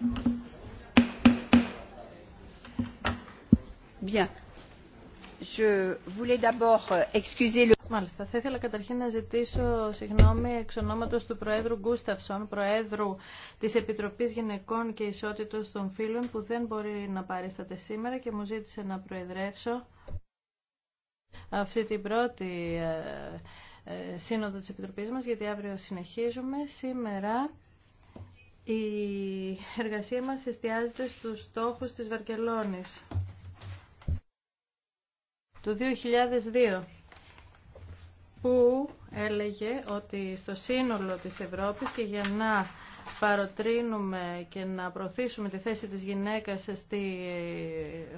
Euh, Μάλιστα, θα ήθελα καταρχήν να ζητήσω συγγνώμη εξ ονόματος του Προέδρου Γκούσταυσον, Προέδρου της Επιτροπής Γυναικών και Ισότητος των Φίλων, που δεν μπορεί να παρίσταται σήμερα και μου ζήτησε να προεδρεύσω αυτή την πρώτη ε, ε, σύνοδο της Επιτροπής μας, γιατί αύριο συνεχίζουμε. Σήμερα η εργασία μας εστιάζεται στους στόχους της Βαρκελόνης του 2002 που έλεγε ότι στο σύνολο της Ευρώπης και για να παροτρύνουμε και να προωθήσουμε τη θέση της γυναίκας στη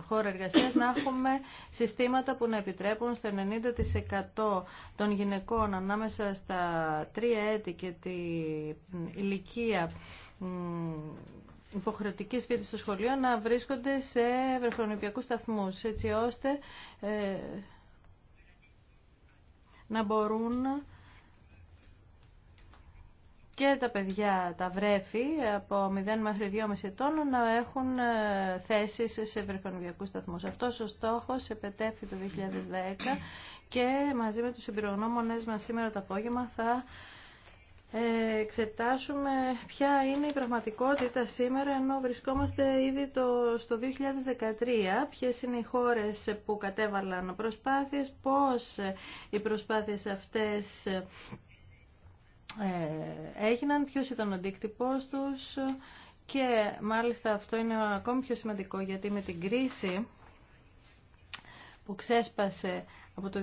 χώρα εργασίας, να έχουμε συστήματα που να επιτρέπουν στο 90% των γυναικών ανάμεσα στα τρία έτη και τη ηλικία υποχρεωτική σπίτι στο σχολείο να βρίσκονται σε βρεφονιπιακούς σταθμούς, έτσι ώστε ε, να μπορούν και τα παιδιά, τα βρέφη από 0 μέχρι 2,5 ετών να έχουν ε, θέσεις σε βρεφονιδιακούς σταθμούς. Αυτός ο στόχος επετέφθη το 2010 και μαζί με τους εμπειρογνώμονες μας σήμερα το απόγευμα θα ε, εξετάσουμε ποια είναι η πραγματικότητα σήμερα ενώ βρισκόμαστε ήδη το, στο 2013 ποιες είναι οι χώρες που κατέβαλαν προσπάθειες πώς οι προσπάθειες αυτές ε, ε, έγιναν, ποιος ήταν ο αντίκτυπός τους και μάλιστα αυτό είναι ακόμη πιο σημαντικό γιατί με την κρίση που ξέσπασε από το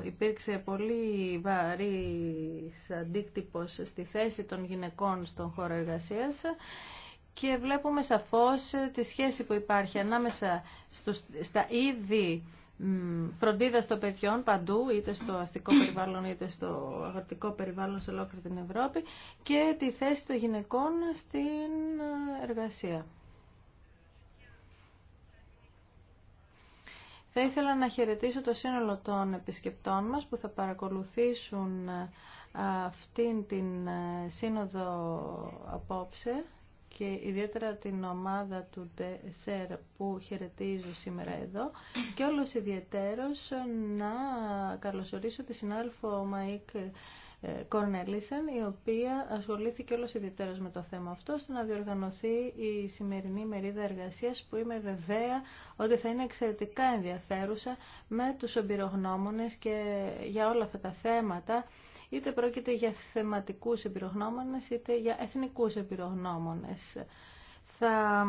2008 υπήρξε πολύ βαρύ αντίκτυπος στη θέση των γυναικών στον χώρο εργασίας και βλέπουμε σαφώς τη σχέση που υπάρχει ανάμεσα στα είδη φροντίδα των παιδιών παντού, είτε στο αστικό περιβάλλον είτε στο αγροτικό περιβάλλον σε ολόκληρη την Ευρώπη και τη θέση των γυναικών στην ε, εργασία. Θα ήθελα να χαιρετήσω το σύνολο των επισκεπτών μας που θα παρακολουθήσουν ε, αυτήν την ε, σύνοδο απόψε και ιδιαίτερα την ομάδα του ΣΕΡ που χαιρετίζω σήμερα εδώ και όλος ιδιαίτερος να καλωσορίσω τη συνάδελφο Μαϊκ ε, Κορνέλισεν, η οποία ασχολήθηκε όλος ιδιαίτερος με το θέμα αυτό, ώστε να διοργανωθεί η σημερινή μερίδα εργασίας που είμαι βεβαία ότι θα είναι εξαιρετικά ενδιαφέρουσα με τους ομπειρογνώμονες και για όλα αυτά τα θέματα είτε πρόκειται για θεματικούς εμπειρογνώμονες, είτε για εθνικούς εμπειρογνώμονες. Θα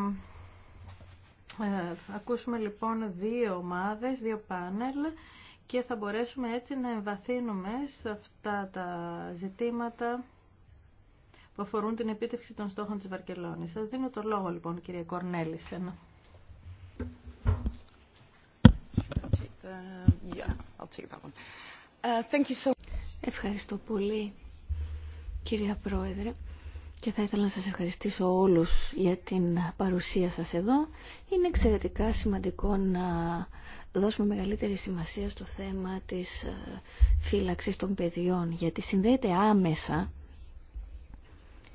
ε, ακούσουμε λοιπόν δύο ομάδες, δύο πάνελ και θα μπορέσουμε έτσι να εμβαθύνουμε σε αυτά τα ζητήματα που αφορούν την επίτευξη των στόχων της Βαρκελόνης. Σας δίνω το λόγο λοιπόν κυρία Κορνέλησεν. Yeah, I'll uh, thank you Ευχαριστώ πολύ κυρία Πρόεδρε και θα ήθελα να σας ευχαριστήσω όλους για την παρουσία σας εδώ. Είναι εξαιρετικά σημαντικό να δώσουμε μεγαλύτερη σημασία στο θέμα της ε, φύλαξης των παιδιών γιατί συνδέεται άμεσα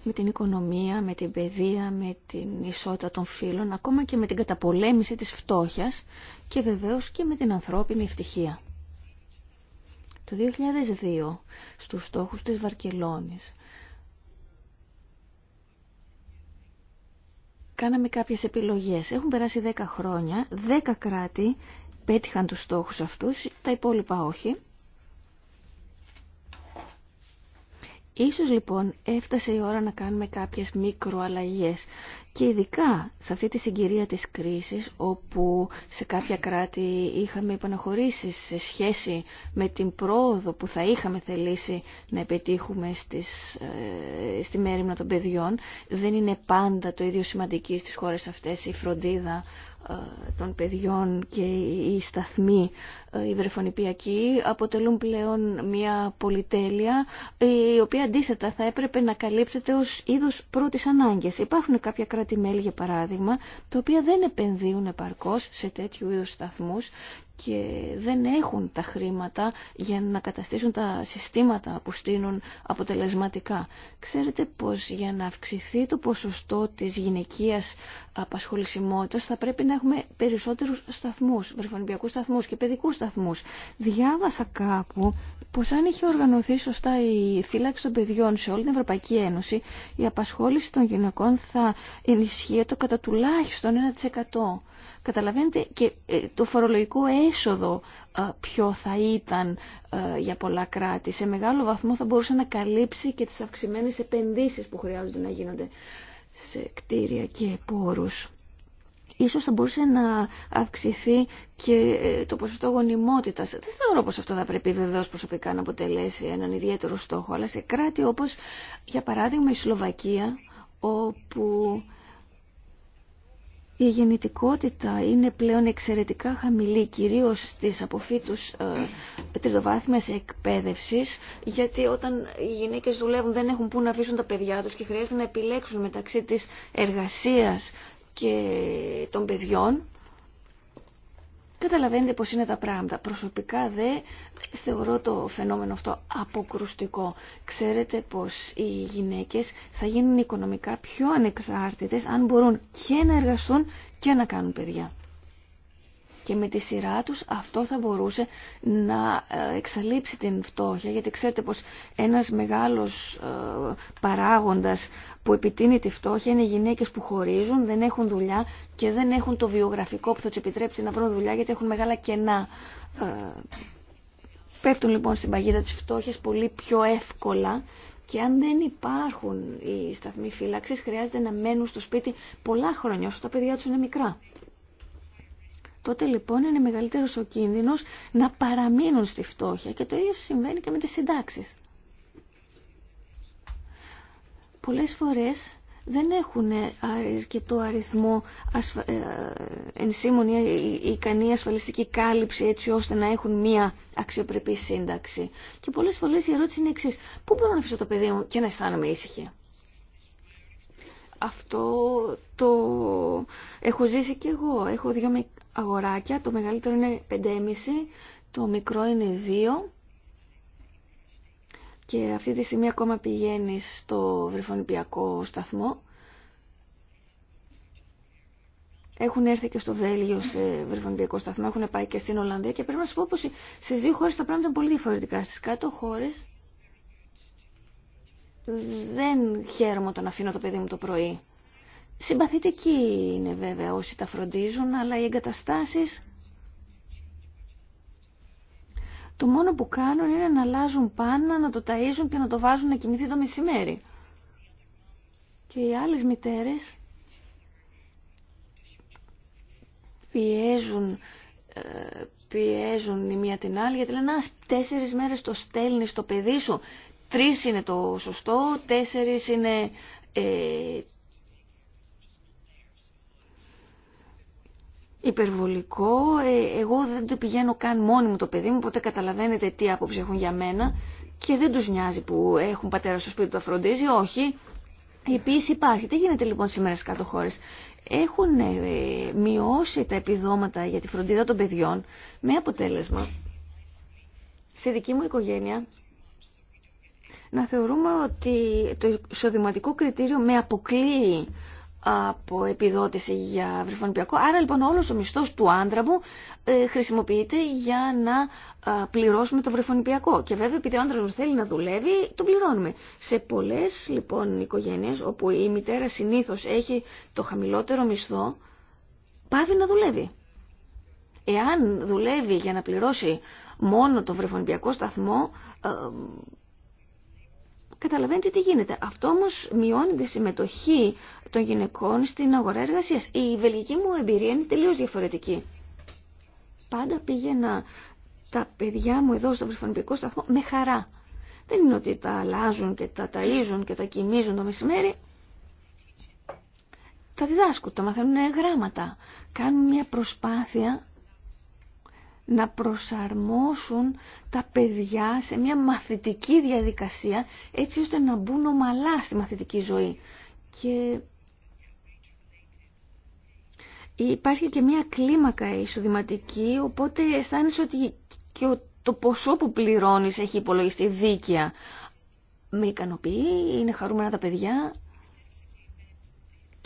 με την οικονομία, με την παιδεία, με την ισότητα των φύλων, ακόμα και με την καταπολέμηση της φτώχειας και βεβαίως και με την ανθρώπινη ευτυχία. Το 2002 στους στόχους της Βαρκελόνης κάναμε κάποιες επιλογές. Έχουν περάσει 10 χρόνια, 10 κράτη πέτυχαν τους στόχους αυτούς, τα υπόλοιπα όχι. Ίσως λοιπόν έφτασε η ώρα να κάνουμε κάποιες μικροαλλαγές και ειδικά σε αυτή τη συγκυρία της κρίσης όπου σε κάποια κράτη είχαμε επαναχωρήσει σε σχέση με την πρόοδο που θα είχαμε θελήσει να επιτύχουμε στις, ε, στη μέρημνα των παιδιών δεν είναι πάντα το ίδιο σημαντική στις χώρες αυτές η φροντίδα ε, των παιδιών και οι σταθμοί ε, οι βρεφονιπιακοί αποτελούν πλέον μια πολυτέλεια ε, η οποία αντίθετα θα έπρεπε να καλύπτεται ως είδος πρώτης ανάγκης. Υπάρχουν κάποια κράτη-μέλη για παράδειγμα τα οποία δεν επενδύουν επαρκώς σε τέτοιου είδους σταθμούς και δεν έχουν τα χρήματα για να καταστήσουν τα συστήματα που στείλουν αποτελεσματικά. Ξέρετε πως για να αυξηθεί το ποσοστό της γυναικείας απασχολησιμότητας θα πρέπει να έχουμε περισσότερους σταθμούς, βρεφονιπιακούς σταθμούς και παιδικούς σταθμούς. Διάβασα κάπου πως αν είχε οργανωθεί σωστά η φύλαξη των παιδιών σε όλη την Ευρωπαϊκή Ένωση, η απασχόληση των γυναικών θα ενισχύεται κατά τουλάχιστον 1%. Καταλαβαίνετε και ε, το φορολογικό έσοδο ε, ποιο θα ήταν ε, για πολλά κράτη. Σε μεγάλο βαθμό θα μπορούσε να καλύψει και τις αυξημένες επενδύσεις που χρειάζονται να γίνονται σε κτίρια και πόρους. Ίσως θα μπορούσε να αυξηθεί και το ποσοστό γονιμότητας. Δεν θεωρώ πως αυτό θα πρέπει βεβαίως προσωπικά να αποτελέσει έναν ιδιαίτερο στόχο, αλλά σε κράτη όπως για παράδειγμα η Σλοβακία, όπου η γεννητικότητα είναι πλέον εξαιρετικά χαμηλή, κυρίως στις αποφύτους ε, τριτοβάθμιας εκπαίδευσης, γιατί όταν οι γυναίκες δουλεύουν δεν έχουν πού να αφήσουν τα παιδιά τους και χρειάζεται να επιλέξουν μεταξύ της εργασίας και των παιδιών. Καταλαβαίνετε πώς είναι τα πράγματα. Προσωπικά δε θεωρώ το φαινόμενο αυτό αποκρουστικό. Ξέρετε πως οι γυναίκες θα γίνουν οικονομικά πιο ανεξάρτητες αν μπορούν και να εργαστούν και να κάνουν παιδιά και με τη σειρά τους αυτό θα μπορούσε να ε, εξαλείψει την φτώχεια γιατί ξέρετε πως ένας μεγάλος ε, παράγοντας που επιτείνει τη φτώχεια είναι οι γυναίκες που χωρίζουν, δεν έχουν δουλειά και δεν έχουν το βιογραφικό που θα τους επιτρέψει να βρουν δουλειά γιατί έχουν μεγάλα κενά. Ε, πέφτουν λοιπόν στην παγίδα της φτώχειας πολύ πιο εύκολα και αν δεν υπάρχουν οι σταθμοί φύλαξη, χρειάζεται να μένουν στο σπίτι πολλά χρόνια, όσο τα παιδιά τους είναι μικρά τότε λοιπόν είναι μεγαλύτερος ο κίνδυνος να παραμείνουν στη φτώχεια και το ίδιο συμβαίνει και με τις συντάξεις. Πολλές φορές δεν έχουν αρκετό αριθμό ασφα... Ε, ενσύμων ή ικανή ασφαλιστική κάλυψη έτσι ώστε να έχουν μία αξιοπρεπή σύνταξη. Και πολλές φορές η ερώτηση είναι εξής. Πού μπορώ να αφήσω το παιδί μου και να αισθάνομαι ήσυχη. Αυτό το έχω ζήσει και εγώ. Έχω δύο αγοράκια. Το μεγαλύτερο είναι 5,5, το μικρό είναι 2 και αυτή τη στιγμή ακόμα πηγαίνει στο βρυφονιπιακό σταθμό. Έχουν έρθει και στο Βέλγιο σε βρυφονιπιακό σταθμό, έχουν πάει και στην Ολλανδία και πρέπει να σου πω πως σε δύο χώρες τα πράγματα είναι πολύ διαφορετικά. Στις κάτω χώρες δεν χαίρομαι όταν αφήνω το παιδί μου το πρωί. Συμπαθητικοί είναι βέβαια όσοι τα φροντίζουν, αλλά οι εγκαταστάσεις το μόνο που κάνουν είναι να αλλάζουν πάνω, να το ταΐζουν και να το βάζουν να κοιμηθεί το μεσημέρι. Και οι άλλες μητέρες πιέζουν, ε, πιέζουν η μία την άλλη, γιατί λένε, ας τέσσερις μέρες το στέλνεις το παιδί σου, τρεις είναι το σωστό, τέσσερις είναι ε, υπερβολικό. Ε, εγώ δεν το πηγαίνω καν μόνη μου το παιδί μου, οπότε καταλαβαίνετε τι άποψη έχουν για μένα και δεν τους νοιάζει που έχουν πατέρα στο σπίτι τα φροντίζει. όχι. Η πίεση υπάρχει. Τι γίνεται λοιπόν σήμερα στις κάτω χώρες. Έχουν ε, μειώσει τα επιδόματα για τη φροντίδα των παιδιών με αποτέλεσμα σε δική μου οικογένεια να θεωρούμε ότι το εισοδηματικό κριτήριο με αποκλείει από επιδότηση για βρεφονιπιακό. Άρα λοιπόν όλος ο μισθός του άντρα μου ε, χρησιμοποιείται για να πληρώσουμε το βρεφονιπιακό. Και βέβαια επειδή ο άντρας μου θέλει να δουλεύει, τον πληρώνουμε. Σε πολλές λοιπόν οικογένειες όπου η μητέρα συνήθως έχει το χαμηλότερο μισθό, πάβει να δουλεύει. Εάν δουλεύει για να πληρώσει μόνο το βρεφονιπιακό σταθμό, ε, καταλαβαίνετε τι γίνεται. Αυτό όμω μειώνει τη συμμετοχή των γυναικών στην αγορά εργασία. Η βελγική μου εμπειρία είναι τελείως διαφορετική. Πάντα πήγαινα τα παιδιά μου εδώ στο βρυφονιπικό σταθμό με χαρά. Δεν είναι ότι τα αλλάζουν και τα ταΐζουν και τα κοιμίζουν το μεσημέρι. Τα διδάσκουν, τα μαθαίνουν γράμματα. Κάνουν μια προσπάθεια να προσαρμόσουν τα παιδιά σε μια μαθητική διαδικασία έτσι ώστε να μπουν ομαλά στη μαθητική ζωή. Και υπάρχει και μια κλίμακα εισοδηματική, οπότε αισθάνεσαι ότι και το ποσό που πληρώνεις έχει υπολογιστεί δίκαια. Με ικανοποιεί, είναι χαρούμενα τα παιδιά,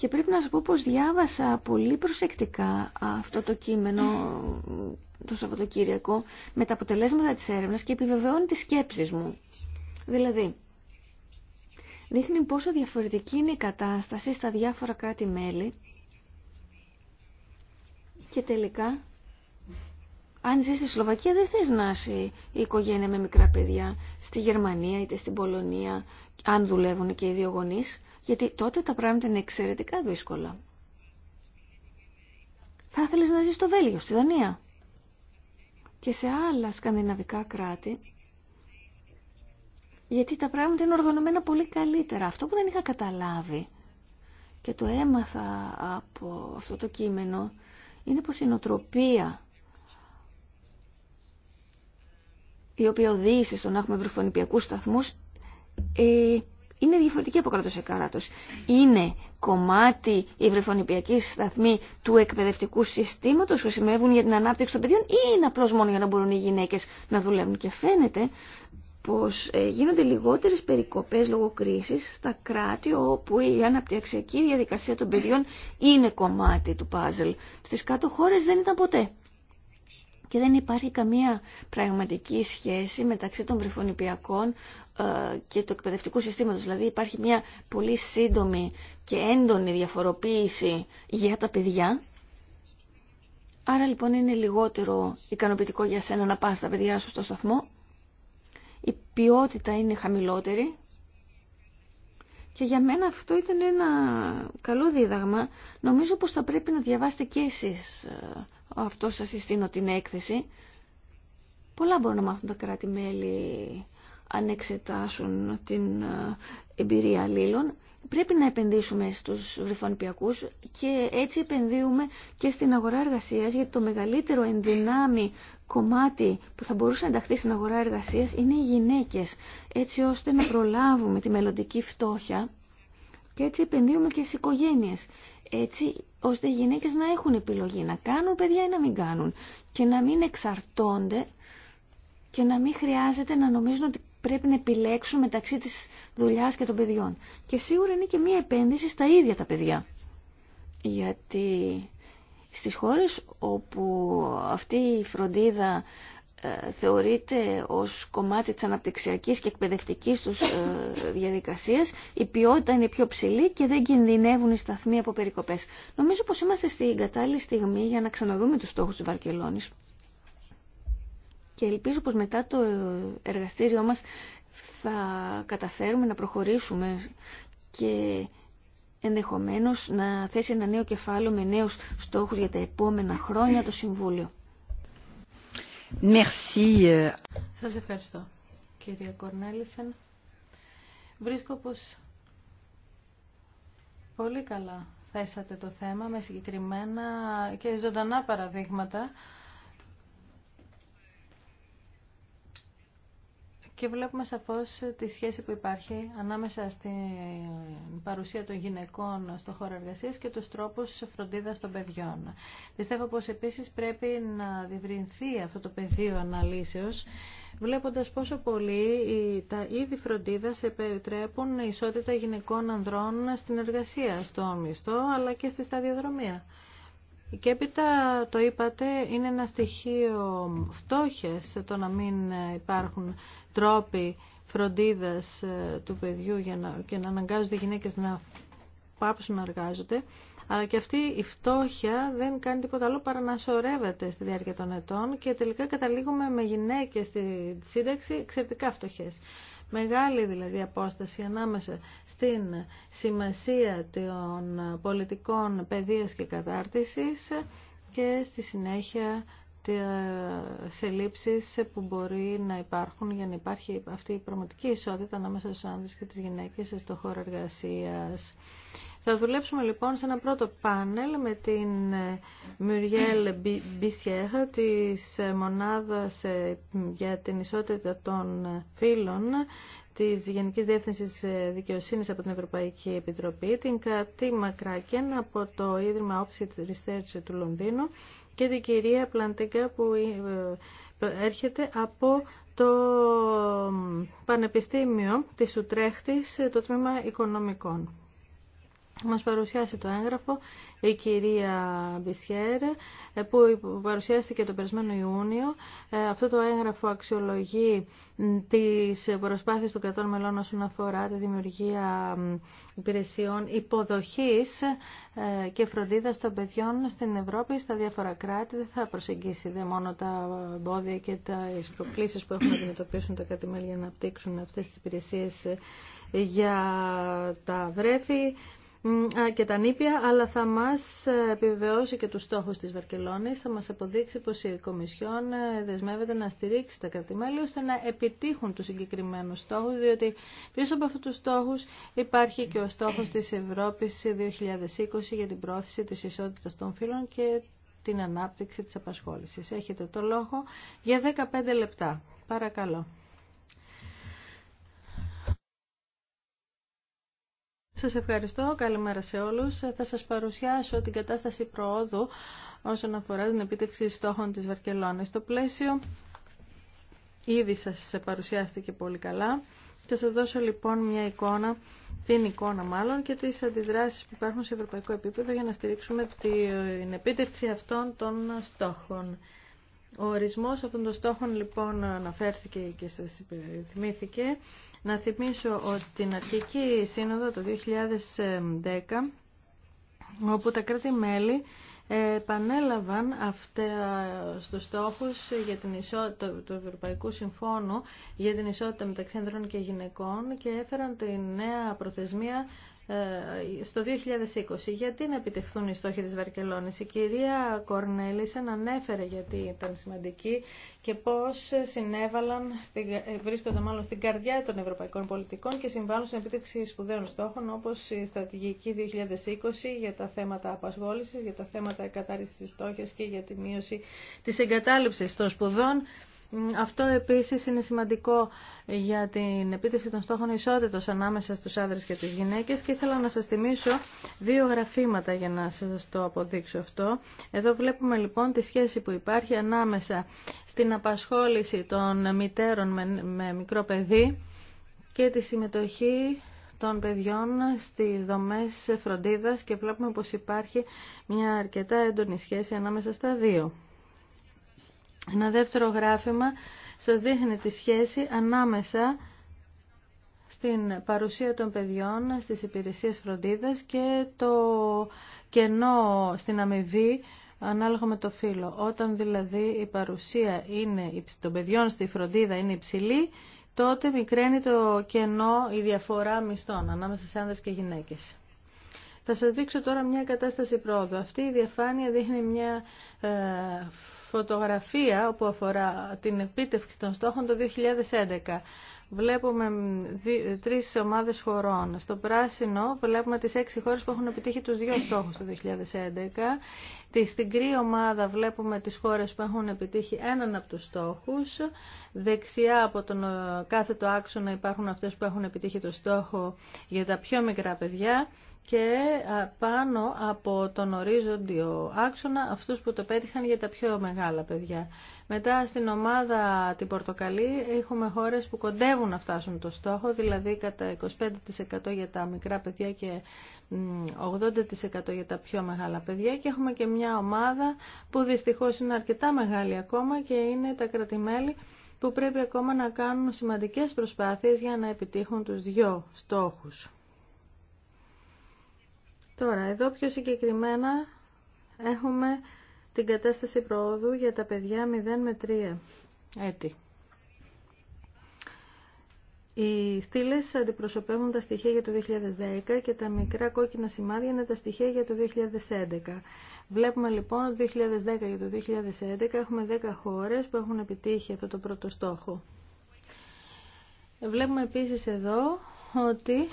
και πρέπει να σας πω πως διάβασα πολύ προσεκτικά αυτό το κείμενο το Σαββατοκύριακο με τα αποτελέσματα της έρευνας και επιβεβαιώνει τις σκέψεις μου. Δηλαδή, δείχνει πόσο διαφορετική είναι η κατάσταση στα διάφορα κράτη-μέλη και τελικά, αν ζεις στη Σλοβακία δεν θες να είσαι η οικογένεια με μικρά παιδιά, στη Γερμανία είτε στην Πολωνία, αν δουλεύουν και οι δύο γονείς, γιατί τότε τα πράγματα είναι εξαιρετικά δύσκολα. Θα ήθελες να ζεις στο Βέλγιο, στη Δανία και σε άλλα σκανδιναβικά κράτη, γιατί τα πράγματα είναι οργανωμένα πολύ καλύτερα. Αυτό που δεν είχα καταλάβει και το έμαθα από αυτό το κείμενο είναι πως η νοτροπία η οποία οδήγησε στο να έχουμε βρυφονιπιακούς σταθμούς ε, είναι διαφορετική από κράτος σε κράτος. Είναι κομμάτι η βρεφονιπιακή σταθμή του εκπαιδευτικού συστήματος που σημαίνουν για την ανάπτυξη των παιδιών ή είναι απλώς μόνο για να μπορούν οι γυναίκες να δουλεύουν. Και φαίνεται πως ε, γίνονται λιγότερες περικοπές λόγω κρίσης στα κράτη όπου η αναπτυξιακή διαδικασία των παιδιών είναι κομμάτι του παζλ. Στις κάτω χώρες δεν ήταν ποτέ και δεν υπάρχει καμία πραγματική σχέση μεταξύ των βρεφονιπιακών ε, και του εκπαιδευτικού συστήματος. Δηλαδή υπάρχει μια πολύ σύντομη και έντονη διαφοροποίηση για τα παιδιά. Άρα λοιπόν είναι λιγότερο ικανοποιητικό για σένα να πας τα παιδιά σου στο σταθμό. Η ποιότητα είναι χαμηλότερη. Και για μένα αυτό ήταν ένα καλό δίδαγμα. Νομίζω πως θα πρέπει να διαβάσετε και εσείς ε, αυτό σας συστήνω την έκθεση. Πολλά μπορούν να μάθουν τα κράτη-μέλη αν εξετάσουν την ε, εμπειρία αλλήλων. Πρέπει να επενδύσουμε στους βρυθονιπιακούς και έτσι επενδύουμε και στην αγορά εργασίας γιατί το μεγαλύτερο ενδυνάμει κομμάτι που θα μπορούσε να ενταχθεί στην αγορά εργασίας είναι οι γυναίκες έτσι ώστε να προλάβουμε τη μελλοντική φτώχεια και έτσι επενδύουμε και στις οικογένειες έτσι ώστε οι γυναίκες να έχουν επιλογή, να κάνουν παιδιά ή να μην κάνουν και να μην εξαρτώνται και να μην χρειάζεται να νομίζουν ότι πρέπει να επιλέξουν μεταξύ της δουλειάς και των παιδιών. Και σίγουρα είναι και μία επένδυση στα ίδια τα παιδιά. Γιατί στις χώρες όπου αυτή η φροντίδα ε, θεωρείται ως κομμάτι της αναπτυξιακής και εκπαιδευτικής τους ε, διαδικασίας. Η ποιότητα είναι πιο ψηλή και δεν κινδυνεύουν οι σταθμοί από περικοπές. Νομίζω πως είμαστε στην κατάλληλη στιγμή για να ξαναδούμε τους στόχους της Βαρκελόνης. Και ελπίζω πως μετά το εργαστήριό μας θα καταφέρουμε να προχωρήσουμε και ενδεχομένως να θέσει ένα νέο κεφάλαιο με νέους στόχους για τα επόμενα χρόνια το Συμβούλιο. Merci. Euh. Σας ευχαριστώ, κυρία Κορνέλησεν. Βρίσκω πως πολύ καλά θέσατε το θέμα με συγκεκριμένα και ζωντανά παραδείγματα και βλέπουμε σαφώς τη σχέση που υπάρχει ανάμεσα στην παρουσία των γυναικών στο χώρο εργασίας και τους τρόπους φροντίδας των παιδιών. Πιστεύω πως επίσης πρέπει να διευρυνθεί αυτό το πεδίο αναλύσεως βλέποντας πόσο πολύ τα είδη φροντίδας επιτρέπουν ισότητα γυναικών ανδρών στην εργασία, στο μισθό αλλά και στη σταδιοδρομία. Και έπειτα το είπατε, είναι ένα στοιχείο φτώχες το να μην υπάρχουν τρόποι φροντίδας ε, του παιδιού για να, και να αναγκάζονται οι γυναίκες να πάψουν να εργάζονται. Αλλά και αυτή η φτώχεια δεν κάνει τίποτα άλλο παρά να σωρεύεται στη διάρκεια των ετών και τελικά καταλήγουμε με γυναίκες στη σύνταξη εξαιρετικά φτωχές. Μεγάλη δηλαδή απόσταση ανάμεσα στην σημασία των πολιτικών παιδείας και κατάρτισης και στη συνέχεια τις ελλείψεις που μπορεί να υπάρχουν για να υπάρχει αυτή η πραγματική ισότητα ανάμεσα στους άνδρες και τις γυναίκες στο χώρο εργασίας. Θα δουλέψουμε λοιπόν σε ένα πρώτο πάνελ με την Μουριέλ ε, Μπισιέχα της ε, Μονάδας ε, για την Ισότητα των Φύλων της Γενικής Διεύθυνσης Δικαιοσύνης από την Ευρωπαϊκή Επιτροπή, την Κατή Μακράκεν από το Ίδρυμα Opsit Research του Λονδίνου και την κυρία Πλαντέγκα που έρχεται από το Πανεπιστήμιο της Ουτρέχτης, το τμήμα οικονομικών μας παρουσιάσει το έγγραφο η κυρία Μπισιέρ ε, που παρουσιάστηκε το περασμένο Ιούνιο. Ε, αυτό το έγγραφο αξιολογεί τις προσπάθειες των κρατών μελών όσον αφορά τη δημιουργία υπηρεσιών υποδοχής ε, και φροντίδας των παιδιών στην Ευρώπη στα διάφορα κράτη. Δεν θα προσεγγίσει δε μόνο τα εμπόδια και τι προκλήσεις που έχουν να αντιμετωπίσουν τα κρατη να απτύξουν αυτές τις υπηρεσίες για τα βρέφη και τα νήπια, αλλά θα μας ε, επιβεβαιώσει και τους στόχους της Βαρκελόνης, θα μας αποδείξει πως η Κομισιόν ε, δεσμεύεται να στηρίξει τα κρατημέλη ώστε να επιτύχουν τους συγκεκριμένους στόχους, διότι πίσω από αυτούς τους στόχους υπάρχει και ο στόχος της Ευρώπης 2020 για την πρόθεση της ισότητας των φύλων και την ανάπτυξη της απασχόλησης. Έχετε το λόγο για 15 λεπτά. Παρακαλώ. Σας ευχαριστώ. Καλημέρα σε όλους. Θα σας παρουσιάσω την κατάσταση προόδου όσον αφορά την επίτευξη στόχων της Βαρκελόνης. Το πλαίσιο ήδη σας παρουσιάστηκε πολύ καλά. Θα σας δώσω λοιπόν μια εικόνα, την εικόνα μάλλον, και τις αντιδράσεις που υπάρχουν σε ευρωπαϊκό επίπεδο για να στηρίξουμε την επίτευξη αυτών των στόχων. Ο ορισμός αυτών των στόχων λοιπόν αναφέρθηκε και σας θυμήθηκε. Να θυμίσω ότι την αρχική σύνοδο το 2010, όπου τα κράτη-μέλη επανέλαβαν αυτά στους στόχους για την του Ευρωπαϊκού Συμφώνου για την ισότητα μεταξύ ανδρών και γυναικών και έφεραν τη νέα προθεσμία ε, στο 2020. Γιατί να επιτευχθούν οι στόχοι της Βαρκελόνης. Η κυρία Κορνέλησεν ανέφερε γιατί ήταν σημαντική και πώς συνέβαλαν, ε, βρίσκονται μάλλον στην καρδιά των ευρωπαϊκών πολιτικών και συμβάλλουν στην επίτευξη σπουδαίων στόχων όπως η στρατηγική 2020 για τα θέματα απασχόλησης, για τα θέματα εκατάρρησης της και για τη μείωση της εγκατάλειψης των σπουδών. Αυτό επίση είναι σημαντικό για την επίτευξη των στόχων ισότητα ανάμεσα στους άνδρες και τις γυναίκες και ήθελα να σας θυμίσω δύο γραφήματα για να σας το αποδείξω αυτό. Εδώ βλέπουμε λοιπόν τη σχέση που υπάρχει ανάμεσα στην απασχόληση των μητέρων με μικρό παιδί και τη συμμετοχή των παιδιών στις δομές φροντίδας και βλέπουμε πως υπάρχει μια αρκετά έντονη σχέση ανάμεσα στα δύο. Ένα δεύτερο γράφημα σας δείχνει τη σχέση ανάμεσα στην παρουσία των παιδιών στις υπηρεσίες φροντίδας και το κενό στην αμοιβή ανάλογα με το φύλλο. Όταν δηλαδή η παρουσία είναι, των παιδιών στη φροντίδα είναι υψηλή, τότε μικραίνει το κενό, η διαφορά μισθών ανάμεσα σε άνδρες και γυναίκες. Θα σας δείξω τώρα μια κατάσταση πρόοδου. Αυτή η διαφάνεια δείχνει μια ε, φωτογραφία που αφορά την επίτευξη των στόχων το 2011. Βλέπουμε τρεις ομάδες χωρών. Στο πράσινο βλέπουμε τις έξι χώρες που έχουν επιτύχει τους δύο στόχους το 2011. Στην κρή ομάδα βλέπουμε τις χώρες που έχουν επιτύχει έναν από τους στόχους. Δεξιά από τον ε, κάθετο άξονα υπάρχουν αυτές που έχουν επιτύχει το στόχο για τα πιο μικρά παιδιά και πάνω από τον ορίζοντιο άξονα αυτούς που το πέτυχαν για τα πιο μεγάλα παιδιά. Μετά στην ομάδα την Πορτοκαλί έχουμε χώρες που κοντεύουν να φτάσουν το στόχο, δηλαδή κατά 25% για τα μικρά παιδιά και 80% για τα πιο μεγάλα παιδιά και έχουμε και μια ομάδα που δυστυχώς είναι αρκετά μεγάλη ακόμα και είναι τα κρατημέλη που πρέπει ακόμα να κάνουν σημαντικές προσπάθειες για να επιτύχουν τους δυο στόχους. Τώρα, εδώ πιο συγκεκριμένα έχουμε την κατάσταση προόδου για τα παιδιά 0 με 3 έτη. Οι στήλε αντιπροσωπεύουν τα στοιχεία για το 2010 και τα μικρά κόκκινα σημάδια είναι τα στοιχεία για το 2011. Βλέπουμε λοιπόν ότι το 2010 και το 2011 έχουμε 10 χώρες που έχουν επιτύχει αυτό το πρώτο στόχο. Βλέπουμε επίσης εδώ ότι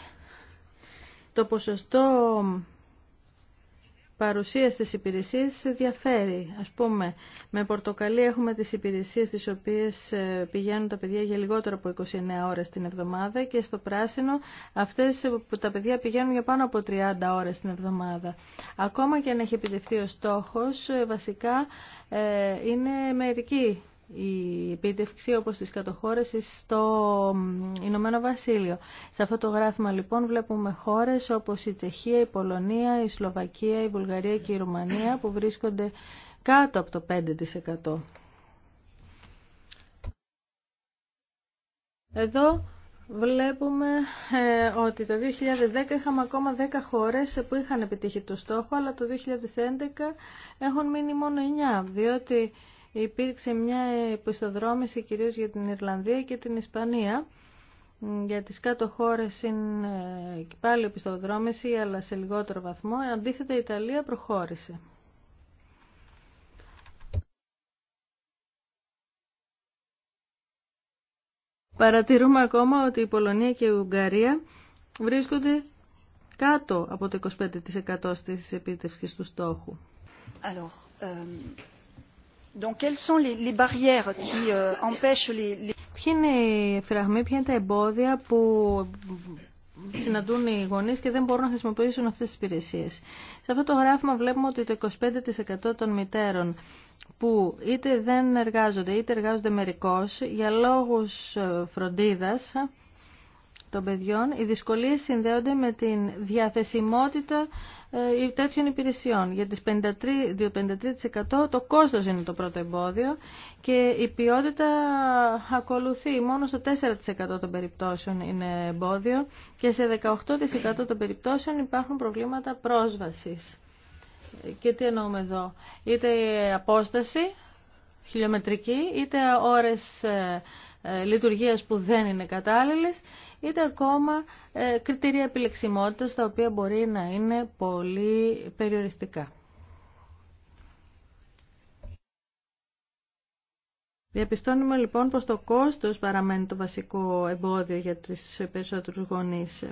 το ποσοστό παρουσία στις υπηρεσίες διαφέρει. Ας πούμε, με πορτοκαλί έχουμε τις υπηρεσίες τις οποίες ε, πηγαίνουν τα παιδιά για λιγότερο από 29 ώρες την εβδομάδα και στο πράσινο αυτές ε, που τα παιδιά πηγαίνουν για πάνω από 30 ώρες την εβδομάδα. Ακόμα και αν έχει επιτευχθεί ο στόχος, ε, βασικά είναι μερικοί η επίτευξη όπως της κατοχώρες στο Ηνωμένο Βασίλειο. Σε αυτό το γράφημα λοιπόν βλέπουμε χώρες όπως η Τσεχία, η Πολωνία, η Σλοβακία, η Βουλγαρία και η Ρουμανία που βρίσκονται κάτω από το 5%. Εδώ βλέπουμε ε, ότι το 2010 είχαμε ακόμα 10 χώρες που είχαν επιτύχει το στόχο, αλλά το 2011 έχουν μείνει μόνο 9, διότι υπήρξε μια επιστοδρόμηση κυρίως για την Ιρλανδία και την Ισπανία. Για τις κάτω χώρες είναι πάλι επιστοδρόμηση αλλά σε λιγότερο βαθμό. Αντίθετα η Ιταλία προχώρησε. Παρατηρούμε ακόμα ότι η Πολωνία και η Ουγγαρία βρίσκονται κάτω από το 25% της επίτευξης του στόχου. Alors, euh, Ποιοι είναι οι φραγμοί, ποια είναι τα εμπόδια που συναντούν οι γονεί και δεν μπορούν να χρησιμοποιήσουν αυτές τις υπηρεσίε. Σε αυτό το γράφημα βλέπουμε ότι το 25% των μητέρων που είτε δεν εργάζονται είτε εργάζονται μερικώς για λόγους ε, φροντίδας των παιδιών, οι δυσκολίες συνδέονται με την διαθεσιμότητα ε, τέτοιων υπηρεσιών. Για τις 53%, το κόστος είναι το πρώτο εμπόδιο και η ποιότητα ακολουθεί. Μόνο στο 4% των περιπτώσεων είναι εμπόδιο και σε 18% των περιπτώσεων υπάρχουν προβλήματα πρόσβασης. Και τι εννοούμε εδώ. Είτε η απόσταση χιλιομετρική, είτε ώρες ε, ε, λειτουργίας που δεν είναι κατάλληλες είτε ακόμα ε, κριτήρια επιλεξιμότητας τα οποία μπορεί να είναι πολύ περιοριστικά. Διαπιστώνουμε λοιπόν πως το κόστος παραμένει το βασικό εμπόδιο για τις περισσότερους γονείς.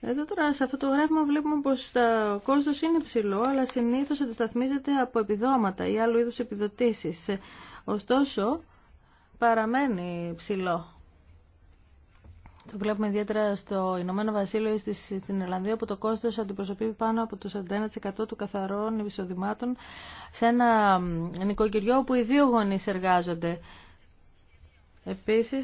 Εδώ τώρα σε αυτό το γράφημα βλέπουμε πως το κόστος είναι ψηλό, αλλά συνήθως αντισταθμίζεται από επιδόματα ή άλλου είδους επιδοτήσεις. Ωστόσο, παραμένει ψηλό το βλέπουμε ιδιαίτερα στο Ηνωμένο Βασίλειο ή στην Ιρλανδία που το κόστος αντιπροσωπεύει πάνω από το 41% του καθαρών εισοδημάτων σε ένα νοικοκυριό όπου οι δύο γονείς εργάζονται. Επίση,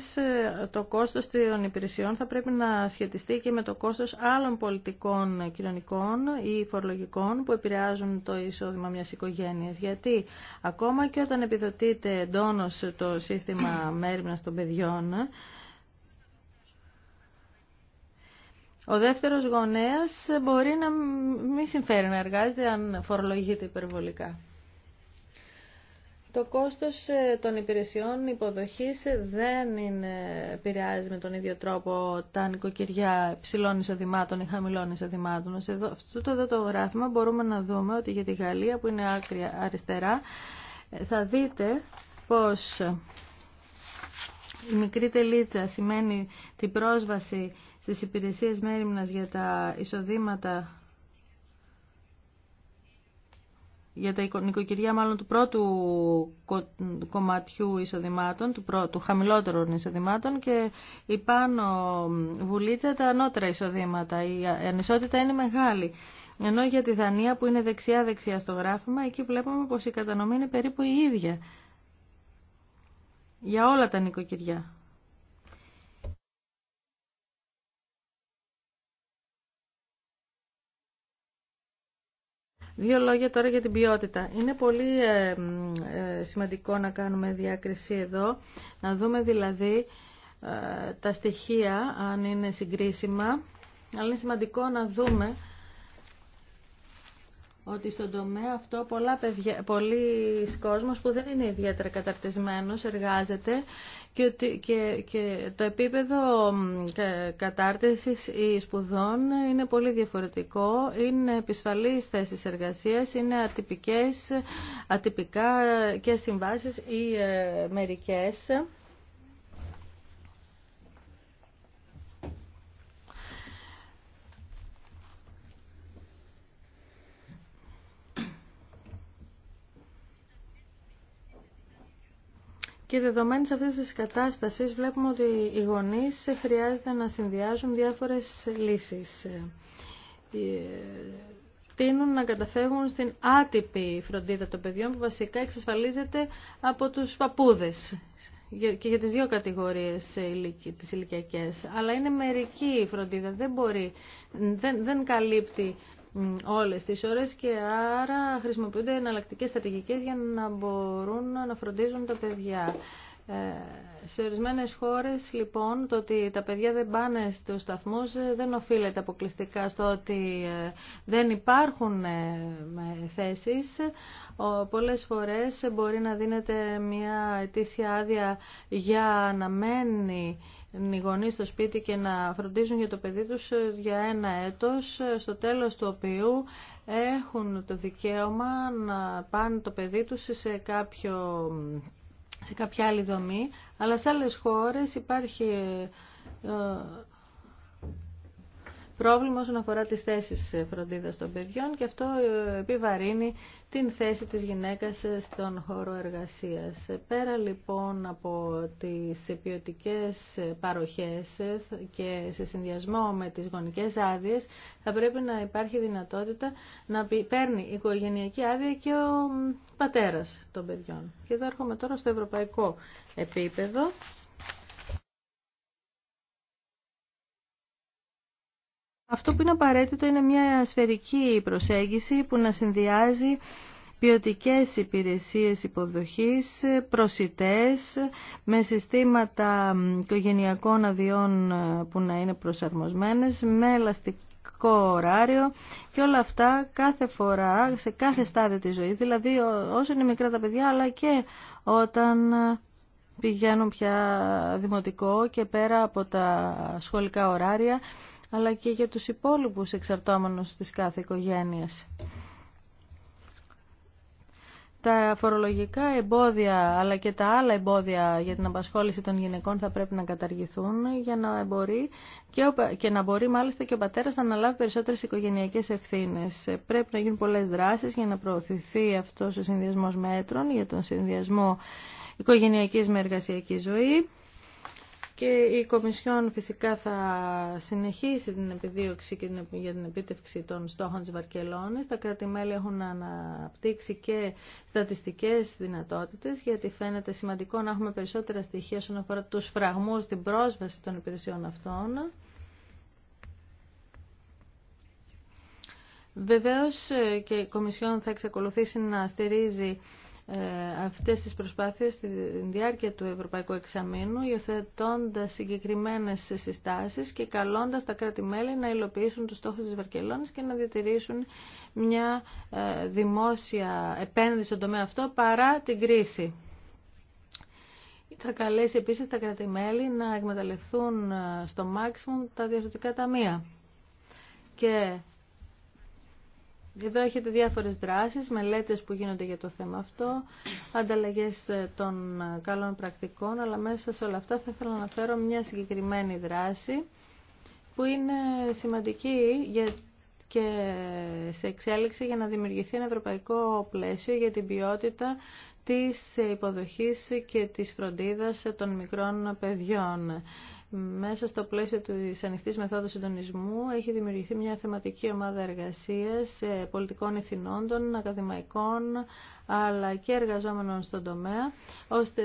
ε, το κόστος των υπηρεσιών θα πρέπει να σχετιστεί και με το κόστος άλλων πολιτικών κοινωνικών ή φορολογικών που επηρεάζουν το εισόδημα μια οικογένεια. Γιατί ακόμα και όταν επιδοτείται εντόνω το σύστημα μέρημνα των παιδιών, Ο δεύτερος γονέας μπορεί να μην συμφέρει να εργάζεται αν φορολογείται υπερβολικά. Το κόστος ε, των υπηρεσιών υποδοχής δεν είναι, επηρεάζει με τον ίδιο τρόπο τα νοικοκυριά ψηλών εισοδημάτων ή χαμηλών εισοδημάτων. Σε αυτό εδώ το γράφημα μπορούμε να δούμε ότι για τη Γαλλία που είναι άκρια αριστερά ε, θα δείτε πως η μικρή τελίτσα σημαίνει την πρόσβαση στις υπηρεσίες μέρημνας για τα εισοδήματα για τα νοικοκυριά μάλλον του πρώτου κομματιού εισοδημάτων, του, πρώτου, χαμηλότερων εισοδημάτων και η πάνω βουλίτσα τα ανώτερα εισοδήματα. Η ανισότητα είναι μεγάλη. Ενώ για τη Δανία που είναι δεξιά-δεξιά στο γράφημα, εκεί βλέπουμε πως η κατανομή είναι περίπου η ίδια για όλα τα νοικοκυριά. Δύο λόγια τώρα για την ποιότητα. Είναι πολύ ε, ε, σημαντικό να κάνουμε διάκριση εδώ, να δούμε δηλαδή ε, τα στοιχεία αν είναι συγκρίσιμα, αλλά είναι σημαντικό να δούμε ότι στον τομέα αυτό πολλά παιδιά, πολλοί κόσμος που δεν είναι ιδιαίτερα καταρτισμένος εργάζεται και, το επίπεδο κατάρτισης ή σπουδών είναι πολύ διαφορετικό, είναι επισφαλείς θέσεις εργασίας, είναι ατυπικές, ατυπικά και συμβάσεις ή ε, μερικές. Και δεδομένης αυτής της κατάστασης βλέπουμε ότι οι γονείς χρειάζεται να συνδυάζουν διάφορες λύσεις. Ε, τείνουν να καταφεύγουν στην άτυπη φροντίδα των παιδιών που βασικά εξασφαλίζεται από τους παππούδες και για τις δύο κατηγορίες τις ηλικιακές. Αλλά είναι μερική η φροντίδα, δεν μπορεί, δεν, δεν καλύπτει όλες τις ώρες και άρα χρησιμοποιούνται εναλλακτικές στρατηγικές για να μπορούν να φροντίζουν τα παιδιά. Ε, σε ορισμένε χώρε, λοιπόν το ότι τα παιδιά δεν πάνε στου σταθμού ε, δεν οφείλεται αποκλειστικά στο ότι ε, δεν υπάρχουν θέσεις. Πολλέ φορέ μπορεί να δίνεται μια ετήσια άδεια για να γονείς στο σπίτι και να φροντίζουν για το παιδί τους ε, για ένα έτος, ε, στο τέλος του οποίου έχουν το δικαίωμα να πάνε το παιδί τους σε κάποιο σε κάποια άλλη δομή, αλλά σε άλλες χώρες υπάρχει ε, πρόβλημα όσον αφορά τις θέσεις φροντίδας των παιδιών και αυτό ε, επιβαρύνει την θέση της γυναίκας στον χώρο εργασίας. Πέρα λοιπόν από τις ποιοτικέ παροχές και σε συνδυασμό με τις γονικές άδειες θα πρέπει να υπάρχει δυνατότητα να παίρνει οικογενειακή άδεια και ο πατέρας των παιδιών. Και εδώ έρχομαι τώρα στο ευρωπαϊκό επίπεδο Αυτό που είναι απαραίτητο είναι μια σφαιρική προσέγγιση που να συνδυάζει ποιοτικές υπηρεσίες υποδοχής, προσιτές, με συστήματα οικογενειακών αδειών που να είναι προσαρμοσμένες, με ελαστικό ωράριο και όλα αυτά κάθε φορά, σε κάθε στάδιο της ζωής, δηλαδή όσο είναι μικρά τα παιδιά, αλλά και όταν πηγαίνουν πια δημοτικό και πέρα από τα σχολικά ωράρια, αλλά και για τους υπόλοιπους εξαρτώμενους της κάθε οικογένειας. Τα φορολογικά εμπόδια αλλά και τα άλλα εμπόδια για την απασχόληση των γυναικών θα πρέπει να καταργηθούν για να μπορεί και, και να μπορεί μάλιστα και ο πατέρας να αναλάβει περισσότερες οικογενειακές ευθύνες. Πρέπει να γίνουν πολλές δράσεις για να προωθηθεί αυτός ο συνδυασμός μέτρων για τον συνδυασμό οικογενειακής με εργασιακή ζωή και η Κομισιόν φυσικά θα συνεχίσει την επιδίωξη και την, για την επίτευξη των στόχων της Βαρκελόνης. Τα κράτη-μέλη έχουν αναπτύξει και στατιστικές δυνατότητες γιατί φαίνεται σημαντικό να έχουμε περισσότερα στοιχεία όσον αφορά τους φραγμούς την πρόσβαση των υπηρεσιών αυτών. Βεβαίως ε, και η Κομισιόν θα εξακολουθήσει να στηρίζει ε, αυτές τις προσπάθειες στη διάρκεια του Ευρωπαϊκού Εξαμήνου, υιοθετώντα συγκεκριμένες συστάσεις και καλώντας τα κράτη-μέλη να υλοποιήσουν τους στόχους της Βαρκελόνης και να διατηρήσουν μια ε, δημόσια επένδυση στον τομέα αυτό παρά την κρίση. Θα καλέσει επίσης τα κράτη-μέλη να εκμεταλλευτούν ε, στο maximum τα διαφορετικά ταμεία. Και εδώ έχετε διάφορες δράσεις, μελέτες που γίνονται για το θέμα αυτό, ανταλλαγές ε, των ε, καλών πρακτικών, αλλά μέσα σε όλα αυτά θα ήθελα να φέρω μια συγκεκριμένη δράση που είναι σημαντική για και σε εξέλιξη για να δημιουργηθεί ένα ευρωπαϊκό πλαίσιο για την ποιότητα της υποδοχής και της φροντίδας των μικρών παιδιών. Μέσα στο πλαίσιο της ανοιχτής μεθόδου συντονισμού έχει δημιουργηθεί μια θεματική ομάδα εργασίας ε, πολιτικών ηθινόντων, ακαδημαϊκών αλλά και εργαζόμενων στον τομέα ώστε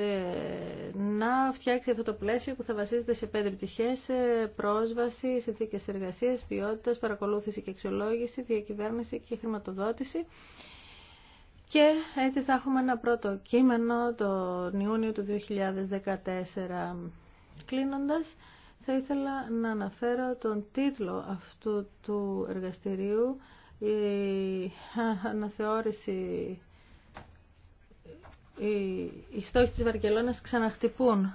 να φτιάξει αυτό το πλαίσιο που θα βασίζεται σε πέντε πτυχές ε, πρόσβαση, συνθήκες εργασίας, ποιότητας, παρακολούθηση και αξιολόγηση, διακυβέρνηση και χρηματοδότηση και έτσι θα έχουμε ένα πρώτο κείμενο τον Ιούνιο του 2014. Κλείνοντας, θα ήθελα να αναφέρω τον τίτλο αυτού του εργαστηρίου, η αναθεώρηση οι στόχοι της Βαρκελόνας ξαναχτυπούν.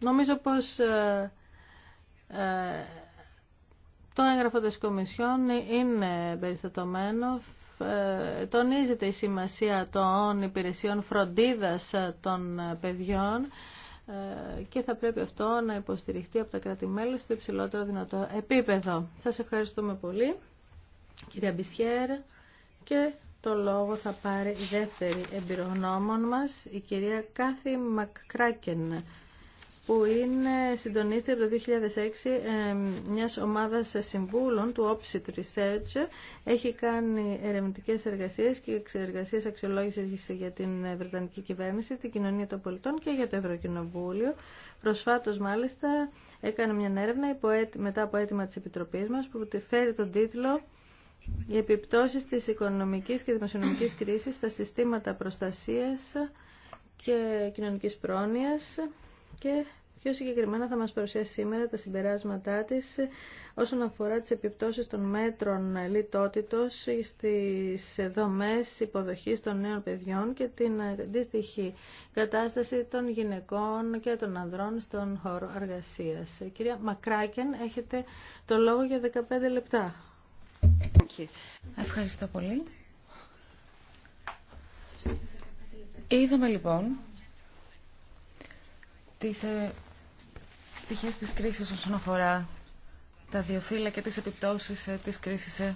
Νομίζω πως ε, ε, το έγγραφο της Κομισιόν είναι περιστατωμένο. Ε, τονίζεται η σημασία των υπηρεσιών φροντίδας ε, των ε, παιδιών και θα πρέπει αυτό να υποστηριχτεί από τα κράτη-μέλη στο υψηλότερο δυνατό επίπεδο. Σας ευχαριστούμε πολύ, κυρία Μπισιέρ, και το λόγο θα πάρει η δεύτερη εμπειρογνώμων μας, η κυρία Κάθη Μακκράκεν που είναι συντονίστρια από το 2006 ε, μιας ομάδας συμβούλων του Opsit Research. Έχει κάνει ερευνητικές εργασίες και εξεργασίες αξιολόγησης για την Βρετανική κυβέρνηση, την κοινωνία των πολιτών και για το Ευρωκοινοβούλιο. Προσφάτως μάλιστα έκανε μια έρευνα μετά από αίτημα της Επιτροπής μας που φέρει τον τίτλο «Οι επιπτώσεις της οικονομικής και δημοσιονομικής κρίσης στα συστήματα προστασίας και κοινωνικής πρόνοιας» και πιο συγκεκριμένα θα μας παρουσιάσει σήμερα τα συμπεράσματά της όσον αφορά τις επιπτώσεις των μέτρων λιτότητος στις δομές υποδοχής των νέων παιδιών και την αντίστοιχη κατάσταση των γυναικών και των ανδρών στον χώρο εργασίας. Κυρία Μακράκεν, έχετε το λόγο για 15 λεπτά. Ευχαριστώ πολύ. Είδαμε λοιπόν τις ε, πτυχές της κρίσης όσον αφορά τα δύο και τις επιπτώσεις ε, της κρίσης σε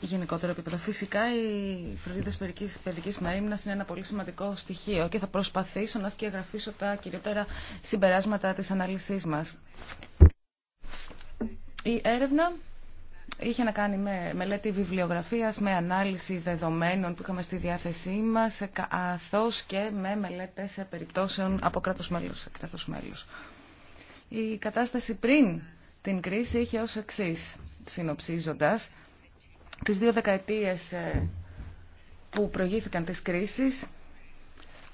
γενικότερο επίπεδο. Φυσικά η φροντίδα φροντίδε παιδική μερίμνα είναι ένα πολύ σημαντικό στοιχείο και θα προσπαθήσω να σκιαγραφίσω τα κυριότερα συμπεράσματα της ανάλυσης μας. Η έρευνα είχε να κάνει με μελέτη βιβλιογραφίας, με ανάλυση δεδομένων που είχαμε στη διάθεσή μας, καθώς και με μελέτες περιπτώσεων από κράτος μέλους. Κράτος μέλους. Η κατάσταση πριν την κρίση είχε ως εξής, συνοψίζοντας, τις δύο δεκαετίες ε, που προηγήθηκαν της κρίσης,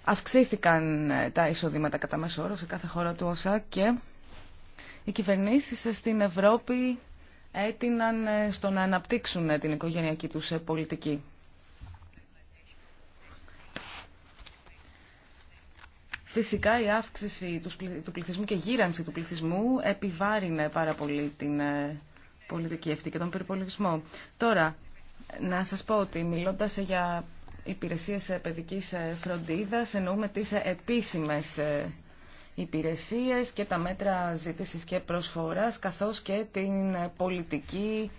αυξήθηκαν ε, τα εισοδήματα κατά μέσο όρο σε κάθε χώρα του ΩΣΑ και οι κυβερνήσεις ε, στην Ευρώπη έτειναν ε, στο να αναπτύξουν την οικογενειακή τους ε, πολιτική. Φυσικά η αύξηση του πληθυσμού και γύρανση του πληθυσμού επιβάρυνε πάρα πολύ την ε, πολιτική αυτή και τον περιπολογισμό. Τώρα, να σας πω ότι μιλώντας για υπηρεσίες παιδικής φροντίδας εννοούμε τις επίσημες υπηρεσίες και τα μέτρα ζήτησης και προσφοράς, καθώς και την πολιτική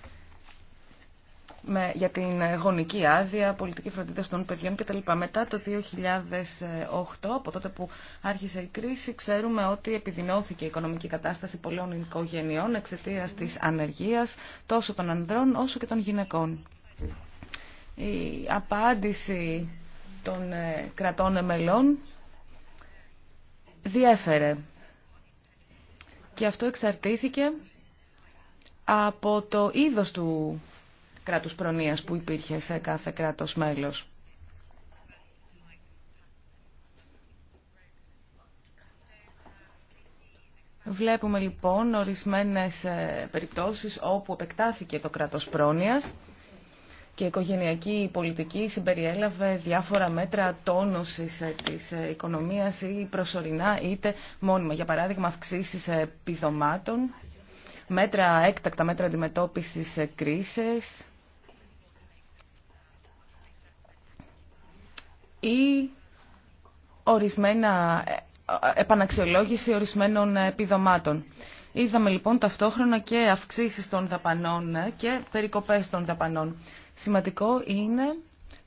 με, για την γονική άδεια, πολιτική φροντίδα των παιδιών κτλ. Μετά το 2008, από τότε που άρχισε η κρίση, ξέρουμε ότι επιδεινώθηκε η οικονομική κατάσταση πολλών οικογενειών εξαιτία της ανεργίας τόσο των ανδρών όσο και των γυναικών. Η απάντηση των ε, κρατών μελών διέφερε. Και αυτό εξαρτήθηκε από το είδος του κράτους προνοίας που υπήρχε σε κάθε κράτος μέλος. Βλέπουμε λοιπόν ορισμένες ε, περιπτώσεις όπου επεκτάθηκε το κράτος πρόνοιας και η οικογενειακή πολιτική συμπεριέλαβε διάφορα μέτρα τόνωσης ε, της ε, οικονομίας ή προσωρινά είτε μόνιμα. Για παράδειγμα, αυξήσεις ε, επιδομάτων, μέτρα έκτακτα, μέτρα αντιμετώπισης κρίσης ή ορισμένα επαναξιολόγηση ορισμένων επιδομάτων. Είδαμε λοιπόν ταυτόχρονα και αυξήσεις των δαπανών και περικοπές των δαπανών. Σημαντικό είναι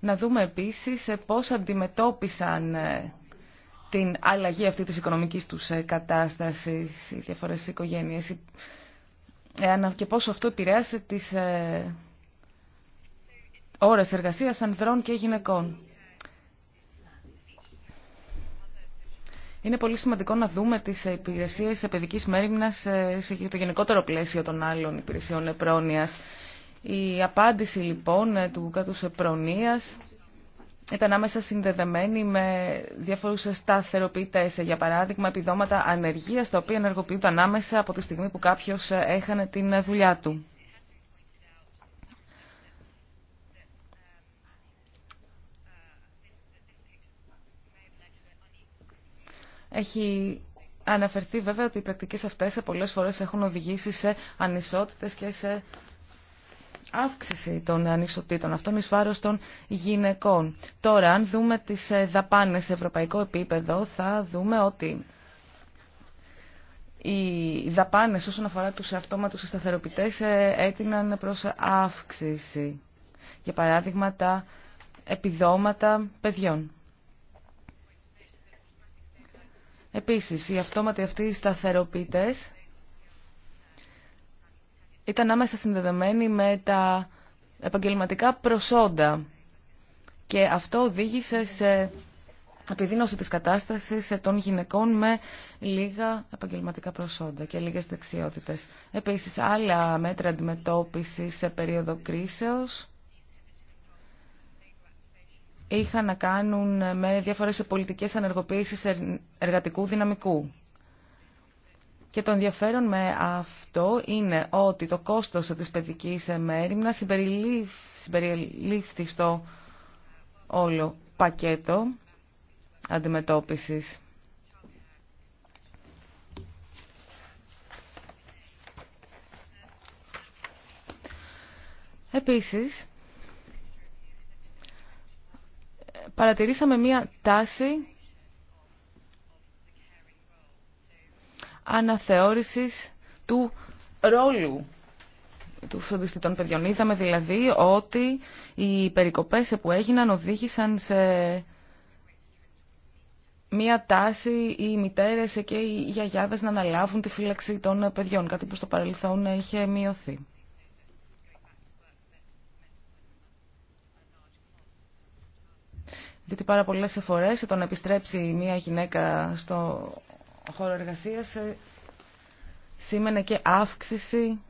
να δούμε επίσης πώς αντιμετώπισαν ε, την αλλαγή αυτή της οικονομικής τους ε, κατάστασης οι διαφορές οικογένειες ε, και πόσο αυτό επηρέασε τις ώρες εργασίας ανδρών και γυναικών. Είναι πολύ σημαντικό να δούμε τις υπηρεσίες παιδικής μέρημνας ε, σε το γενικότερο πλαίσιο των άλλων υπηρεσιών επρόνοιας. Η απάντηση λοιπόν ε, του κράτου επρόνοια ήταν άμεσα συνδεδεμένη με διάφορους σταθεροποιήτε, για παράδειγμα επιδόματα ανεργίας, τα οποία ενεργοποιούνταν άμεσα από τη στιγμή που κάποιος ε, έχανε την δουλειά του. Έχει αναφερθεί βέβαια ότι οι πρακτικές αυτές πολλές φορές έχουν οδηγήσει σε ανισότητες και σε αύξηση των ανισοτήτων αυτών εις βάρος των γυναικών. Τώρα, αν δούμε τις ε, δαπάνες σε ευρωπαϊκό επίπεδο, θα δούμε ότι οι δαπάνες όσον αφορά τους αυτόματους σταθεροποιητές ε, έτειναν προς αύξηση. Για παράδειγμα, τα επιδόματα παιδιών. Επίσης, οι αυτόματοι αυτοί οι σταθεροποιητές ήταν άμεσα συνδεδεμένοι με τα επαγγελματικά προσόντα και αυτό οδήγησε σε επιδείνωση της κατάστασης των γυναικών με λίγα επαγγελματικά προσόντα και λίγες δεξιότητες. Επίσης, άλλα μέτρα αντιμετώπισης σε περίοδο κρίσεως είχαν να κάνουν με διάφορες πολιτικές ανεργοποίησεις εργατικού δυναμικού. Και το ενδιαφέρον με αυτό είναι ότι το κόστος της παιδικής μέρημνας συμπεριλήφθη στο όλο πακέτο αντιμετώπισης. Επίσης, παρατηρήσαμε μία τάση αναθεώρησης του ρόλου του φροντιστή των παιδιών. Είδαμε δηλαδή ότι οι περικοπές που έγιναν οδήγησαν σε μία τάση οι μητέρες και οι γιαγιάδες να αναλάβουν τη φύλαξη των παιδιών, κάτι που στο παρελθόν είχε μειωθεί. Διότι πάρα πολλές το να επιστρέψει μια γυναίκα στο χώρο εργασία ε, σήμαινε και αύξηση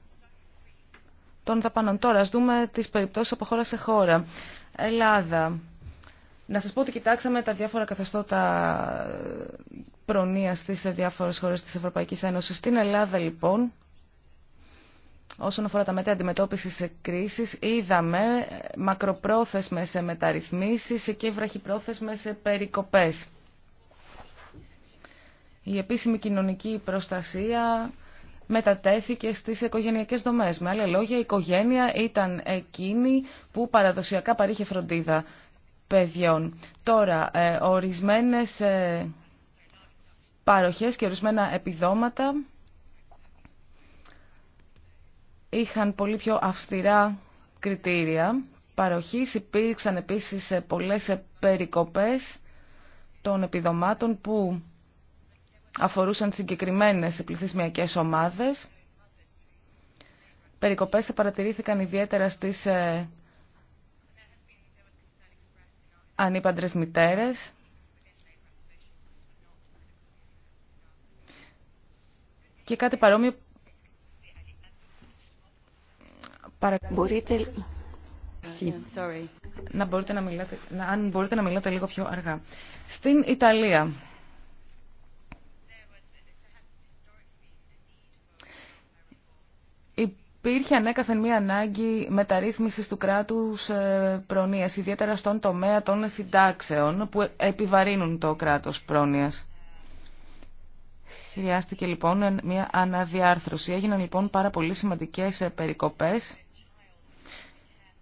των δαπανών. Τώρα Α δούμε τις περιπτώσεις από χώρα σε χώρα. Ελλάδα. Να σας πω ότι κοιτάξαμε τα διάφορα καθεστώτα ε, προνοίας στις ε, διάφορες χώρες της Ευρωπαϊκής Ένωσης. Στην Ελλάδα λοιπόν Όσον αφορά τα μέτρα αντιμετώπισης κρίσης, είδαμε μακροπρόθεσμες μεταρρυθμίσεις και σε περικοπές. Η επίσημη κοινωνική προστασία μετατέθηκε στις οικογενειακές δομές. Με άλλα λόγια, η οικογένεια ήταν εκείνη που παραδοσιακά παρήχε φροντίδα παιδιών. Τώρα, ε, ορισμένες ε, παροχές και ορισμένα επιδόματα είχαν πολύ πιο αυστηρά κριτήρια παροχής. Υπήρξαν επίσης πολλές περικοπές των επιδομάτων που αφορούσαν συγκεκριμένες πληθυσμιακές ομάδες. Περικοπές παρατηρήθηκαν ιδιαίτερα στις ε, ανήπαντρες μητέρες. Και κάτι παρόμοιο Να μπορείτε να μιλάτε, να, αν μπορείτε να μιλάτε λίγο πιο αργά. Στην Ιταλία. Υπήρχε ανέκαθεν μία ανάγκη μεταρρύθμισης του κράτους ε, πρόνοιας, ιδιαίτερα στον τομέα των συντάξεων που επιβαρύνουν το κράτος πρόνοιας. Χρειάστηκε λοιπόν μία αναδιάρθρωση. Έγιναν λοιπόν πάρα πολύ σημαντικές ε, περικοπές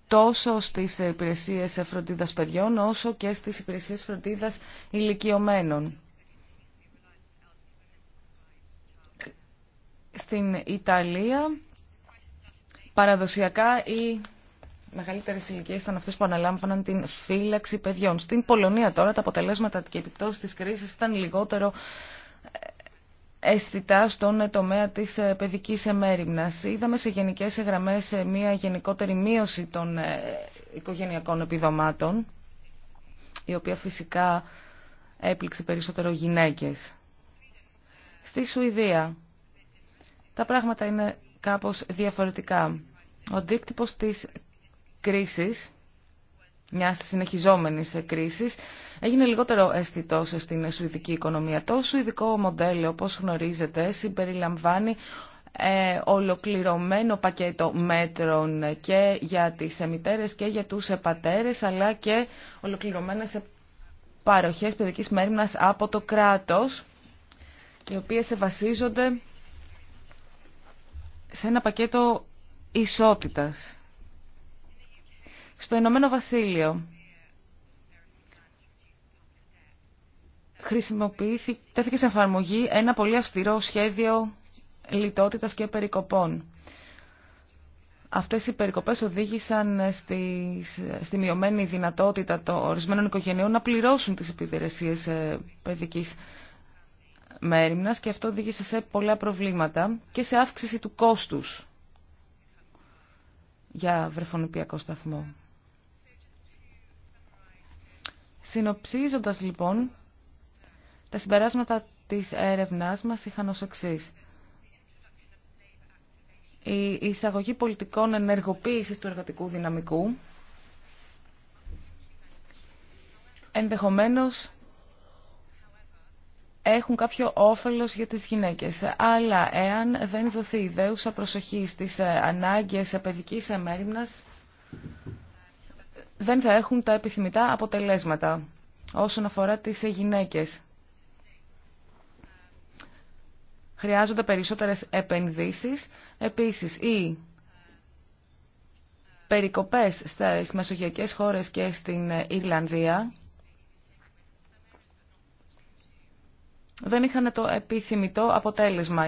τόσο στις υπηρεσίες φροντίδας παιδιών όσο και στις υπηρεσίες φροντίδας ηλικιωμένων. Στην Ιταλία παραδοσιακά οι μεγαλύτερε ηλικίε ήταν αυτέ που αναλάμβαναν την φύλαξη παιδιών. Στην Πολωνία τώρα τα αποτελέσματα και επιπτώσει τη κρίση ήταν λιγότερο αισθητά στον τομέα της ε, παιδικής εμέρημνας. Είδαμε σε γενικές γραμμές ε, μια γενικότερη μείωση των ε, οικογενειακών επιδομάτων, η οποία φυσικά έπληξε περισσότερο γυναίκες. Στη Σουηδία τα πράγματα είναι κάπως διαφορετικά. Ο δίκτυπος της κρίσης μια συνεχιζόμενη κρίση, έγινε λιγότερο αισθητό στην σουηδική οικονομία. Το σουηδικό μοντέλο, όπω γνωρίζετε, συμπεριλαμβάνει ε, ολοκληρωμένο πακέτο μέτρων και για τις μητέρε και για τους πατέρε, αλλά και ολοκληρωμένε παροχέ παιδικής μέρημνα από το κράτος οι οποίε βασίζονται σε ένα πακέτο ισότητας. Στο Ηνωμένο Βασίλειο χρησιμοποιήθηκε, τέθηκε σε εφαρμογή ένα πολύ αυστηρό σχέδιο λιτότητας και περικοπών. Αυτές οι περικοπές οδήγησαν στη, στη μειωμένη δυνατότητα των ορισμένων οικογενειών να πληρώσουν τις υπηρεσίες ε, παιδικής μέρημνας και αυτό οδήγησε σε πολλά προβλήματα και σε αύξηση του κόστους για βρεφονιπιακό σταθμό. Συνοψίζοντας λοιπόν, τα συμπεράσματα της έρευνάς μας είχαν ως εξής. Η εισαγωγή πολιτικών ενεργοποίησης του εργατικού δυναμικού ενδεχομένως έχουν κάποιο όφελος για τις γυναίκες. Αλλά εάν δεν δοθεί ιδέουσα προσοχή στις ε, ανάγκες παιδικής εμέριμνας, δεν θα έχουν τα επιθυμητά αποτελέσματα όσον αφορά τις γυναίκες. Χρειάζονται περισσότερες επενδύσεις. Επίσης, ή περικοπές στις μεσογειακές χώρες και στην Ιρλανδία δεν είχαν το επιθυμητό αποτέλεσμα.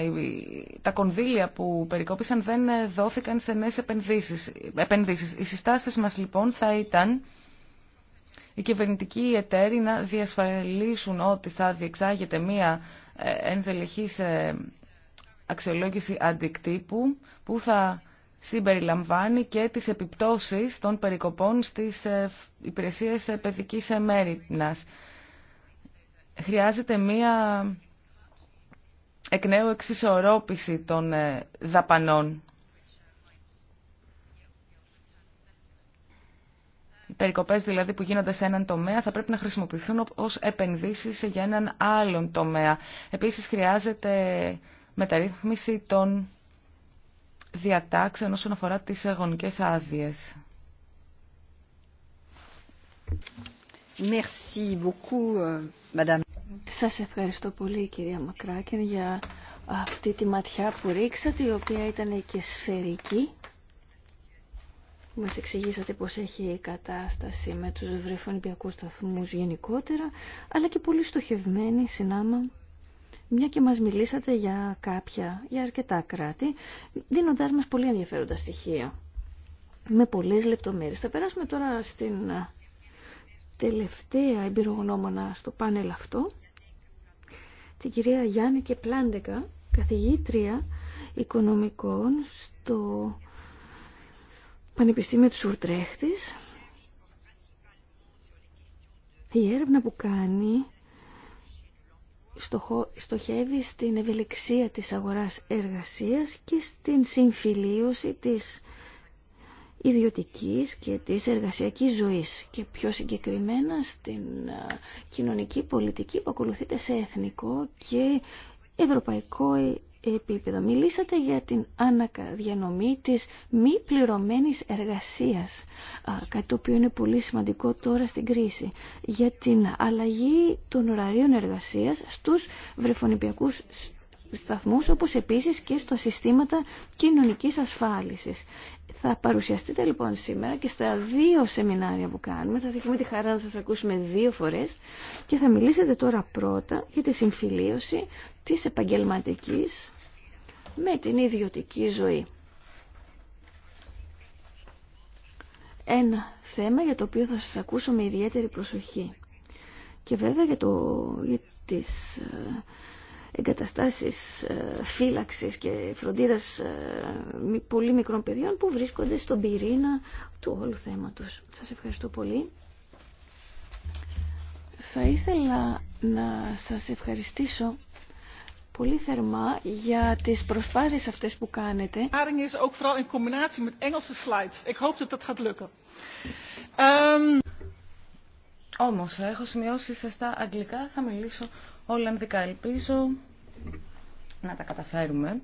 Τα κονδύλια που περικόπησαν δεν δόθηκαν σε νέες επενδύσεις. Οι συστάσεις μας λοιπόν θα ήταν οι κυβερνητικοί εταίροι να διασφαλίσουν ότι θα διεξάγεται μία ε, ενδελεχής ε, αξιολόγηση αντικτύπου που θα συμπεριλαμβάνει και τις επιπτώσεις των περικοπών στις ε, υπηρεσίες παιδικής μέρημνας χρειάζεται μία εκ νέου εξισορρόπηση των ε, δαπανών. Οι περικοπές δηλαδή που γίνονται σε έναν τομέα θα πρέπει να χρησιμοποιηθούν ως επενδύσεις για έναν άλλον τομέα. Επίσης χρειάζεται μεταρρύθμιση των διατάξεων όσον αφορά τις αγωνικές άδειες. Merci beaucoup, euh, madame. Σας ευχαριστώ πολύ κυρία Μακράκεν για αυτή τη ματιά που ρίξατε η οποία ήταν και σφαιρική. Μας εξηγήσατε πως έχει η κατάσταση με τους βρεφονιπιακούς σταθμού γενικότερα αλλά και πολύ στοχευμένη συνάμα μια και μας μιλήσατε για κάποια, για αρκετά κράτη δίνοντάς μας πολύ ενδιαφέροντα στοιχεία με πολλές λεπτομέρειες. Θα περάσουμε τώρα στην τελευταία εμπειρογνώμονα στο πάνελ αυτό, την κυρία Γιάννη και καθηγήτρια οικονομικών στο Πανεπιστήμιο του Σουρτρέχτης. Η έρευνα που κάνει στοχεύει στην ευελιξία της αγοράς εργασίας και στην συμφιλίωση της ιδιωτικής και της εργασιακής ζωής και πιο συγκεκριμένα στην ε, κοινωνική πολιτική που ακολουθείται σε εθνικό και ευρωπαϊκό ε, επίπεδο. Μιλήσατε για την ανακαδιανομή της μη πληρωμένης εργασίας, κάτι το οποίο είναι πολύ σημαντικό τώρα στην κρίση, για την αλλαγή των ωραρίων εργασίας στους βρεφονιπιακούς σταθμούς όπως επίσης και στα συστήματα κοινωνικής ασφάλισης. Θα παρουσιαστείτε λοιπόν σήμερα και στα δύο σεμινάρια που κάνουμε. Θα δείχνουμε τη χαρά να σας ακούσουμε δύο φορές και θα μιλήσετε τώρα πρώτα για τη συμφιλίωση της επαγγελματικής με την ιδιωτική ζωή. Ένα θέμα για το οποίο θα σας ακούσω με ιδιαίτερη προσοχή. Και βέβαια για, το, για τις ε, εγκαταστάσεις ε, φύλαξης και φροντίδας ε, πολύ μικρών παιδιών που βρίσκονται στον πυρήνα του όλου θέματος. Σας ευχαριστώ πολύ. Θα ήθελα να σας ευχαριστήσω πολύ θερμά για τις προσπάθειες αυτές που κάνετε. is ook vooral in combinatie met Engelse slides. Ik hoop dat dat gaat lukken. Ehm, Όμως, έχω σημειώσει σε στα αγγλικά, θα μιλήσω Ολλανδικά ελπίζω να τα καταφέρουμε.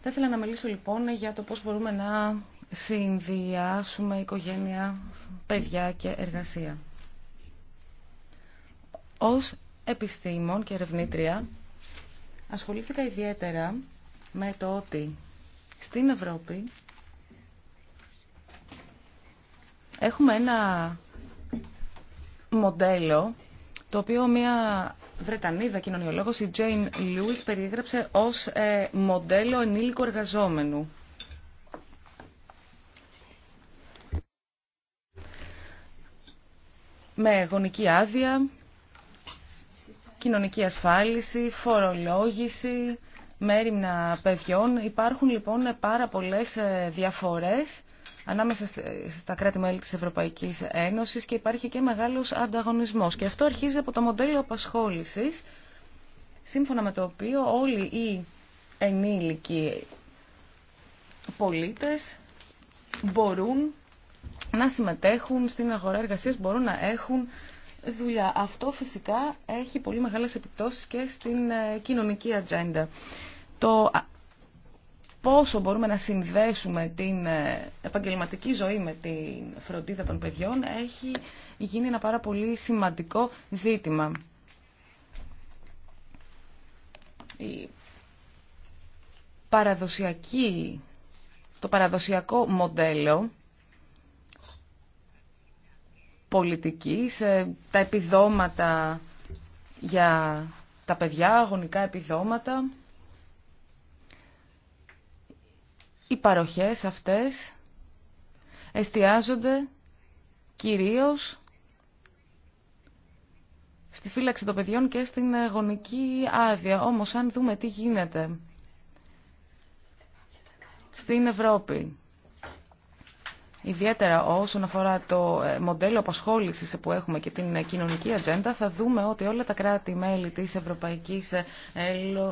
Θα ήθελα να μιλήσω λοιπόν για το πώς μπορούμε να συνδυάσουμε οικογένεια, παιδιά και εργασία. Ως επιστήμον και ερευνήτρια ασχολήθηκα ιδιαίτερα με το ότι στην Ευρώπη έχουμε ένα μοντέλο το οποίο μια Βρετανίδα κοινωνιολόγος η Τζέιν Lewis περιέγραψε ως ε, μοντέλο ενήλικου εργαζόμενου. Με γονική άδεια, κοινωνική ασφάλιση, φορολόγηση, μέρημνα παιδιών. Υπάρχουν λοιπόν πάρα πολλές ε, διαφορές ανάμεσα στα κράτη-μέλη της Ευρωπαϊκής Ένωσης και υπάρχει και μεγάλος ανταγωνισμός. Και αυτό αρχίζει από το μοντέλο απασχόλησης, σύμφωνα με το οποίο όλοι οι ενήλικοι πολίτες μπορούν να συμμετέχουν στην αγορά εργασίας, μπορούν να έχουν δουλειά. Αυτό φυσικά έχει πολύ μεγάλες επιπτώσεις και στην ε, κοινωνική ατζέντα. Το πόσο μπορούμε να συνδέσουμε την ε, επαγγελματική ζωή με την φροντίδα των παιδιών έχει γίνει ένα πάρα πολύ σημαντικό ζήτημα. Η παραδοσιακή, το παραδοσιακό μοντέλο πολιτικής, ε, τα επιδόματα για τα παιδιά, αγωνικά επιδόματα... οι παροχές αυτές εστιάζονται κυρίως στη φύλαξη των παιδιών και στην γονική άδεια. Όμως αν δούμε τι γίνεται στην Ευρώπη ιδιαίτερα όσον αφορά το ε, μοντέλο απασχόλησης που έχουμε και την ε, κοινωνική ατζέντα, θα δούμε ότι όλα τα κράτη-μέλη της Ευρωπαϊκής ε,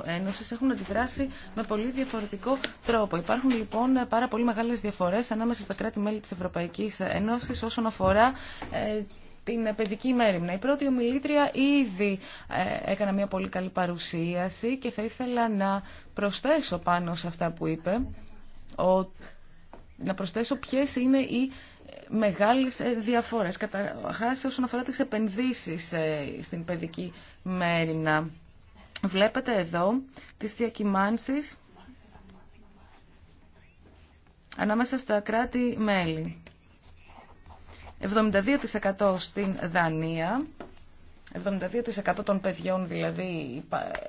Ένωσης έχουν αντιδράσει με πολύ διαφορετικό τρόπο. Υπάρχουν λοιπόν πάρα πολύ μεγάλες διαφορές ανάμεσα στα κράτη-μέλη της Ευρωπαϊκής Ένωσης όσον αφορά την παιδική μέρημνα. Η πρώτη ομιλήτρια ήδη έκανα μια πολύ καλή παρουσίαση και θα ήθελα να προσθέσω πάνω σε αυτά που είπε ότι να προσθέσω ποιε είναι οι μεγάλες ε, διαφορές. Καταρχά, όσον αφορά τι επενδύσει ε, στην παιδική μέρινα. Βλέπετε εδώ τι διακυμάνσει ανάμεσα στα κράτη-μέλη. 72% στην Δανία, 72% των παιδιών δηλαδή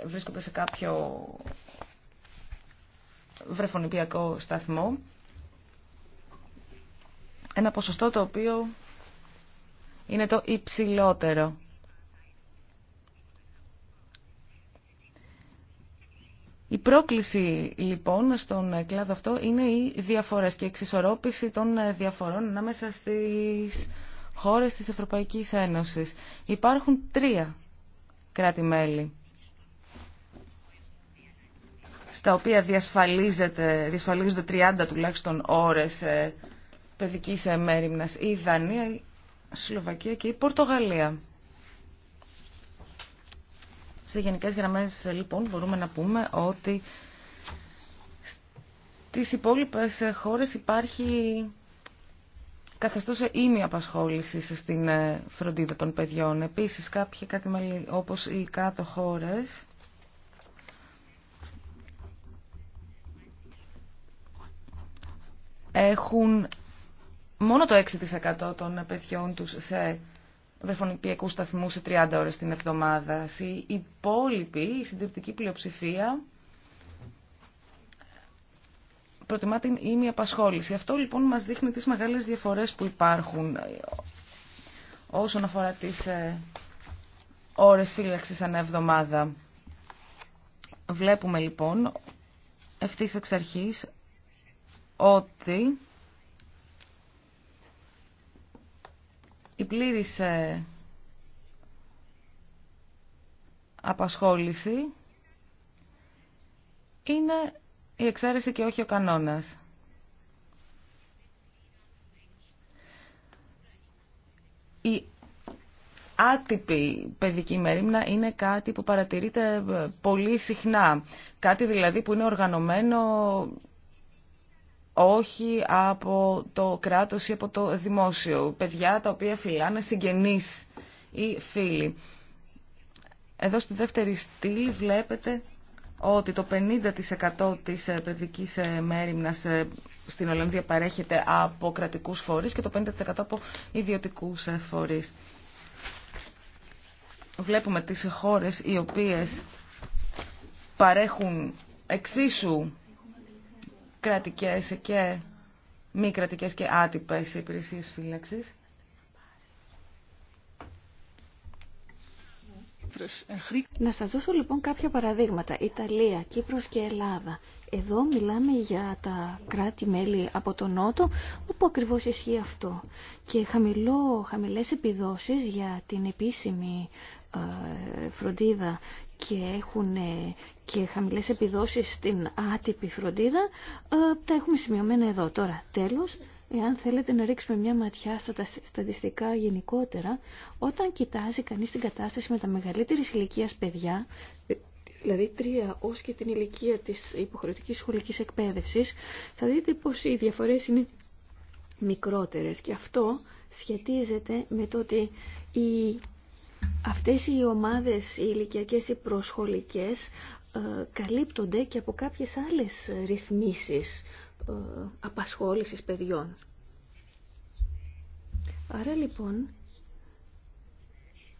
βρίσκονται σε κάποιο βρεφονιπιακό σταθμό ένα ποσοστό το οποίο είναι το υψηλότερο. Η πρόκληση λοιπόν στον κλάδο αυτό είναι η διαφορές και η εξισορρόπηση των διαφορών ανάμεσα στις χώρες της Ευρωπαϊκής Ένωσης. Υπάρχουν τρία κράτη-μέλη στα οποία διασφαλίζονται 30 τουλάχιστον ώρες ε, παιδικής εμέριμνας η Δανία, η Σλοβακία και η Πορτογαλία. Σε γενικέ γραμμέ, λοιπόν μπορούμε να πούμε ότι στις υπόλοιπες χώρες υπάρχει καθεστώ ήμη απασχόληση στην ε, φροντίδα των παιδιών. Επίσης κάποιοι κάτι όπως οι κάτω χώρες έχουν μόνο το 6% των παιδιών τους σε βρεφονιπιακούς σταθμού σε 30 ώρες την εβδομάδα. Η υπόλοιπη, η συντριπτική πλειοψηφία προτιμά την ήμια απασχόληση. Αυτό λοιπόν μας δείχνει τις μεγάλες διαφορές που υπάρχουν όσον αφορά τις ε, ώρες φύλαξης ανά εβδομάδα. Βλέπουμε λοιπόν ευθύς εξ αρχής ότι η πλήρης ε, απασχόληση είναι η εξαίρεση και όχι ο κανόνας. Η άτυπη παιδική μερίμνα είναι κάτι που παρατηρείται ε, πολύ συχνά. Κάτι δηλαδή που είναι οργανωμένο όχι από το κράτος ή από το δημόσιο. Παιδιά τα οποία φιλάνε συγγενείς ή φίλοι. Εδώ στη δεύτερη στήλη βλέπετε ότι το 50% της ε, παιδικής ε, μέρημνας ε, στην Ολλανδία παρέχεται από κρατικούς φορείς και το 50% από ιδιωτικούς φορείς. Βλέπουμε τις χώρες οι οποίες παρέχουν εξίσου κρατικές και μη κρατικές και άτυπες υπηρεσίες φύλαξης. Να σας δώσω λοιπόν κάποια παραδείγματα. Ιταλία, Κύπρος και Ελλάδα. Εδώ μιλάμε για τα κράτη-μέλη από τον Νότο, όπου ακριβώς ισχύει αυτό. Και χαμηλό, χαμηλές επιδόσεις για την επίσημη ε, φροντίδα και έχουν ε, και χαμηλές επιδόσεις στην άτυπη φροντίδα, ε, τα έχουμε σημειωμένα εδώ. Τώρα, τέλος, εάν θέλετε να ρίξουμε μια ματιά στα στατιστικά γενικότερα, όταν κοιτάζει κανείς την κατάσταση με τα μεγαλύτερης ηλικία παιδιά, δηλαδή τρία ως και την ηλικία της υποχρεωτικής σχολικής εκπαίδευσης, θα δείτε πως οι διαφορές είναι μικρότερες και αυτό σχετίζεται με το ότι οι Αυτές οι ομάδες οι ηλικιακές, ή προσχολικές, ε, καλύπτονται και από κάποιες άλλες ρυθμίσεις ε, απασχόλησης παιδιών. Άρα λοιπόν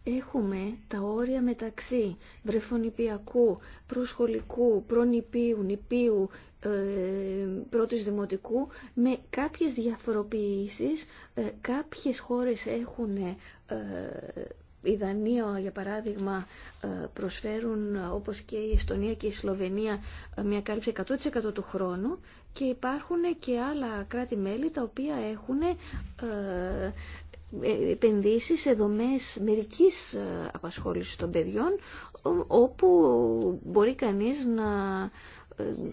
έχουμε τα όρια μεταξύ βρεφονιπιακού, προσχολικού, προνηπίου, νηπίου, ε, πρώτης δημοτικού με κάποιες διαφοροποιήσεις. Κάποιες χώρες έχουν η Δανία, για παράδειγμα, ε, προσφέρουν, όπως και η Εστονία και η Σλοβενία, ε, μια κάλυψη 100% του χρόνου και υπάρχουν και άλλα κράτη-μέλη τα οποία έχουν ε, επενδύσει σε δομές μερικής απασχόλησης των παιδιών, όπου μπορεί κανείς να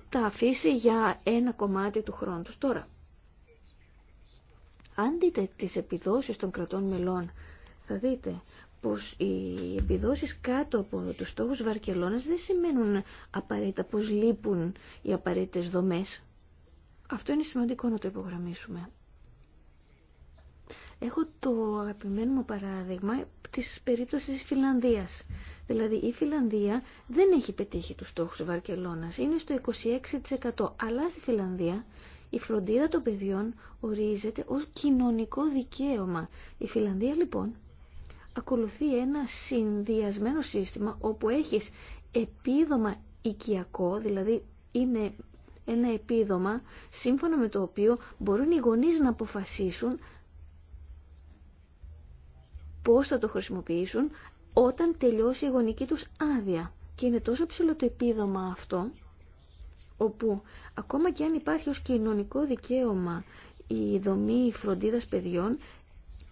τα αφήσει για ένα κομμάτι του χρόνου Τώρα, αν δείτε τις επιδόσεις των κρατών μελών, θα δείτε πως οι επιδόσεις κάτω από τους στόχους Βαρκελώνας δεν σημαίνουν απαραίτητα πως λείπουν οι απαραίτητες δομές. Αυτό είναι σημαντικό να το υπογραμμίσουμε. Έχω το αγαπημένο μου παράδειγμα της περίπτωσης της Φιλανδίας. Δηλαδή η Φιλανδία δεν έχει πετύχει τους στόχους Βαρκελώνας. Είναι στο 26% αλλά στη Φιλανδία η φροντίδα των παιδιών ορίζεται ως κοινωνικό δικαίωμα. Η Φιλανδία λοιπόν ακολουθεί ένα συνδυασμένο σύστημα όπου έχεις επίδομα οικιακό, δηλαδή είναι ένα επίδομα σύμφωνα με το οποίο μπορούν οι γονείς να αποφασίσουν πώς θα το χρησιμοποιήσουν όταν τελειώσει η γονική τους άδεια. Και είναι τόσο ψηλό το επίδομα αυτό, όπου ακόμα και αν υπάρχει ως κοινωνικό δικαίωμα η δομή φροντίδας παιδιών,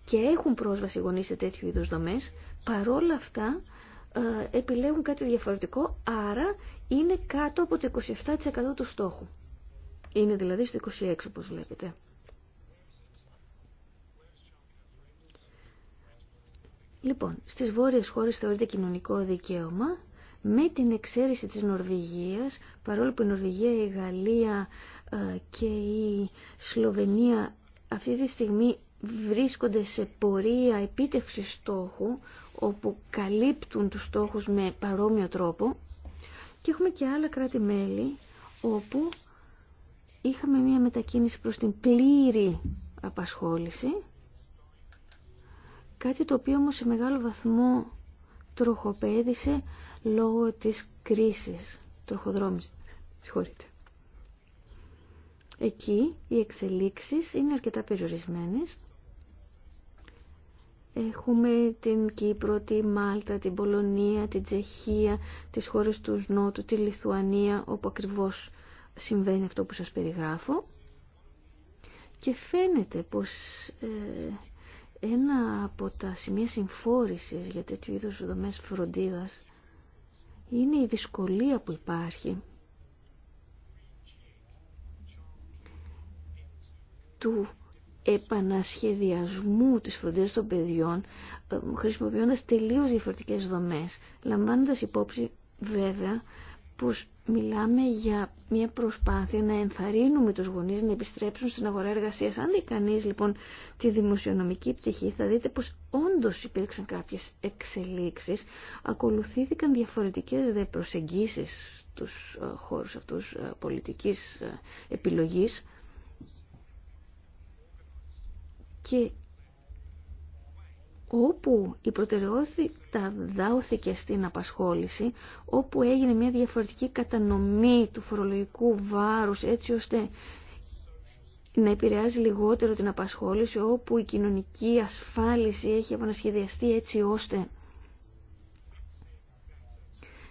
και έχουν πρόσβαση γονείς σε τέτοιου είδους δομές, παρόλα αυτά ε, επιλέγουν κάτι διαφορετικό, άρα είναι κάτω από το 27% του στόχου. Είναι δηλαδή στο 26% όπως βλέπετε. Λοιπόν, στις βόρειες χώρες θεωρείται κοινωνικό δικαίωμα, με την εξαίρεση της Νορβηγίας, παρόλο που η Νορβηγία, η Γαλλία ε, και η Σλοβενία αυτή τη στιγμή βρίσκονται σε πορεία επίτευξης στόχου όπου καλύπτουν τους στόχους με παρόμοιο τρόπο και έχουμε και άλλα κράτη-μέλη όπου είχαμε μια μετακίνηση προς την πλήρη απασχόληση κάτι το οποίο όμως σε μεγάλο βαθμό τροχοπέδησε λόγω της κρίσης τροχοδρόμης. Συγχωρείτε. Εκεί οι εξελίξεις είναι αρκετά περιορισμένες Έχουμε την Κύπρο, τη Μάλτα, την Πολωνία, την Τσεχία, τις χώρες του Νότου, τη Λιθουανία, όπου ακριβώς συμβαίνει αυτό που σας περιγράφω. Και φαίνεται πως ε, ένα από τα σημεία συμφόρησης για τέτοιου είδους δομές φροντίδας είναι η δυσκολία που υπάρχει του επανασχεδιασμού της φροντίδας των παιδιών ε, χρησιμοποιώντας τελείως διαφορετικές δομές λαμβάνοντας υπόψη βέβαια πως μιλάμε για μια προσπάθεια να ενθαρρύνουμε τους γονείς να επιστρέψουν στην αγορά εργασίας. Αν δει κανείς λοιπόν τη δημοσιονομική πτυχή θα δείτε πως όντως υπήρξαν κάποιες εξελίξεις, ακολουθήθηκαν διαφορετικές δε προσεγγίσεις στους ε, χώρους αυτούς ε, πολιτικής επιλογής. και όπου η προτεραιότητα δάωθηκε στην απασχόληση, όπου έγινε μια διαφορετική κατανομή του φορολογικού βάρους έτσι ώστε να επηρεάζει λιγότερο την απασχόληση, όπου η κοινωνική ασφάλιση έχει επανασχεδιαστεί έτσι ώστε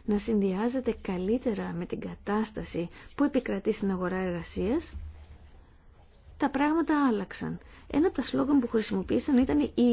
να συνδυάζεται καλύτερα με την κατάσταση που επικρατεί στην αγορά εργασίας, τα πράγματα άλλαξαν. Ένα από τα σλόγγαν που χρησιμοποίησαν ήταν «Η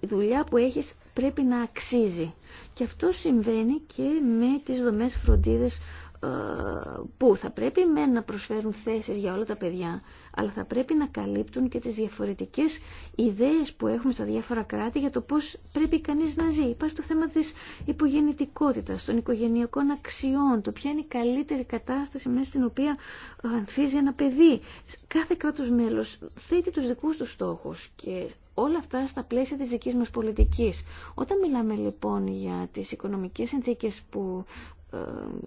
δουλειά που έχεις πρέπει να αξίζει». Και αυτό συμβαίνει και με τις δομές φροντίδες ε, που θα πρέπει με να προσφέρουν θέσεις για όλα τα παιδιά, αλλά θα πρέπει να καλύπτουν και τις διαφορετικές ιδέες που έχουν στα διάφορα κράτη για το πώς πρέπει κανείς να ζει. Υπάρχει το θέμα της υπογεννητικότητας, των οικογενειακών αξιών, το ποια είναι η καλύτερη κατάσταση μέσα στην οποία ανθίζει ένα παιδί. Κάθε κράτος μέλος θέτει τους δικούς του στόχους και όλα αυτά στα πλαίσια της δικής μας πολιτικής. Όταν μιλάμε λοιπόν για τις οικονομικές συνθήκες που ε,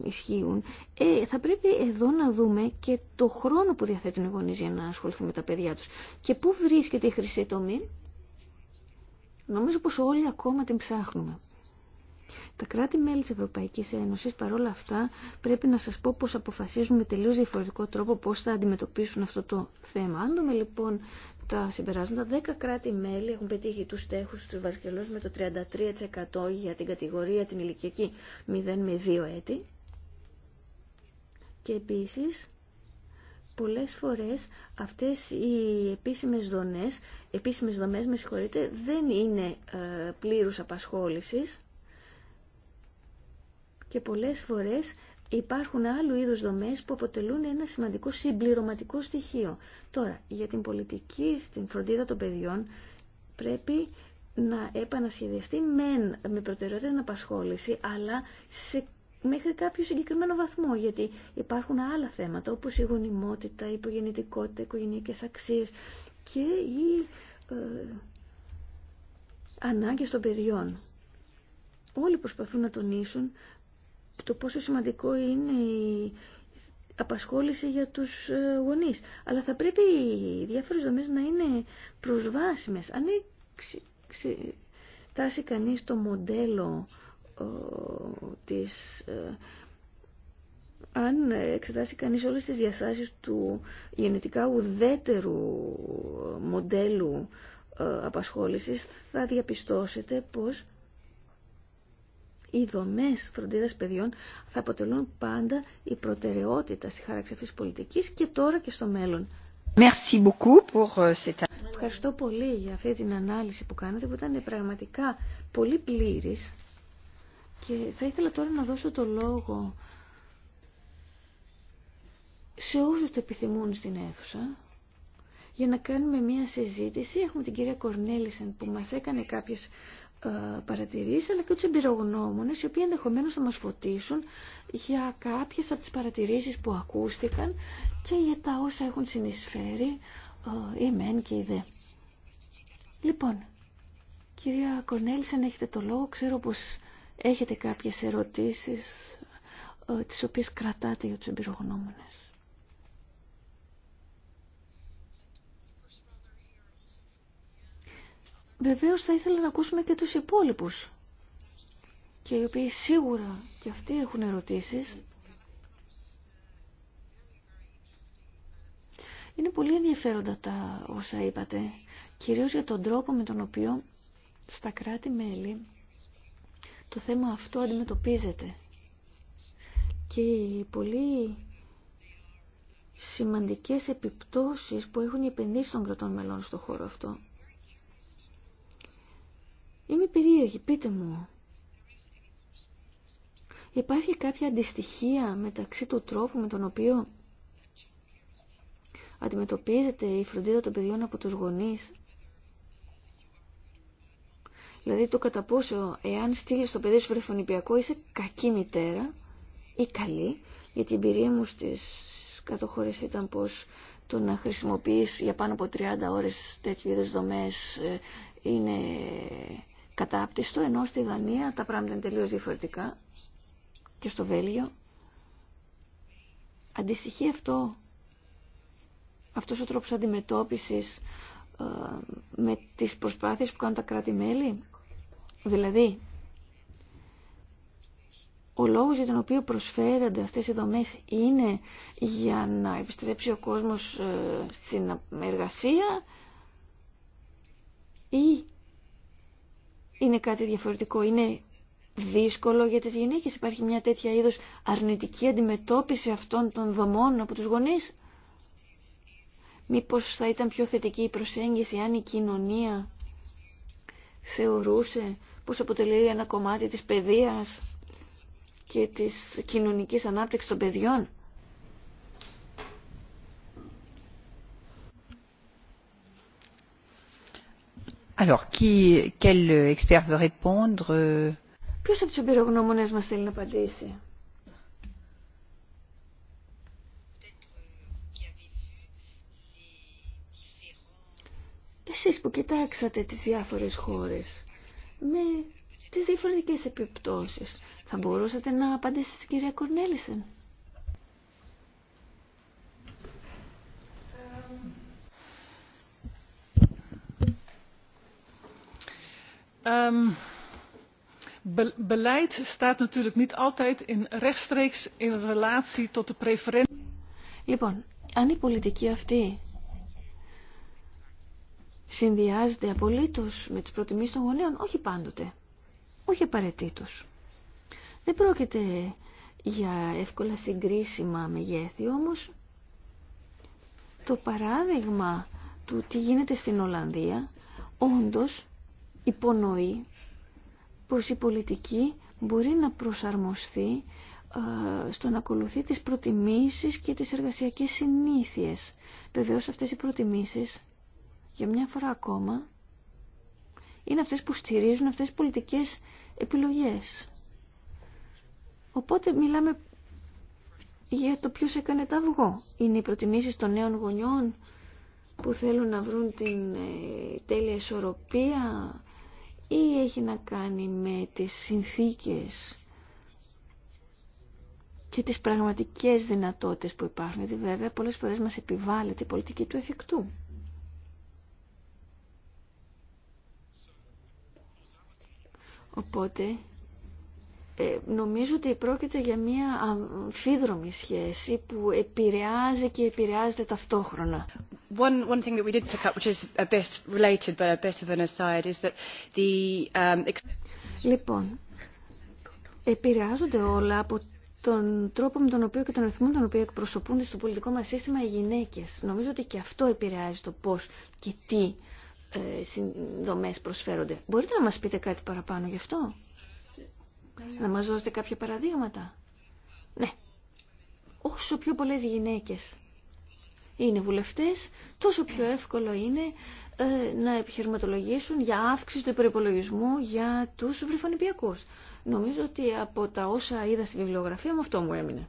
ισχύουν, ε, θα πρέπει εδώ να δούμε και το χρόνο που διαθέτουν οι γονείς για να ασχοληθούν με τα παιδιά τους. Και πού βρίσκεται η χρυσή τομή. Νομίζω πως όλοι ακόμα την ψάχνουμε. Τα κράτη-μέλη της Ευρωπαϊκής Ένωσης παρόλα αυτά πρέπει να σας πω πως αποφασίζουν με τελείως διαφορετικό τρόπο πώς θα αντιμετωπίσουν αυτό το θέμα. Αν δούμε λοιπόν τα συμπεράσματα, 10 κράτη-μέλη έχουν πετύχει τους στέχους του Βαρκελός με το 33% για την κατηγορία την ηλικιακή 0 με 2 έτη. Και επίσης πολλές φορές αυτές οι επίσημες δομές, επίσημες δομές με δεν είναι ε, πλήρους απασχόλησης και πολλές φορές υπάρχουν άλλου είδους δομές που αποτελούν ένα σημαντικό συμπληρωματικό στοιχείο. Τώρα, για την πολιτική στην φροντίδα των παιδιών πρέπει να επανασχεδιαστεί μεν με προτεραιότητα την απασχόληση, αλλά μέχρι κάποιο συγκεκριμένο βαθμό, γιατί υπάρχουν άλλα θέματα όπως η γονιμότητα, η υπογεννητικότητα, οι οικογενειακές αξίες και οι ε, ανάγκες των παιδιών. Όλοι προσπαθούν να τονίσουν το πόσο σημαντικό είναι η απασχόληση για τους ε, γονείς. Αλλά θα πρέπει οι διάφορες δομές να είναι προσβάσιμες. Αν τάσει κανείς το μοντέλο της ε, αν εξετάσει κανείς όλες τις διαστάσεις του γενετικά ουδέτερου μοντέλου ε, απασχόλησης, θα διαπιστώσετε πως οι δομέ φροντίδα παιδιών θα αποτελούν πάντα η προτεραιότητα στη χάραξη αυτή τη πολιτικής και τώρα και στο μέλλον. Merci beaucoup pour euh, cette... Ευχαριστώ πολύ για αυτή την ανάλυση που κάνατε που ήταν πραγματικά πολύ πλήρη. και θα ήθελα τώρα να δώσω το λόγο σε όσους το επιθυμούν στην αίθουσα για να κάνουμε μία συζήτηση. Έχουμε την κυρία Κορνέλισεν που μας έκανε κάποιες ε, παρατηρήσεις αλλά και τους εμπειρογνώμονες οι οποίοι ενδεχομένως θα μας φωτίσουν για κάποιες από τις παρατηρήσεις που ακούστηκαν και για τα όσα έχουν συνεισφέρει ε, η ΜΕΝ και οι ΔΕ. Λοιπόν, κυρία Κονέλη, αν έχετε το λόγο, ξέρω πως έχετε κάποιες ερωτήσεις ε, τις οποίες κρατάτε για τους εμπειρογνώμονες. Βεβαίως θα ήθελα να ακούσουμε και τους υπόλοιπους και οι οποίοι σίγουρα και αυτοί έχουν ερωτήσεις. Είναι πολύ ενδιαφέροντα τα όσα είπατε, κυρίως για τον τρόπο με τον οποίο στα κράτη-μέλη το θέμα αυτό αντιμετωπίζεται. Και οι πολύ σημαντικές επιπτώσεις που έχουν οι επενδύσεις των κρατών μελών στο χώρο αυτό. Είμαι περίεργη, πείτε μου. Υπάρχει κάποια αντιστοιχία μεταξύ του τρόπου με τον οποίο αντιμετωπίζεται η φροντίδα των παιδιών από τους γονείς. Δηλαδή το κατά πόσο εάν στείλεις το παιδί σου βρεφονιπιακό είσαι κακή μητέρα ή καλή, γιατί η εμπειρία μου στις κατοχώρες ήταν πως το να χρησιμοποιείς για πάνω από 30 ώρες τέτοιου είδους δομές ε, είναι κατάπτυστο, ενώ στη Δανία τα πράγματα είναι τελείως διαφορετικά και στο Βέλγιο. Αντιστοιχεί αυτό, αυτός ο τρόπος αντιμετώπισης ε, με τις προσπάθειες που κάνουν τα κράτη-μέλη. Δηλαδή, ο λόγος για τον οποίο προσφέρονται αυτές οι δομές είναι για να επιστρέψει ο κόσμος ε, στην εργασία ή είναι κάτι διαφορετικό. Είναι δύσκολο για τις γυναίκες. Υπάρχει μια τέτοια είδος αρνητική αντιμετώπιση αυτών των δομών από τους γονείς. Μήπως θα ήταν πιο θετική η προσέγγιση αν η κοινωνία θεωρούσε πως αποτελεί ένα κομμάτι της παιδείας και της κοινωνικής ανάπτυξης των παιδιών. Alors, euh? Ποιος από τους εμπειρογνώμονες μας θέλει να απαντήσει. Εσείς που κοιτάξατε τις διάφορες χώρες με τις διαφορετικές επιπτώσεις, θα μπορούσατε να απαντήσετε στην κυρία Κορνέλισεν. beleid Λοιπόν, αν η πολιτική αυτή συνδυάζεται απολύτως με τις προτιμήσεις των γονέων, όχι πάντοτε, όχι απαραίτητος. Δεν πρόκειται για εύκολα συγκρίσιμα μεγέθη, όμως το παράδειγμα του τι γίνεται στην Ολλανδία, όντως υπονοεί πως η πολιτική μπορεί να προσαρμοστεί ε, στο να ακολουθεί τις προτιμήσεις και τις εργασιακές συνήθειες. Βεβαίω αυτές οι προτιμήσεις, για μια φορά ακόμα, είναι αυτές που στηρίζουν αυτές τις πολιτικές επιλογές. Οπότε μιλάμε για το ποιος έκανε τα αυγό. Είναι οι προτιμήσεις των νέων γονιών που θέλουν να βρουν την ε, τέλεια ισορροπία ή έχει να κάνει με τις συνθήκες και τις πραγματικές δυνατότητες που υπάρχουν, γιατί βέβαια πολλές φορές μας επιβάλλεται η πολιτική του εφικτού. Οπότε ε, νομίζω ότι πρόκειται για μια αμφίδρομη σχέση που επηρεάζει και επηρεάζεται ταυτόχρονα. One, thing that we did pick up, which is a bit related but a bit of an aside, is that the... Um, λοιπόν, επηρεάζονται όλα από τον τρόπο με τον οποίο και τον αριθμό με τον οποίο εκπροσωπούνται στο πολιτικό μας σύστημα οι γυναίκες. Νομίζω ότι και αυτό επηρεάζει το πώς και τι ε, συνδομές προσφέρονται. Μπορείτε να μας πείτε κάτι παραπάνω γι' αυτό. Να μας δώσετε κάποια παραδείγματα. Ναι. Όσο πιο πολλές γυναίκες είναι βουλευτές, τόσο πιο εύκολο είναι ε, να επιχειρηματολογήσουν για αύξηση του υπερυπολογισμού για τους βρυφονιπιακούς. Νομίζω ότι από τα όσα είδα στη βιβλιογραφία μου αυτό μου έμεινε.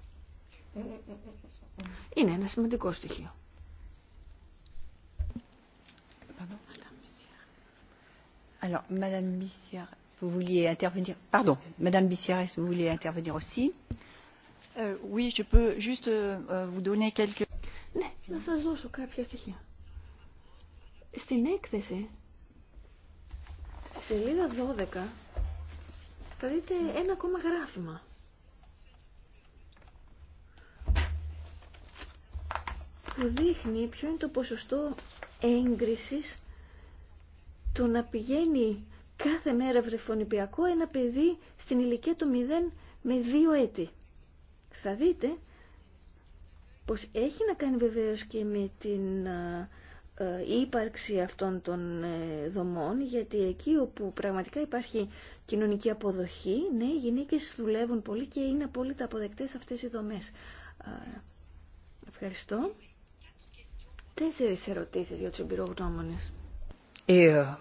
Είναι ένα σημαντικό στοιχείο. Alors, Madame vous vouliez intervenir. Pardon, Madame Bicérès, vous vouliez intervenir aussi. Euh, oui, je peux juste euh, vous donner quelques. Ναι, να σας δώσω κάποια στοιχεία. Στην έκθεση, στη σελίδα 12, θα δείτε ένα ακόμα γράφημα. Που δείχνει ποιο είναι το ποσοστό έγκρισης του να πηγαίνει κάθε μέρα βρεφονιπιακό ένα παιδί στην ηλικία του 0 με 2 έτη. Θα δείτε πως έχει να κάνει βεβαίως και με την ε, ύπαρξη αυτών των ε, δομών, γιατί εκεί όπου πραγματικά υπάρχει κοινωνική αποδοχή, ναι, οι γυναίκες δουλεύουν πολύ και είναι απόλυτα αποδεκτές αυτές οι δομές. Ευχαριστώ. Τέσσερις ερωτήσεις για τους εμπειρογνώμονες. Euh,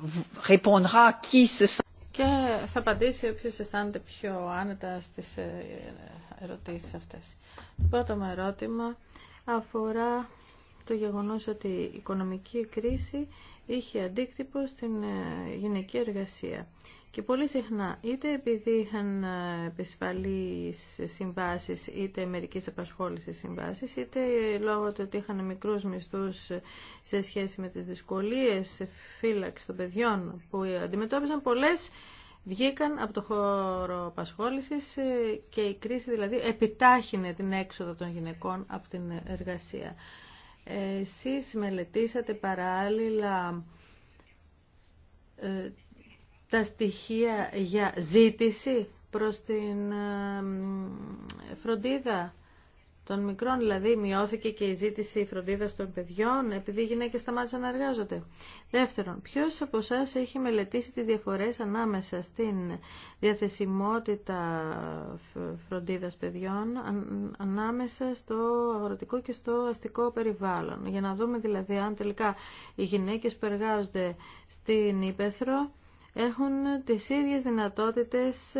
και θα απαντήσει όποιο αισθάνεται πιο άνετα στι ε, ερωτήσει αυτέ. Το πρώτο μου ερώτημα αφορά το γεγονός ότι η οικονομική κρίση είχε αντίκτυπο στην ε, γυναική εργασία. Και πολύ συχνά, είτε επειδή είχαν ε, επισφαλείς συμβάσεις, είτε μερικές απασχόλησης συμβάσεις, είτε λόγω του ότι είχαν μικρούς μισθούς σε σχέση με τις δυσκολίες φύλαξη των παιδιών που αντιμετώπιζαν πολλές, βγήκαν από το χώρο απασχόλησης ε, και η κρίση δηλαδή επιτάχυνε την έξοδο των γυναικών από την εργασία. Εσείς μελετήσατε παράλληλα ε, τα στοιχεία για ζήτηση προς την ε, φροντίδα των μικρών, δηλαδή μειώθηκε και η ζήτηση φροντίδας των παιδιών επειδή οι γυναίκες σταμάτησαν να εργάζονται. Δεύτερον, ποιος από εσά έχει μελετήσει τις διαφορές ανάμεσα στην διαθεσιμότητα φροντίδας παιδιών ανάμεσα στο αγροτικό και στο αστικό περιβάλλον. Για να δούμε δηλαδή αν τελικά οι γυναίκες που εργάζονται στην Ήπεθρο έχουν τις ίδιες δυνατότητες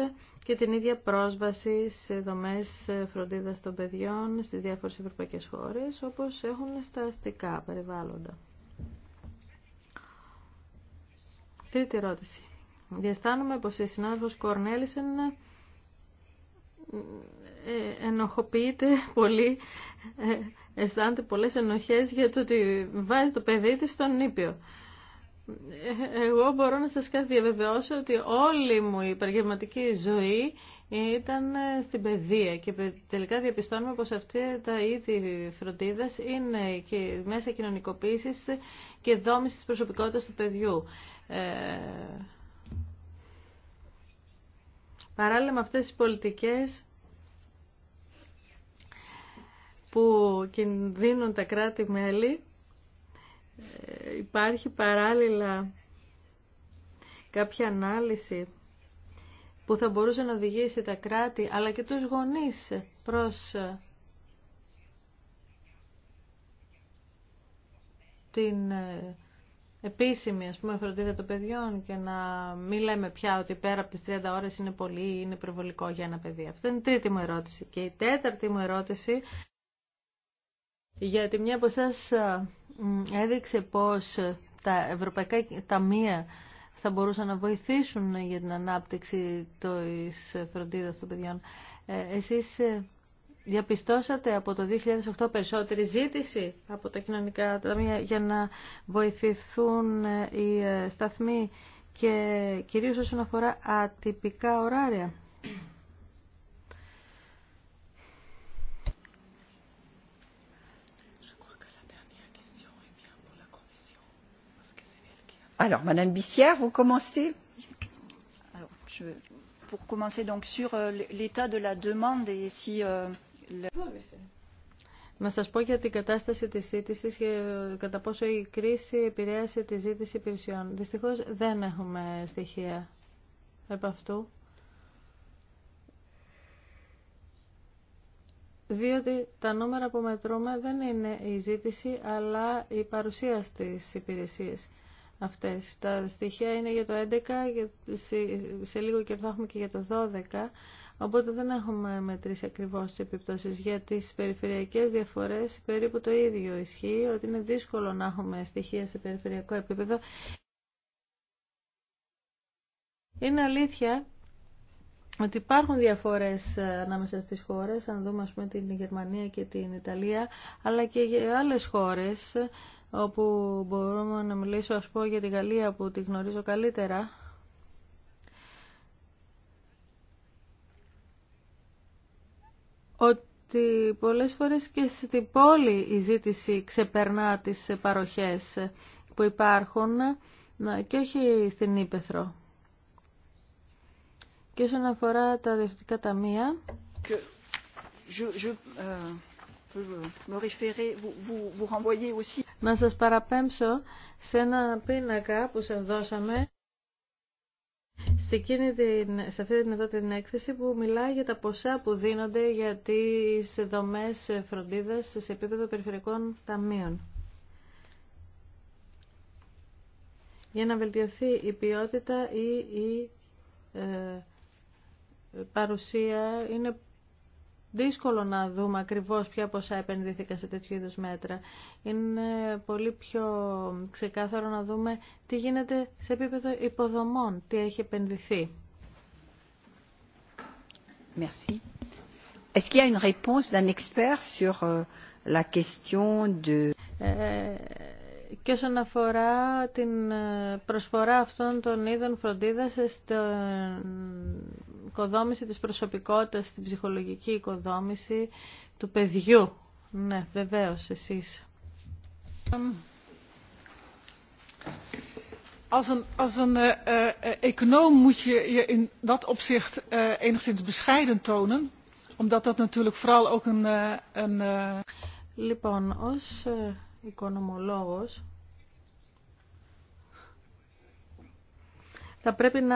και την ίδια πρόσβαση σε δομές φροντίδας των παιδιών στις διάφορες ευρωπαϊκές χώρες, όπως έχουν στα αστικά περιβάλλοντα. Τρίτη ερώτηση. Διαστάνομαι πως η συνάδελφος Κορνέλησεν ε, ενοχοποιείται πολύ, ε, αισθάνεται πολλές ενοχές για το ότι βάζει το παιδί της στον νήπιο εγώ μπορώ να σας διαβεβαιώσω ότι όλη μου η επαγγελματική ζωή ήταν ε, στην παιδεία και τελικά διαπιστώνουμε πως αυτή τα είδη φροντίδας είναι και μέσα κοινωνικοποίησης και δόμηση της προσωπικότητας του παιδιού. Ε, παράλληλα με αυτές τις πολιτικές που κινδύνουν τα κράτη-μέλη, ε, υπάρχει παράλληλα κάποια ανάλυση που θα μπορούσε να οδηγήσει τα κράτη αλλά και τους γονείς προς ε, την ε, επίσημη ας πούμε φροντίδα των παιδιών και να μην λέμε πια ότι πέρα από τις 30 ώρες είναι πολύ ή είναι προβολικό για ένα παιδί. Αυτή είναι η τρίτη μου ερώτηση. Και η τέταρτη μου ερώτηση, γιατί μια από εσάς έδειξε πως ε, τα ευρωπαϊκά ταμεία θα μπορούσαν να βοηθήσουν ε, για την ανάπτυξη της ε, φροντίδας των παιδιών. Εσείς διαπιστώσατε από το 2008 περισσότερη ζήτηση από τα κοινωνικά ταμεία για να βοηθηθούν οι σταθμοί και κυρίως όσον αφορά ατυπικά ωράρια. Να euh, euh, σας πω για την κατάσταση της ζήτηση και ε, κατά πόσο η κρίση επηρέασε τη ζήτηση υπηρεσιών. Δυστυχώς δεν έχουμε στοιχεία από αυτού. διότι τα νούμερα που μετρούμε δεν είναι η ζήτηση αλλά η παρουσία στις υπηρεσίες αυτές. Τα στοιχεία είναι για το 11, σε λίγο και θα έχουμε και για το 12, οπότε δεν έχουμε μετρήσει ακριβώς τις επιπτώσεις. Για τις περιφερειακές διαφορές περίπου το ίδιο ισχύει, ότι είναι δύσκολο να έχουμε στοιχεία σε περιφερειακό επίπεδο. Είναι αλήθεια ότι υπάρχουν διαφορές ε, ανάμεσα στις χώρες, αν δούμε πούμε την Γερμανία και την Ιταλία, αλλά και για άλλες χώρες όπου μπορούμε να μιλήσω ας πω για τη Γαλλία που τη γνωρίζω καλύτερα ότι πολλές φορές και στην πόλη η ζήτηση ξεπερνά τις παροχές που υπάρχουν και όχι στην Ήπεθρο. Και όσον αφορά τα διευθυντικά ταμεία... Euh, Euh, να σας παραπέμψω σε ένα πίνακα που σας δώσαμε σε, την, αυτή την, εδώ την έκθεση που μιλάει για τα ποσά που δίνονται για τις δομές φροντίδας σε επίπεδο περιφερειακών ταμείων. Για να βελτιωθεί η ποιότητα ή η ε, παρουσία είναι δύσκολο να δούμε ακριβώς ποια ποσά επενδύθηκαν σε τέτοιου είδους μέτρα. Είναι πολύ πιο ξεκάθαρο να δούμε τι γίνεται σε επίπεδο υποδομών, τι έχει επενδυθεί. Merci. Est-ce qu'il y a une réponse d'un expert sur euh, la question de... Ε, και όσον αφορά την ε, προσφορά αυτών των είδων φροντίδας ε, οικοδόμηση της προσωπικότητας, την ψυχολογική οικοδόμηση του παιδιού. Ναι, βεβαίως, εσείς. Als een, als een uh, uh, econoom moet je je in dat opzicht uh, enigszins bescheiden tonen, omdat dat natuurlijk vooral ook een... Uh, een uh... Λοιπόν, ως uh, οικονομολόγος, θα πρέπει να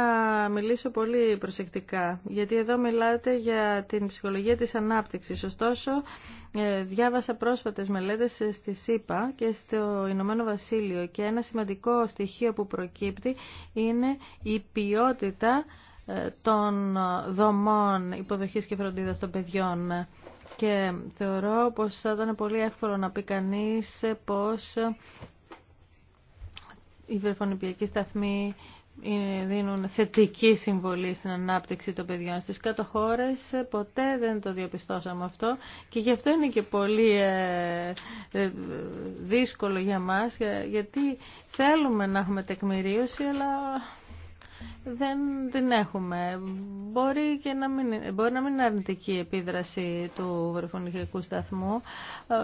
μιλήσω πολύ προσεκτικά, γιατί εδώ μιλάτε για την ψυχολογία της ανάπτυξης. Ωστόσο, ε, διάβασα πρόσφατες μελέτες ε, στη ΣΥΠΑ και στο Ηνωμένο Βασίλειο και ένα σημαντικό στοιχείο που προκύπτει είναι η ποιότητα ε, των δομών υποδοχής και φροντίδας των παιδιών. Και θεωρώ πως θα ήταν πολύ εύκολο να πει κανείς πως η Βερφονιπιακή σταθμή δίνουν θετική συμβολή στην ανάπτυξη των παιδιών στις κάτω Ποτέ δεν το διαπιστώσαμε αυτό και γι' αυτό είναι και πολύ ε, ε, δύσκολο για μας γιατί θέλουμε να έχουμε τεκμηρίωση αλλά δεν την έχουμε. Μπορεί, και να μην, μπορεί να μην είναι αρνητική η επίδραση του βρεφονιχικού σταθμού, ε,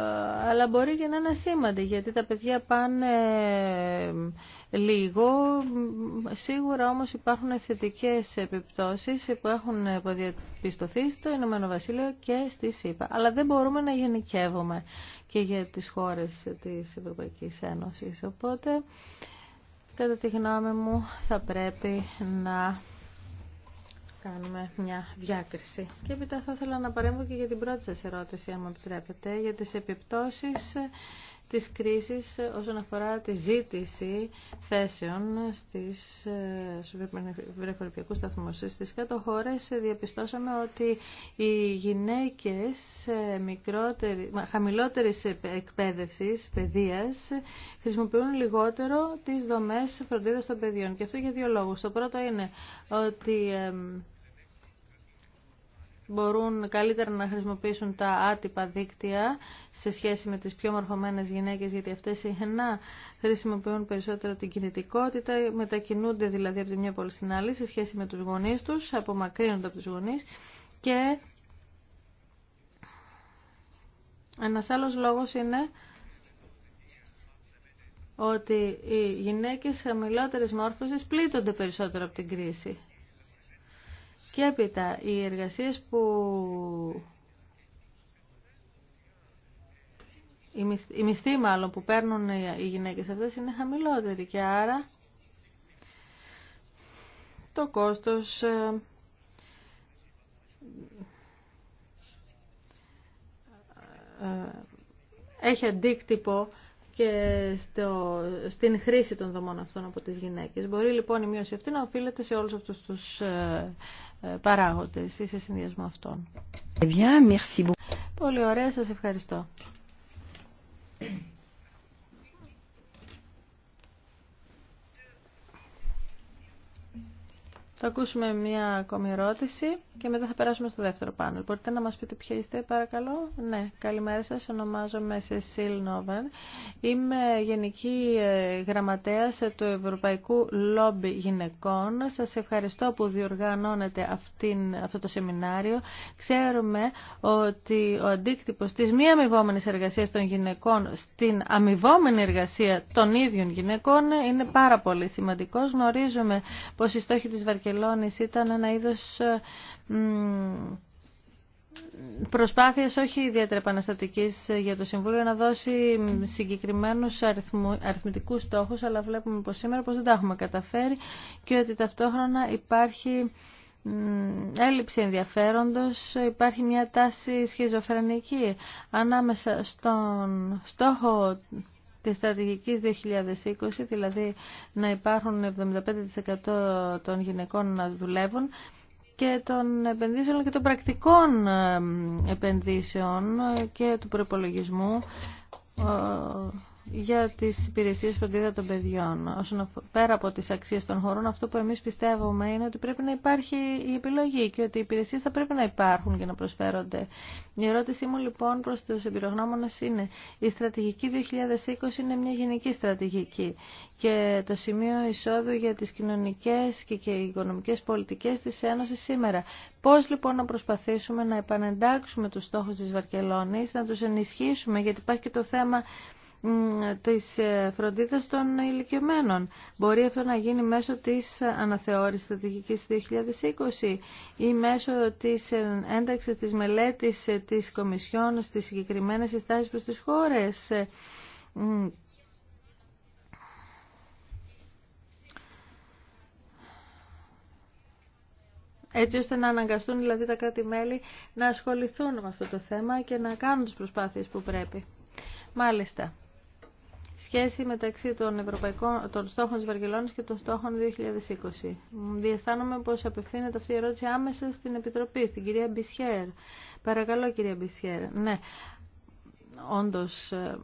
αλλά μπορεί και να είναι σήμαντη, γιατί τα παιδιά πάνε λίγο. Σίγουρα όμως υπάρχουν θετικές επιπτώσεις που έχουν διαπιστωθεί στο Ηνωμένο Βασίλειο και στη ΣΥΠΑ. Αλλά δεν μπορούμε να γενικεύουμε και για τις χώρες της Ευρωπαϊκής Ένωσης. Οπότε Κατά τη γνώμη μου θα πρέπει να κάνουμε μια διάκριση. Και έπειτα θα ήθελα να παρέμβω και για την πρώτη σας ερώτηση, αν μου επιτρέπετε, για τις επιπτώσεις της κρίσης όσον αφορά τη ζήτηση θέσεων στις βρεφορυπιακούς ε, σταθμούς. Στις κάτω χώρες διαπιστώσαμε ότι οι γυναίκες ε, μικρότερη, χαμηλότερης εκπαίδευσης, παιδείας, χρησιμοποιούν λιγότερο τις δομές φροντίδας των παιδιών. Και αυτό για δύο λόγους. Το πρώτο είναι ότι ε, μπορούν καλύτερα να χρησιμοποιήσουν τα άτυπα δίκτυα σε σχέση με τις πιο μορφωμένες γυναίκες γιατί αυτές συχνά χρησιμοποιούν περισσότερο την κινητικότητα μετακινούνται δηλαδή από τη μια πόλη στην άλλη σε σχέση με τους γονείς τους απομακρύνονται από τους γονείς και ένας άλλος λόγος είναι ότι οι γυναίκες χαμηλότερης μόρφωσης πλήττονται περισσότερο από την κρίση. Και έπειτα οι εργασίες που οι μισθοί μάλλον που παίρνουν οι γυναίκες αυτές είναι χαμηλότεροι και άρα το κόστος ε, ε, έχει αντίκτυπο και στο, στην χρήση των δομών αυτών από τις γυναίκες. Μπορεί λοιπόν η μείωση αυτή να οφείλεται σε όλους αυτούς τους ε, ε παράγοντες ή σε συνδυασμό αυτών. Ε, Πολύ ωραία, σας ευχαριστώ. Θα ακούσουμε μία ακόμη ερώτηση και μετά θα περάσουμε στο δεύτερο πάνελ. Μπορείτε να μας πείτε ποια είστε, παρακαλώ. Ναι, καλημέρα σας. Ονομάζομαι Σεσίλ Νόβεν. Είμαι Γενική ε, Γραμματέας του Ευρωπαϊκού Λόμπι Γυναικών. Σας ευχαριστώ που διοργανώνετε αυτήν, αυτό το σεμινάριο. Ξέρουμε ότι ο αντίκτυπος της μη αμοιβόμενη εργασίας των γυναικών στην αμοιβόμενη εργασία των ίδιων γυναικών είναι πάρα πολύ σημαντικός. Γνωρίζουμε πως η στόχη της Βαρκελόνης ήταν ένα είδο. Ε, προσπάθειες όχι ιδιαίτερα επαναστατικής ε, για το Συμβούλιο να δώσει συγκεκριμένους αριθμου, αριθμητικούς στόχους, αλλά βλέπουμε πως σήμερα πως δεν τα έχουμε καταφέρει και ότι ταυτόχρονα υπάρχει έλλειψη ενδιαφέροντος, υπάρχει μια τάση σχιζοφρενική ανάμεσα στον στόχο της στρατηγικής 2020, δηλαδή να υπάρχουν 75% των γυναικών να δουλεύουν και των επενδύσεων και των πρακτικών ε, επενδύσεων ε, και του προπολογισμού ε, για τις υπηρεσίες φροντίδα των παιδιών. Όσον πέρα από τις αξίες των χωρών, αυτό που εμείς πιστεύουμε είναι ότι πρέπει να υπάρχει η επιλογή και ότι οι υπηρεσίες θα πρέπει να υπάρχουν και να προσφέρονται. Η ερώτησή μου λοιπόν προς τους εμπειρογνώμονες είναι η στρατηγική 2020 είναι μια γενική στρατηγική και το σημείο εισόδου για τις κοινωνικές και, και οικονομικές πολιτικές της Ένωσης σήμερα. Πώς λοιπόν να προσπαθήσουμε να επανεντάξουμε τους στόχους της Βαρκελόνης, να τους ενισχύσουμε γιατί υπάρχει και το θέμα της ε, φροντίδας των ηλικιωμένων. Μπορεί αυτό να γίνει μέσω της αναθεώρησης στρατηγικής 2020 ή μέσω της ε, ένταξης της μελέτης ε, της Κομισιόν στις συγκεκριμένες συστάσεις προς τις χώρες. έτσι ώστε να αναγκαστούν δηλαδή τα κράτη-μέλη να ασχοληθούν με αυτό το θέμα και να κάνουν τις προσπάθειες που πρέπει. Μάλιστα σχέση μεταξύ των, ευρωπαϊκών, των στόχων της Βαρκελόνης και των στόχων 2020. Διαστάνομαι πως απευθύνεται αυτή η ερώτηση άμεσα στην Επιτροπή, στην κυρία Μπισχέρ. Παρακαλώ κυρία Μπισχέρ. Ναι, όντως ε,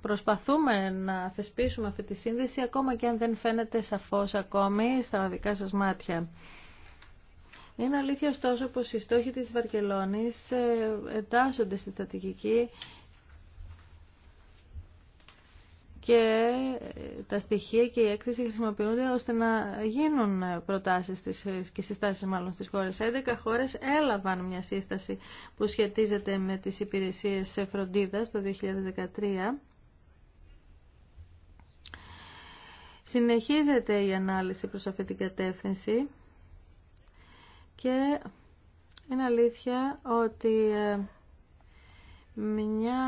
προσπαθούμε να θεσπίσουμε αυτή τη σύνδεση ακόμα και αν δεν φαίνεται σαφώς ακόμη στα δικά σας μάτια. Είναι αλήθεια ωστόσο πως οι στόχοι της Βαρκελόνης ε, εντάσσονται στη στρατηγική και τα στοιχεία και η έκθεση χρησιμοποιούνται ώστε να γίνουν προτάσεις και συστάσεις μάλλον στις χώρες. 11 χώρες έλαβαν μια σύσταση που σχετίζεται με τις υπηρεσίες φροντίδας το 2013. Συνεχίζεται η ανάλυση προς αυτή την κατεύθυνση και είναι αλήθεια ότι ε, μια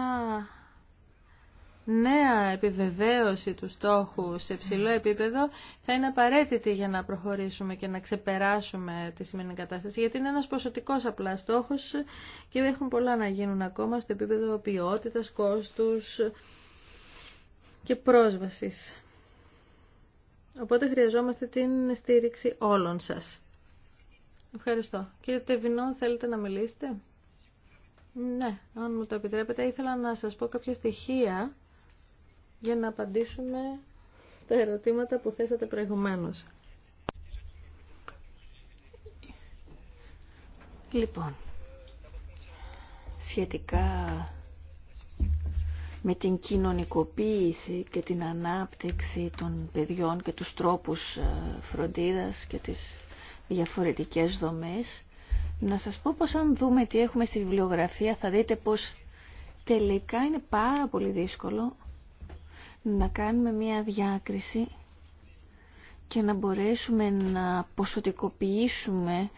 νέα επιβεβαίωση του στόχου σε ψηλό επίπεδο θα είναι απαραίτητη για να προχωρήσουμε και να ξεπεράσουμε τη σημερινή κατάσταση, γιατί είναι ένας ποσοτικός απλά στόχος και έχουν πολλά να γίνουν ακόμα στο επίπεδο ποιότητας, κόστους και πρόσβασης. Οπότε χρειαζόμαστε την στήριξη όλων σας. Ευχαριστώ. Κύριε Τεβινό, θέλετε να μιλήσετε. Ναι, αν μου το επιτρέπετε, ήθελα να σας πω κάποια στοιχεία για να απαντήσουμε τα ερωτήματα που θέσατε προηγουμένως. Λοιπόν, σχετικά με την κοινωνικοποίηση και την ανάπτυξη των παιδιών και τους τρόπους ε, φροντίδας και τις διαφορετικές δομές, να σας πω πως αν δούμε τι έχουμε στη βιβλιογραφία θα δείτε πως τελικά είναι πάρα πολύ δύσκολο να κάνουμε μία διάκριση και να μπορέσουμε να ποσοτικοποιήσουμε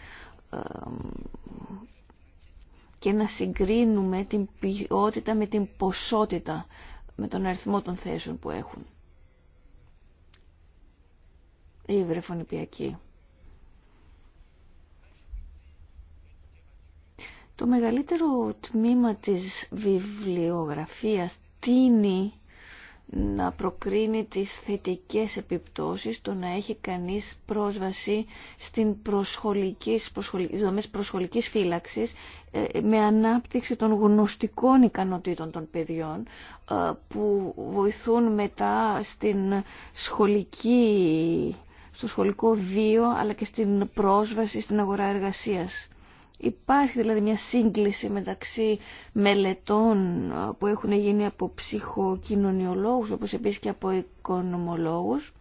και να συγκρίνουμε την ποιότητα με την ποσότητα, με τον αριθμό των θέσεων που έχουν. Η βρεφονιπιακή. Το μεγαλύτερο τμήμα της βιβλιογραφίας τίνει να προκρίνει τις θετικές επιπτώσεις το να έχει κανείς πρόσβαση στην προσχολικής, προσχολικής, δομές προσχολικής φύλαξης ε, με ανάπτυξη των γνωστικών ικανοτήτων των παιδιών ε, που βοηθούν μετά στην σχολική, στο σχολικό βίο αλλά και στην πρόσβαση στην αγορά εργασίας. Υπάρχει δηλαδή μια σύγκληση μεταξύ μελετών ε, που έχουν γίνει από ψυχοκοινωνιολόγους όπως επίσης και από οικονομολόγους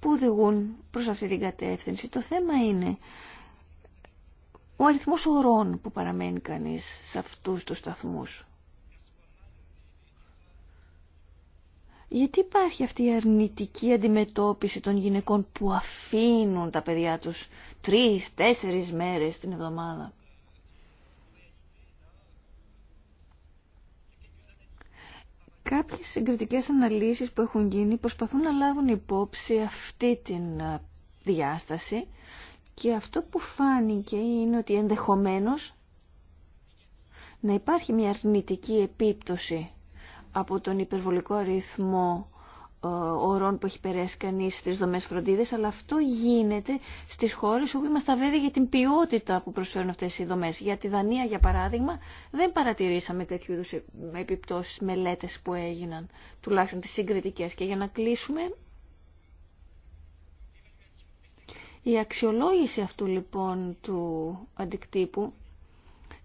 που οδηγούν προς αυτή την κατεύθυνση. Το θέμα είναι ο αριθμός ορών που παραμένει κανείς σε αυτούς τους σταθμούς. Γιατί υπάρχει αυτή η αρνητική αντιμετώπιση των γυναικών που αφήνουν τα παιδιά τους τρεις, τέσσερις μέρες την εβδομάδα. Κάποιες συγκριτικές αναλύσεις που έχουν γίνει προσπαθούν να λάβουν υπόψη αυτή την διάσταση και αυτό που φάνηκε είναι ότι ενδεχομένως να υπάρχει μια αρνητική επίπτωση από τον υπερβολικό αριθμό ορών ε, που έχει περάσει κανείς στις δομές φροντίδες, αλλά αυτό γίνεται στις χώρες όπου είμαστε βέβαιοι για την ποιότητα που προσφέρουν αυτές οι δομές. Για τη Δανία, για παράδειγμα, δεν παρατηρήσαμε τέτοιου είδους ε, επιπτώσεις μελέτες που έγιναν, τουλάχιστον τις συγκριτικές. Και για να κλείσουμε, η αξιολόγηση αυτού λοιπόν του αντικτύπου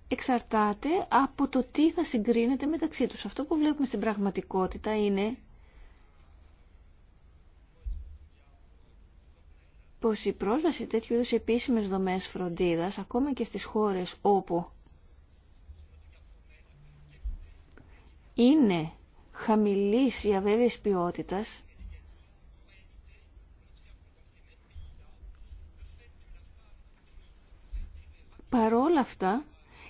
εξαρτάται από το τι θα συγκρίνεται μεταξύ τους. Αυτό που βλέπουμε στην πραγματικότητα είναι πως η πρόσβαση τέτοιου είδους επίσημες δομές φροντίδας, ακόμα και στις χώρες όπου είναι χαμηλής ή αβέβαιης ποιότητας, παρόλα αυτά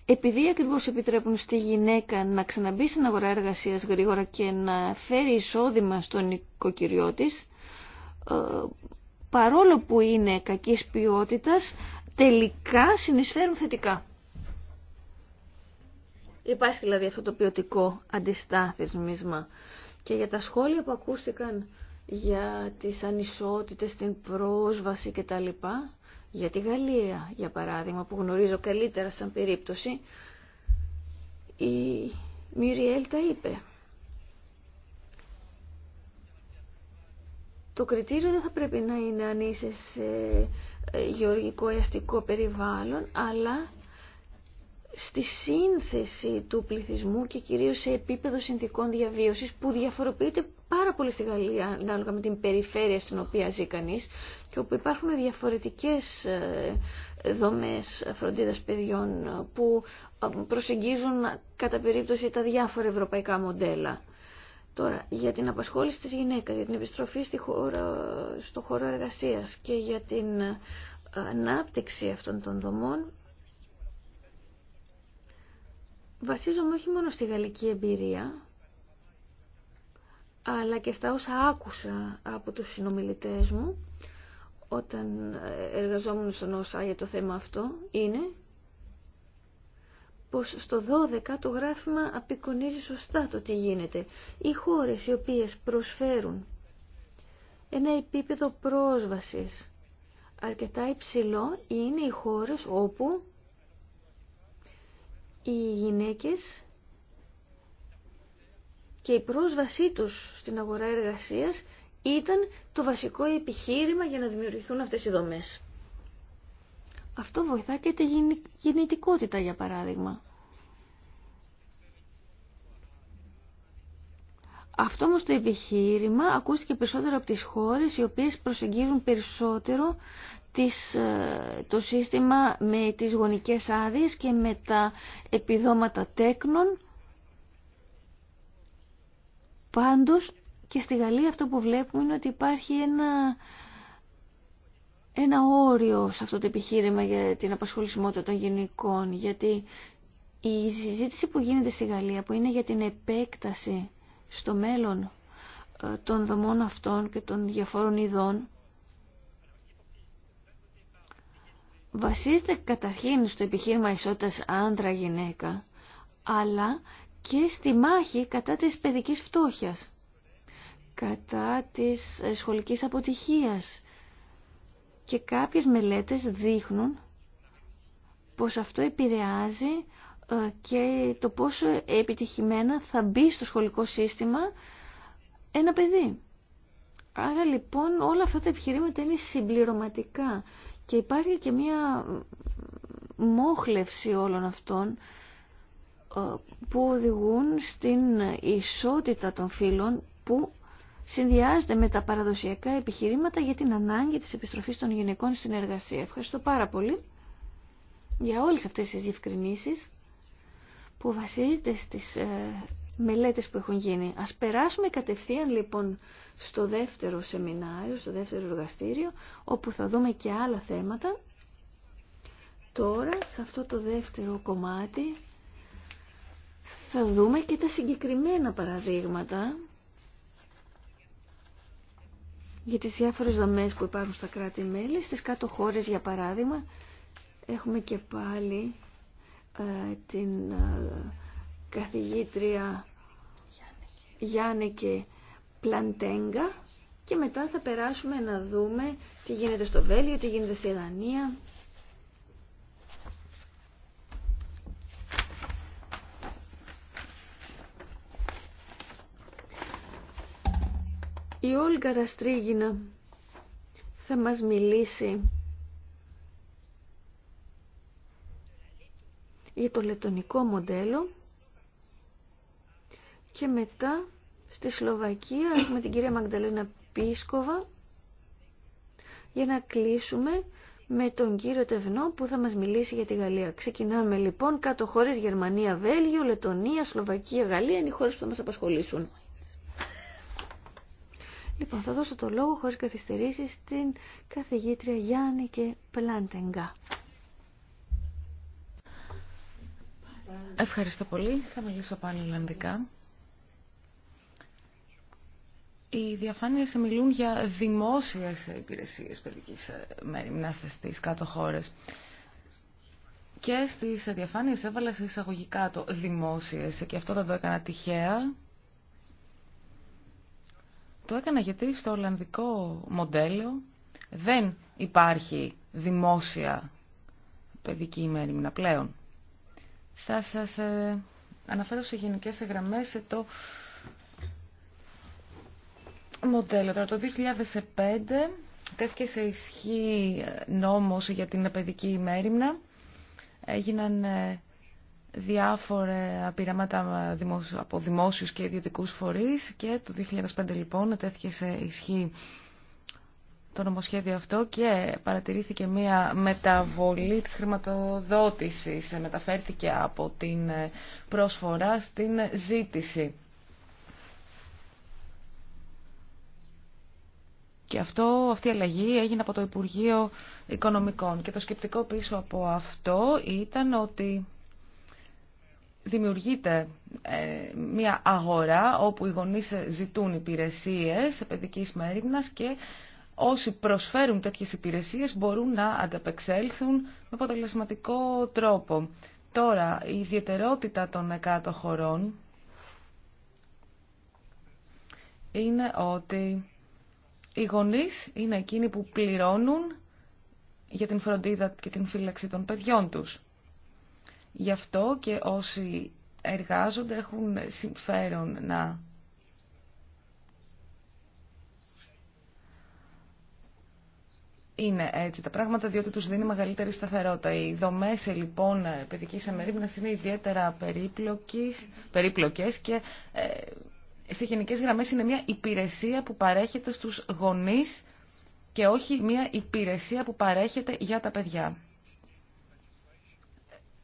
επειδή ακριβώς επιτρέπουν στη γυναίκα να ξαναμπεί στην αγορά εργασίας γρήγορα και να φέρει εισόδημα στον οικοκυριό της, ε, παρόλο που είναι κακής ποιότητας, τελικά συνεισφέρουν θετικά. Υπάρχει δηλαδή αυτό το ποιοτικό αντιστάθισμισμα. Και για τα σχόλια που ακούστηκαν για τις ανισότητες, την πρόσβαση κτλ. Για τη Γαλλία, για παράδειγμα, που γνωρίζω καλύτερα σαν περίπτωση, η Μυριέλ τα είπε. Το κριτήριο δεν θα πρέπει να είναι αν είσαι σε ε, γεωργικό ή αστικό περιβάλλον, αλλά στη σύνθεση του πληθυσμού και κυρίως σε επίπεδο συνθήκων διαβίωσης που διαφοροποιείται πάρα πολύ στη Γαλλία ανάλογα με την περιφέρεια στην οποία ζει κανείς και όπου υπάρχουν διαφορετικές ε, δομές φροντίδας παιδιών που ε, προσεγγίζουν κατά περίπτωση τα διάφορα ευρωπαϊκά μοντέλα. Τώρα, για την απασχόληση της γυναίκας, για την επιστροφή στη χώρα, στο χώρο εργασίας και για την ε, ανάπτυξη αυτών των δομών, βασίζομαι όχι μόνο στη γαλλική εμπειρία, αλλά και στα όσα άκουσα από τους συνομιλητές μου όταν εργαζόμουν στον ΩΣΑ για το θέμα αυτό, είναι πως στο 12 το γράφημα απεικονίζει σωστά το τι γίνεται. Οι χώρες οι οποίες προσφέρουν ένα επίπεδο πρόσβασης αρκετά υψηλό είναι οι χώρες όπου οι γυναίκες και η πρόσβασή τους στην αγορά εργασίας ήταν το βασικό επιχείρημα για να δημιουργηθούν αυτές οι δομές. Αυτό βοηθά και τη γεννητικότητα, για παράδειγμα. Αυτό όμως το επιχείρημα ακούστηκε περισσότερο από τις χώρες οι οποίες προσεγγίζουν περισσότερο ε, το σύστημα με τις γονικές άδειες και με τα επιδόματα τέκνων. Πάντως και στη Γαλλία αυτό που βλέπουμε είναι ότι υπάρχει ένα, ένα όριο σε αυτό το επιχείρημα για την απασχολησιμότητα των γενικών. Γιατί η συζήτηση που γίνεται στη Γαλλία που είναι για την επέκταση στο μέλλον ε, των δομών αυτών και των διαφόρων ειδών βασίζεται καταρχήν στο επιχείρημα ισότητας άντρα-γυναίκα, αλλά και στη μάχη κατά της παιδικής φτώχειας, κατά της ε, σχολικής αποτυχίας. Και κάποιες μελέτες δείχνουν πως αυτό επηρεάζει ε, και το πόσο επιτυχημένα θα μπει στο σχολικό σύστημα ένα παιδί. Άρα λοιπόν όλα αυτά τα επιχειρήματα είναι συμπληρωματικά και υπάρχει και μία μόχλευση όλων αυτών ε, που οδηγούν στην ισότητα των φύλων που συνδυάζεται με τα παραδοσιακά επιχειρήματα για την ανάγκη της επιστροφής των γυναικών στην εργασία. Ευχαριστώ πάρα πολύ για όλες αυτές τις διευκρινήσεις που βασίζεται στις ε, μελέτες που έχουν γίνει. Ας περάσουμε κατευθείαν λοιπόν στο δεύτερο σεμινάριο, στο δεύτερο εργαστήριο, όπου θα δούμε και άλλα θέματα. Τώρα, σε αυτό το δεύτερο κομμάτι, θα δούμε και τα συγκεκριμένα παραδείγματα για τις διάφορες δομές που υπάρχουν στα κράτη-μέλη. Στις κάτω χώρες, για παράδειγμα, έχουμε και πάλι ε, την... Ε, καθηγήτρια και Πλαντέγκα και μετά θα περάσουμε να δούμε τι γίνεται στο Βέλιο, τι γίνεται στη Δανία. Η Όλγα Ραστρίγινα θα μας μιλήσει για το λετονικό μοντέλο και μετά στη Σλοβακία έχουμε την κυρία Μαγδαλένα Πίσκοβα για να κλείσουμε με τον κύριο Τευνό που θα μας μιλήσει για τη Γαλλία. Ξεκινάμε λοιπόν κάτω χώρες Γερμανία, Βέλγιο, Λετωνία, Σλοβακία, Γαλλία είναι οι χώρες που θα μας απασχολήσουν. Λοιπόν, θα δώσω το λόγο χωρίς καθυστερήσεις στην καθηγήτρια Γιάννη και Πλάντεγκα. Ευχαριστώ πολύ. Θα μιλήσω πάλι Ολλανδικά. Οι διαφάνειες μιλούν για δημόσιες υπηρεσίες παιδικής ε, μέρημνας στις κάτω χώρες. Και στις διαφάνειες έβαλα σε εισαγωγικά το δημόσιες και αυτό δεν το έκανα τυχαία. Το έκανα γιατί στο Ολλανδικό μοντέλο δεν υπάρχει δημόσια παιδική μέρημνα πλέον. Θα σας ε, αναφέρω σε γενικές γραμμές το μοντέλο. το 2005 τέθηκε σε ισχύ ε, νόμος για την παιδική μέρημνα. Έγιναν ε, διάφορα πειράματα ε, από δημόσιους και ιδιωτικούς φορείς και το 2005 λοιπόν τέθηκε σε ισχύ το νομοσχέδιο αυτό και παρατηρήθηκε μία μεταβολή της χρηματοδότησης. Μεταφέρθηκε από την πρόσφορα στην ζήτηση. Και αυτό, αυτή η αλλαγή έγινε από το Υπουργείο Οικονομικών. Και το σκεπτικό πίσω από αυτό ήταν ότι δημιουργείται ε, μια αγορά όπου οι γονείς ζητούν υπηρεσίες παιδικής μέρημνας και όσοι προσφέρουν τέτοιες υπηρεσίες μπορούν να ανταπεξέλθουν με αποτελεσματικό τρόπο. Τώρα, η ιδιαιτερότητα των 100 χωρών είναι ότι οι γονείς είναι εκείνοι που πληρώνουν για την φροντίδα και την φύλαξη των παιδιών τους. Γι' αυτό και όσοι εργάζονται έχουν συμφέρον να είναι έτσι τα πράγματα, διότι τους δίνει μεγαλύτερη σταθερότητα. Οι δομές λοιπόν παιδικής αμερίμνας είναι ιδιαίτερα περίπλοκες και ε, σε γενικές γραμμές είναι μια υπηρεσία που παρέχεται στους γονείς και όχι μια υπηρεσία που παρέχεται για τα παιδιά.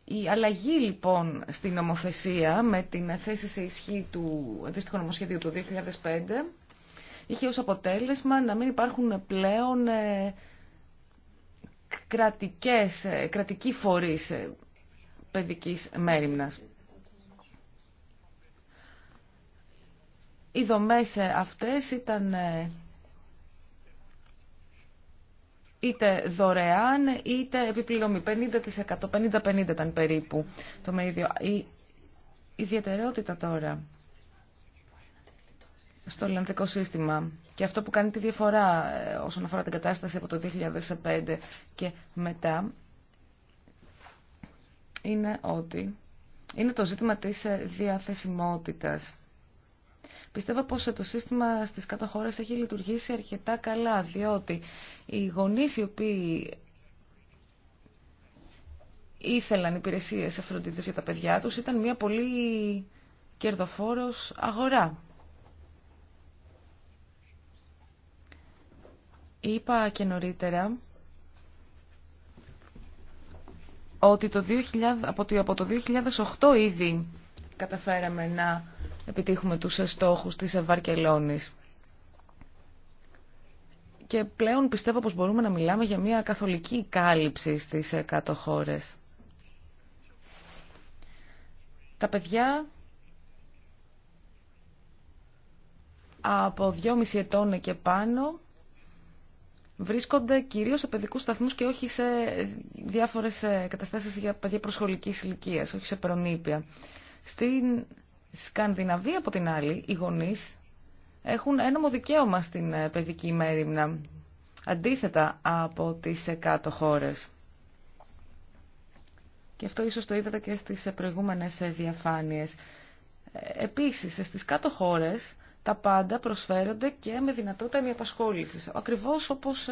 Η αλλαγή λοιπόν στην νομοθεσία με την θέση σε ισχύ του αντίστοιχου νομοσχεδίου του 2005 είχε ως αποτέλεσμα να μην υπάρχουν πλέον ε, κρατικές, ε, κρατικοί φορείς ε, παιδικής μέρημνας. Οι δομές ε, αυτές ήταν ε, είτε δωρεάν είτε επιπληρωμή. 50%, 50-50 ήταν περίπου το μερίδιο. Η ιδιαιτερότητα τώρα στο ελληνικό σύστημα και αυτό που κάνει τη διαφορά ε, όσον αφορά την κατάσταση από το 2005 και μετά είναι ότι είναι το ζήτημα της διαθεσιμότητας. Πιστεύω πως το σύστημα στις κάτω έχει λειτουργήσει αρκετά καλά, διότι οι γονείς οι οποίοι ήθελαν υπηρεσίες αφροντίδες για τα παιδιά τους ήταν μια πολύ κερδοφόρος αγορά. Είπα και νωρίτερα ότι το 2000, από το 2008 ήδη καταφέραμε να επιτύχουμε τους στόχους της Βαρκελόνης. Και πλέον πιστεύω πως μπορούμε να μιλάμε για μια καθολική κάλυψη στις κάτω χώρες. Τα παιδιά από 2,5 ετών και πάνω βρίσκονται κυρίως σε παιδικούς σταθμούς και όχι σε διάφορες καταστάσεις για παιδιά προσχολικής ηλικίας, όχι σε προνήπια. Στην Σκανδιναβία από την άλλη, οι γονείς έχουν ένομο δικαίωμα στην ε, παιδική μέρημνα, αντίθετα από τις κάτω χώρες. Και αυτό ίσως το είδατε και στις ε, προηγούμενες ε, διαφάνειες. Επίσης, στις κάτω χώρες τα πάντα προσφέρονται και με δυνατότητα απασχόληση, ακριβώς όπως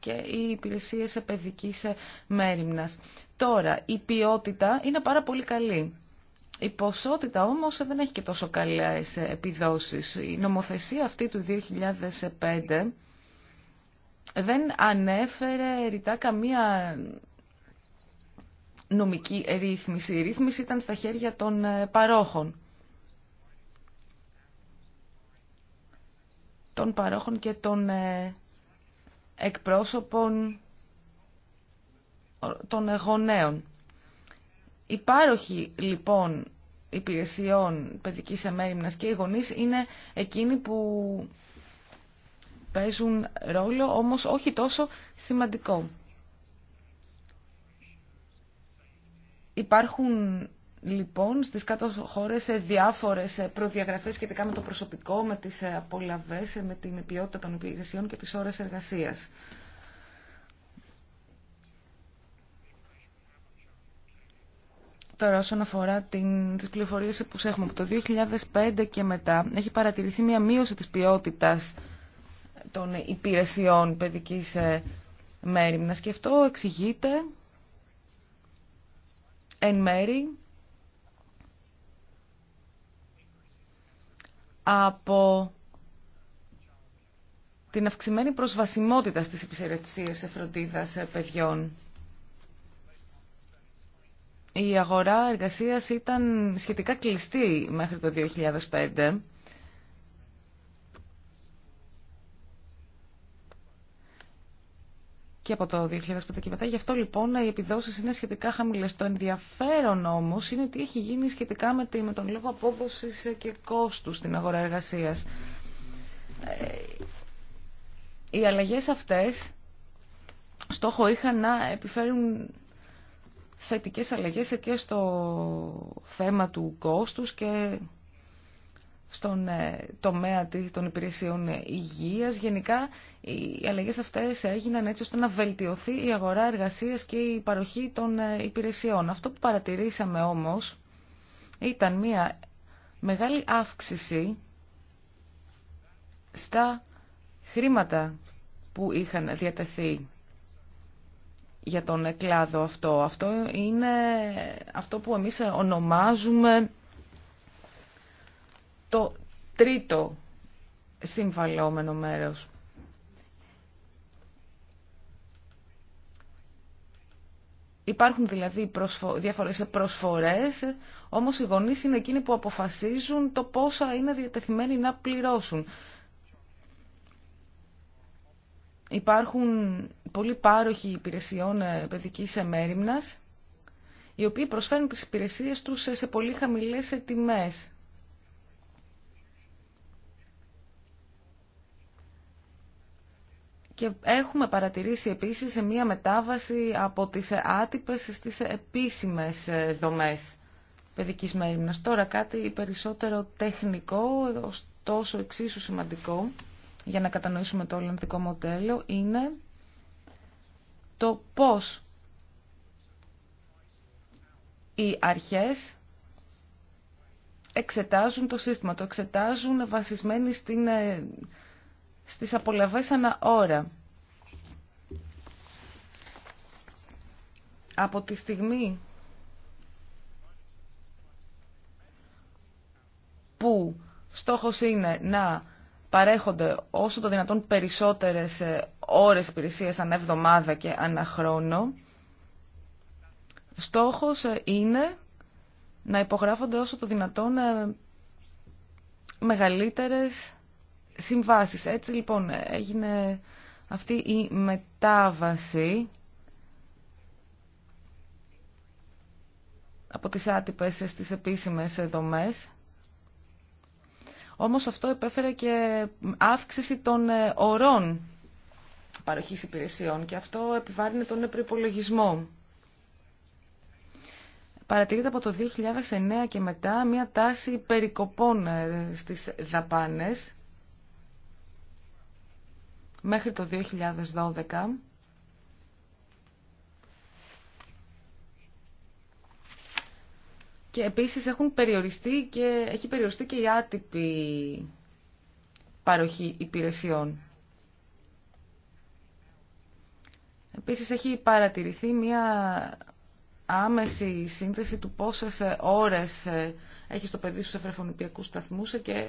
και οι υπηρεσίες παιδικής μέρημνας. Τώρα, η ποιότητα είναι πάρα πολύ καλή. Η ποσότητα όμως δεν έχει και τόσο καλές επιδόσεις. Η νομοθεσία αυτή του 2005 δεν ανέφερε ρητά καμία νομική ρύθμιση. Η ρύθμιση ήταν στα χέρια των ε, παρόχων. Των παρόχων και των ε, εκπρόσωπων των γονέων. Οι πάροχοι λοιπόν υπηρεσιών παιδικής εμέριμνας και οι γονείς είναι εκείνοι που παίζουν ρόλο, όμως όχι τόσο σημαντικό. Υπάρχουν λοιπόν στις κάτω χώρες ε, διάφορες ε, προδιαγραφές σχετικά με το προσωπικό, με τις ε, απολαβές, με την ποιότητα των υπηρεσιών και τις ώρες εργασίας. Τώρα, όσον αφορά την, τις πληροφορίες που έχουμε από το 2005 και μετά, έχει παρατηρηθεί μια μείωση της ποιότητας των υπηρεσιών παιδικής ε, μέρημνας και αυτό εξηγείται εν μέρη από την αυξημένη προσβασιμότητα στις υπηρεσίες φροντίδας ε, παιδιών η αγορά εργασίας ήταν σχετικά κλειστή μέχρι το 2005 και από το 2005 και μετά. Γι' αυτό λοιπόν οι επιδόσει είναι σχετικά χαμηλέ. Το ενδιαφέρον όμω, είναι τι έχει γίνει σχετικά με, τον λόγο απόδοση και κόστου στην αγορά εργασίας. Ε, οι αλλαγές αυτέ στόχο είχαν να επιφέρουν θετικές αλλαγές και στο θέμα του κόστους και στον ε, τομέα των υπηρεσιών υγείας. Γενικά οι αλλαγές αυτές έγιναν έτσι ώστε να βελτιωθεί η αγορά εργασίας και η παροχή των ε, υπηρεσιών. Αυτό που παρατηρήσαμε όμως ήταν μια μεγάλη αύξηση στα χρήματα που είχαν διατεθεί για τον κλάδο αυτό. Αυτό είναι αυτό που εμείς ονομάζουμε το τρίτο συμβαλόμενο μέρος. Υπάρχουν δηλαδή προσφο... διάφορες προσφορές, όμως οι γονείς είναι εκείνοι που αποφασίζουν το πόσα είναι διατεθειμένοι να πληρώσουν υπάρχουν πολύ πάροχοι υπηρεσιών ε, παιδικής εμέριμνας, οι οποίοι προσφέρουν τις υπηρεσίες τους σε πολύ χαμηλές τιμές. Και έχουμε παρατηρήσει επίσης μία μετάβαση από τις άτυπες στις επίσημες ε, δομές παιδικής μέρημνας. Τώρα κάτι περισσότερο τεχνικό, ε, ωστόσο εξίσου σημαντικό για να κατανοήσουμε το Ολλανδικό μοντέλο είναι το πώς οι αρχές εξετάζουν το σύστημα, το εξετάζουν βασισμένοι στην, ε, στις απολαβές ανά ώρα. Από τη στιγμή που στόχος είναι να παρέχονται όσο το δυνατόν περισσότερες ε, ώρες υπηρεσίας ανά εβδομάδα και ανά χρόνο. Στόχος ε, είναι να υπογράφονται όσο το δυνατόν ε, μεγαλύτερες συμβάσεις. Έτσι λοιπόν έγινε αυτή η μετάβαση από τις άτυπες στις επίσημες δομές. Όμως αυτό επέφερε και αύξηση των ορών ε, παροχής υπηρεσιών και αυτό επιβάρυνε τον προπολογισμό. Παρατηρείται από το 2009 και μετά μια τάση περικοπών ε, στις δαπάνες μέχρι το 2012 Και επίσης έχουν περιοριστεί και έχει περιοριστεί και η άτυπη παροχή υπηρεσιών. Επίσης έχει παρατηρηθεί μια άμεση σύνθεση του πόσες ώρες έχει το παιδί σε φρεφονιπιακούς σταθμούς και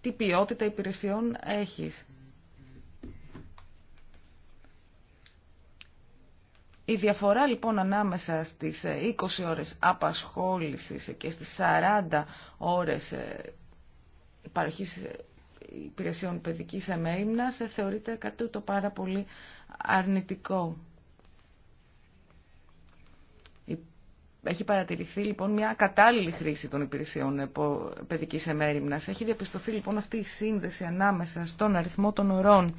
τι ποιότητα υπηρεσιών έχεις. Η διαφορά λοιπόν ανάμεσα στις 20 ε, ώρες απασχόλησης και στις 40 ώρες ε, παροχής ε, υπηρεσιών παιδικής αμέριμνας θεωρείται κάτι το πάρα πολύ αρνητικό. Έχει παρατηρηθεί λοιπόν μια κατάλληλη χρήση των υπηρεσιών παιδικής εμέριμνας. Έχει διαπιστωθεί λοιπόν αυτή η σύνδεση ανάμεσα στον αριθμό των ωρών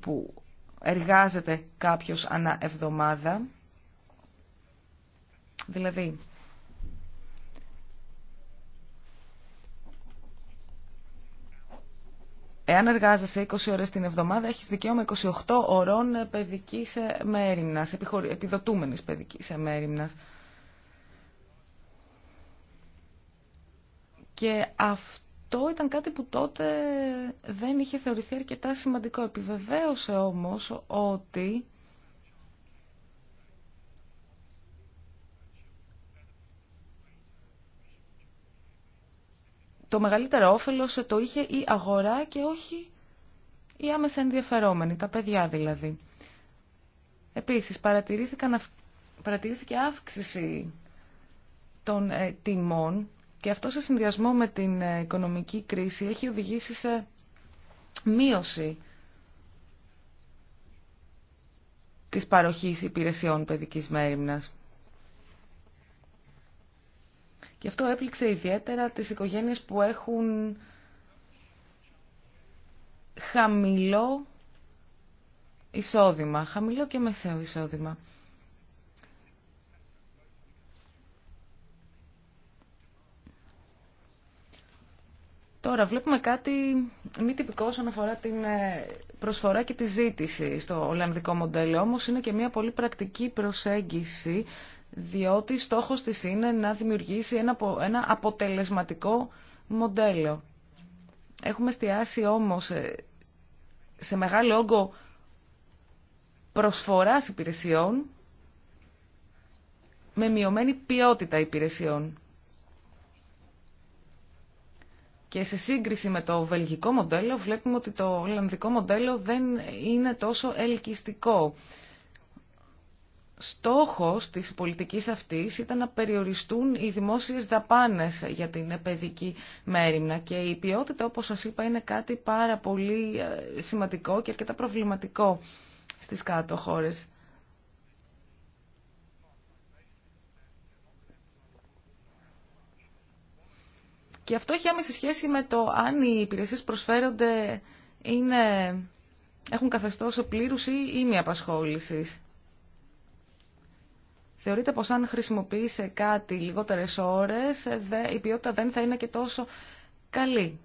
που εργάζεται κάποιος ανά εβδομάδα. Δηλαδή, Εάν εργάζεσαι 20 ώρες την εβδομάδα, έχεις δικαίωμα 28 ώρων παιδικής μέρημνας, επιδοτούμενης παιδικής μέρημνας. Και αυτό το ήταν κάτι που τότε δεν είχε θεωρηθεί αρκετά σημαντικό. Επιβεβαίωσε όμως ότι το μεγαλύτερο όφελος το είχε η αγορά και όχι οι άμεσα ενδιαφερόμενοι, τα παιδιά δηλαδή. Επίσης παρατηρήθηκε αύξηση των ε, τιμών και αυτό σε συνδυασμό με την ε, οικονομική κρίση έχει οδηγήσει σε μείωση της παροχής υπηρεσιών παιδικής μέρημνας. Και αυτό έπληξε ιδιαίτερα τις οικογένειες που έχουν χαμηλό εισόδημα, χαμηλό και μεσαίο εισόδημα. Τώρα βλέπουμε κάτι μη τυπικό όσον αφορά την ε, προσφορά και τη ζήτηση στο Ολλανδικό μοντέλο, όμως είναι και μια πολύ πρακτική προσέγγιση, διότι στόχος της είναι να δημιουργήσει ένα αποτελεσματικό μοντέλο. Έχουμε εστιάσει όμως ε, σε μεγάλο όγκο προσφοράς υπηρεσιών με μειωμένη ποιότητα υπηρεσιών. Και σε σύγκριση με το βελγικό μοντέλο βλέπουμε ότι το ολλανδικό μοντέλο δεν είναι τόσο ελκυστικό. Στόχος της πολιτικής αυτής ήταν να περιοριστούν οι δημόσιες δαπάνες για την παιδική μέρημνα και η ποιότητα όπως σας είπα είναι κάτι πάρα πολύ ε, σημαντικό και αρκετά προβληματικό στις κάτω χώρες. Και αυτό έχει άμεση σχέση με το αν οι υπηρεσίες προσφέρονται είναι, έχουν καθεστώς πλήρους ή μια απασχόλησης. Θεωρείται πως αν χρησιμοποιεί κάτι λιγότερες ώρες, η ποιότητα δεν θα είναι και τόσο καλή.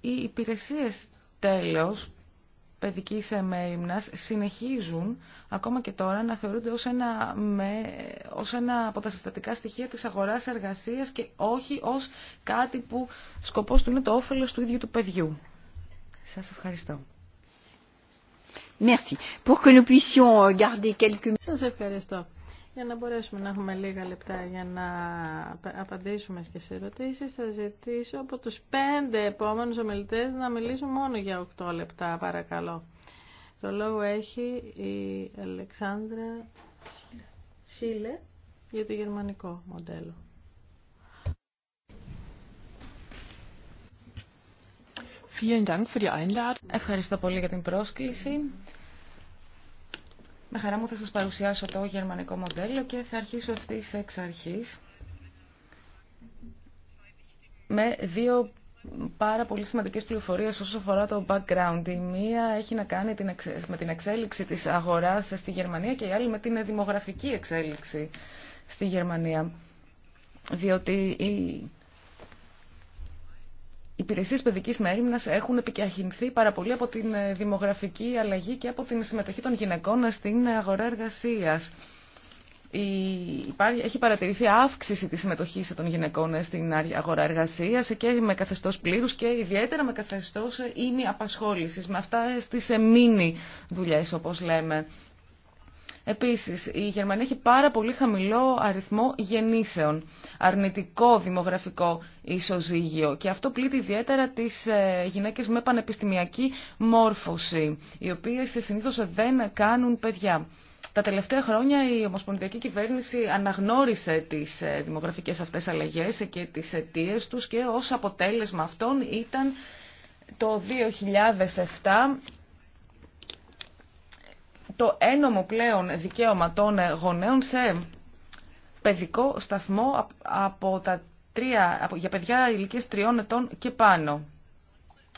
Οι υπηρεσίες τέλος παιδικής ε, μερίμνας συνεχίζουν ακόμα και τώρα να θεωρούνται ως ένα, με, ως ένα από τα συστατικά στοιχεία της αγοράς εργασίας και όχι ως κάτι που σκοπός του είναι το όφελος του ίδιου του παιδιού. Σας ευχαριστώ. Merci. Pour que nous puissions garder quelques... Σας ευχαριστώ. Για να μπορέσουμε να έχουμε λίγα λεπτά για να απαντήσουμε και σε ερωτήσεις, θα ζητήσω από τους πέντε επόμενους ομιλητές να μιλήσουν μόνο για οκτώ λεπτά, παρακαλώ. Το λόγο έχει η Αλεξάνδρα Σίλε για το γερμανικό μοντέλο. Ευχαριστώ πολύ για την πρόσκληση. Με χαρά μου θα σας παρουσιάσω το γερμανικό μοντέλο και θα αρχίσω αυτή εξ αρχής με δύο πάρα πολύ σημαντικές πληροφορίες όσο αφορά το background. Η μία έχει να κάνει με την εξέλιξη της αγοράς στη Γερμανία και η άλλη με την δημογραφική εξέλιξη στη Γερμανία. Διότι η οι υπηρεσίε παιδικής μέρημνα έχουν επικιαχυνθεί πάρα πολύ από την ε, δημογραφική αλλαγή και από την συμμετοχή των γυναικών ε, στην αγορά εργασίας. Έχει παρατηρηθεί αύξηση της συμμετοχής των γυναικών ε, στην αγορά εργασίας και με καθεστω πλήρους και ιδιαίτερα με καθεστώς ήμι απασχόλησης, με αυτά στι μήνυ δουλειέ, όπω λέμε. Επίσης, η Γερμανία έχει πάρα πολύ χαμηλό αριθμό γεννήσεων, αρνητικό δημογραφικό ισοζύγιο και αυτό πλήττει ιδιαίτερα τις ε, γυναίκες με πανεπιστημιακή μόρφωση, οι οποίες συνήθω δεν κάνουν παιδιά. Τα τελευταία χρόνια η Ομοσπονδιακή Κυβέρνηση αναγνώρισε τις ε, δημογραφικές αυτές αλλαγές και τις αιτίε τους και ως αποτέλεσμα αυτών ήταν το 2007 το ένομο πλέον δικαίωμα των γονέων σε παιδικό σταθμό από τα τρία, για παιδιά ηλικίας τριών ετών και πάνω.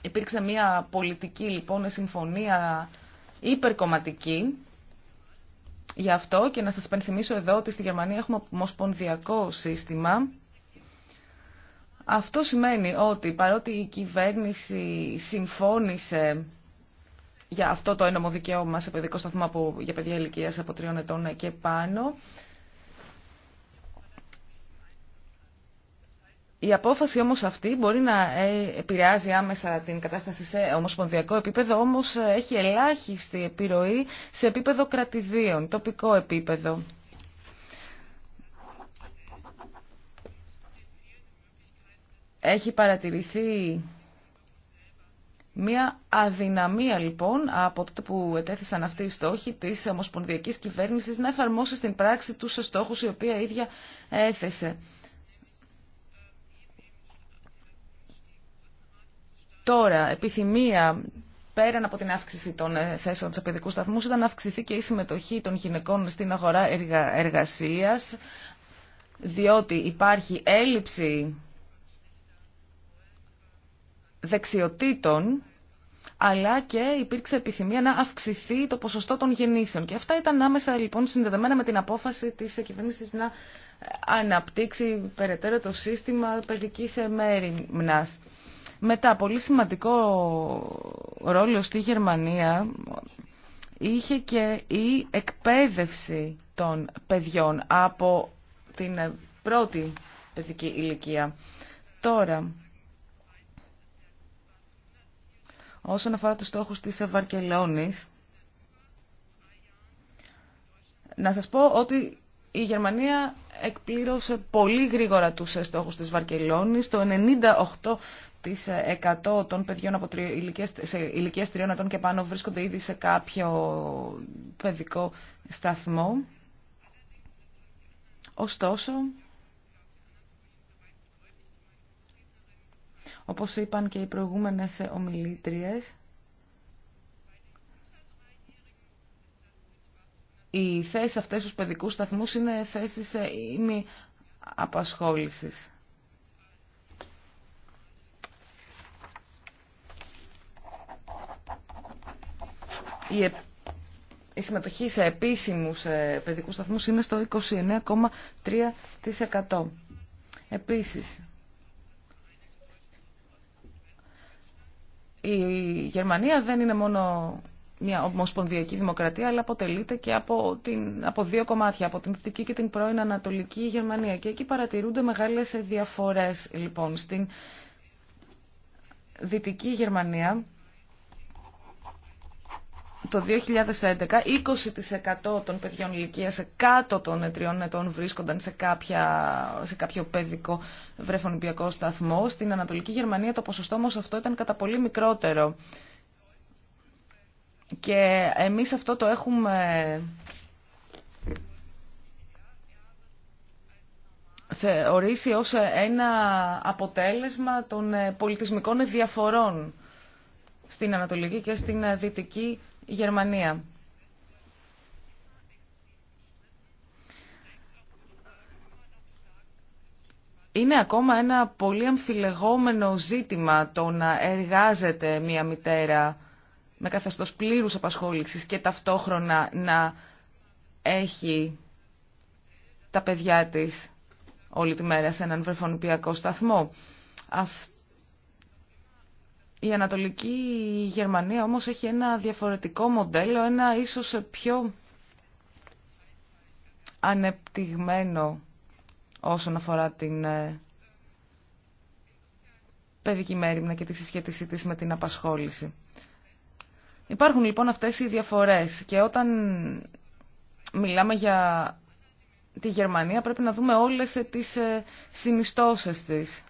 Υπήρξε μια πολιτική λοιπόν συμφωνία υπερκομματική για αυτό και να σας πενθυμίσω εδώ ότι στη Γερμανία έχουμε ομοσπονδιακό σύστημα. Αυτό σημαίνει ότι παρότι η κυβέρνηση συμφώνησε για αυτό το ένομο δικαίωμα σε παιδικό σταθμό από, για παιδιά ηλικία από τριών ετών και πάνω. Η απόφαση όμως αυτή μπορεί να ε, επηρεάζει άμεσα την κατάσταση σε ομοσπονδιακό επίπεδο, όμως ε, έχει ελάχιστη επιρροή σε επίπεδο κρατηδίων, τοπικό επίπεδο. Έχει παρατηρηθεί Μία αδυναμία λοιπόν από τότε που ετέθησαν αυτοί οι στόχοι τη ομοσπονδιακή κυβέρνηση να εφαρμόσει στην πράξη του στόχου η οποία η ίδια έθεσε. Τώρα, επιθυμία πέραν από την αύξηση των ε, θέσεων του παιδικού σταθμού ήταν να αυξηθεί και η συμμετοχή των γυναικών στην αγορά εργασίας, διότι υπάρχει έλλειψη δεξιοτήτων, αλλά και υπήρξε επιθυμία να αυξηθεί το ποσοστό των γεννήσεων. Και αυτά ήταν άμεσα λοιπόν συνδεδεμένα με την απόφαση της κυβέρνηση να ε, αναπτύξει περαιτέρω το σύστημα παιδικής εμέριμνας. Μετά, πολύ σημαντικό ρόλο στη Γερμανία είχε και η εκπαίδευση των παιδιών από την πρώτη παιδική ηλικία. Τώρα, Όσον αφορά τους στόχους της Βαρκελόνης, να σας πω ότι η Γερμανία εκπλήρωσε πολύ γρήγορα τους στόχους της Βαρκελόνης. Το 98% των παιδιών από ηλικίες, σε ηλικίες τριών ετών και πάνω βρίσκονται ήδη σε κάποιο παιδικό σταθμό. Ωστόσο, Όπως είπαν και οι προηγούμενες ομιλήτριες, οι θέσεις αυτές στους παιδικούς σταθμούς είναι θέσεις ήμι απασχόλησης. Η, η συμμετοχή σε επίσημους ε, παιδικούς σταθμούς είναι στο 29,3%. Επίσης, Η Γερμανία δεν είναι μόνο μια ομοσπονδιακή δημοκρατία, αλλά αποτελείται και από, την, από δύο κομμάτια, από την Δυτική και την πρώην Ανατολική Γερμανία. Και εκεί παρατηρούνται μεγάλες διαφορές, λοιπόν. Στην Δυτική Γερμανία το 2011 20% των παιδιών ηλικία κάτω των 3 ετών βρίσκονταν σε, κάποια, σε κάποιο παιδικό βρεφονιπιακό σταθμό. Στην Ανατολική Γερμανία το ποσοστό όμως αυτό ήταν κατά πολύ μικρότερο. Και εμείς αυτό το έχουμε θεωρήσει ως ένα αποτέλεσμα των πολιτισμικών διαφορών στην Ανατολική και στην Δυτική η Γερμανία. Είναι ακόμα ένα πολύ αμφιλεγόμενο ζήτημα το να εργάζεται μία μητέρα με καθεστώς πλήρους απασχόλησης και ταυτόχρονα να έχει τα παιδιά της όλη τη μέρα σε έναν βρεφονιπιακό σταθμό. Αυτό η Ανατολική Γερμανία όμως έχει ένα διαφορετικό μοντέλο, ένα ίσως πιο ανεπτυγμένο όσον αφορά την ε, παιδική μέρημνα και τη συσχέτισή της με την απασχόληση. Υπάρχουν λοιπόν αυτές οι διαφορές και όταν μιλάμε για τη Γερμανία πρέπει να δούμε όλες τις ε, συνιστώσεις της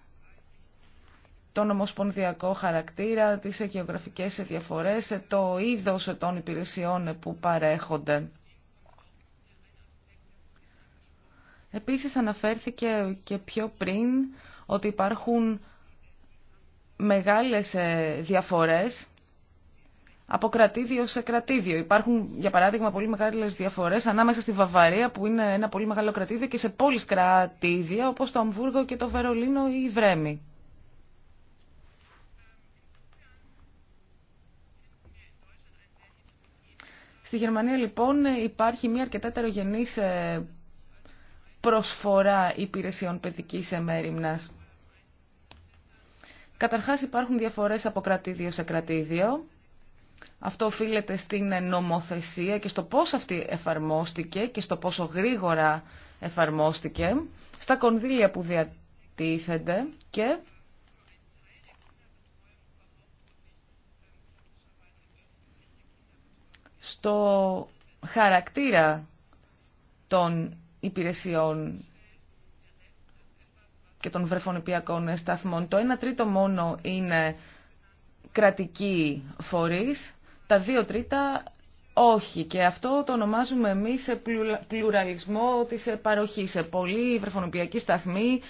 τον ομοσπονδιακό χαρακτήρα, τις γεωγραφικές διαφορές, το είδος των υπηρεσιών που παρέχονται. Επίσης αναφέρθηκε και πιο πριν ότι υπάρχουν μεγάλες ε, διαφορές από κρατήδιο σε κρατήδιο. Υπάρχουν, για παράδειγμα, πολύ μεγάλες διαφορές ανάμεσα στη Βαβαρία, που είναι ένα πολύ μεγάλο κρατήδιο, και σε πόλεις κρατήδια, όπως το Αμβούργο και το Βερολίνο ή η Βρέμη. Στη Γερμανία λοιπόν υπάρχει μια αρκετά τερογενής ε, προσφορά υπηρεσιών παιδικής εμέριμνας. Καταρχάς υπάρχουν διαφορές από κρατήδιο σε κρατήδιο. Αυτό οφείλεται στην νομοθεσία και στο πώς αυτή εφαρμόστηκε και στο πόσο γρήγορα εφαρμόστηκε, στα κονδύλια που διατίθενται και στο χαρακτήρα των υπηρεσιών και των βρεφονιπιακών σταθμών. Το 1 τρίτο μόνο είναι κρατική φορείς, τα δύο τρίτα όχι. Και αυτό το ονομάζουμε εμείς σε πλουραλισμό της παροχής. Σε πολλοί βρεφονιπιακοί σταθμοί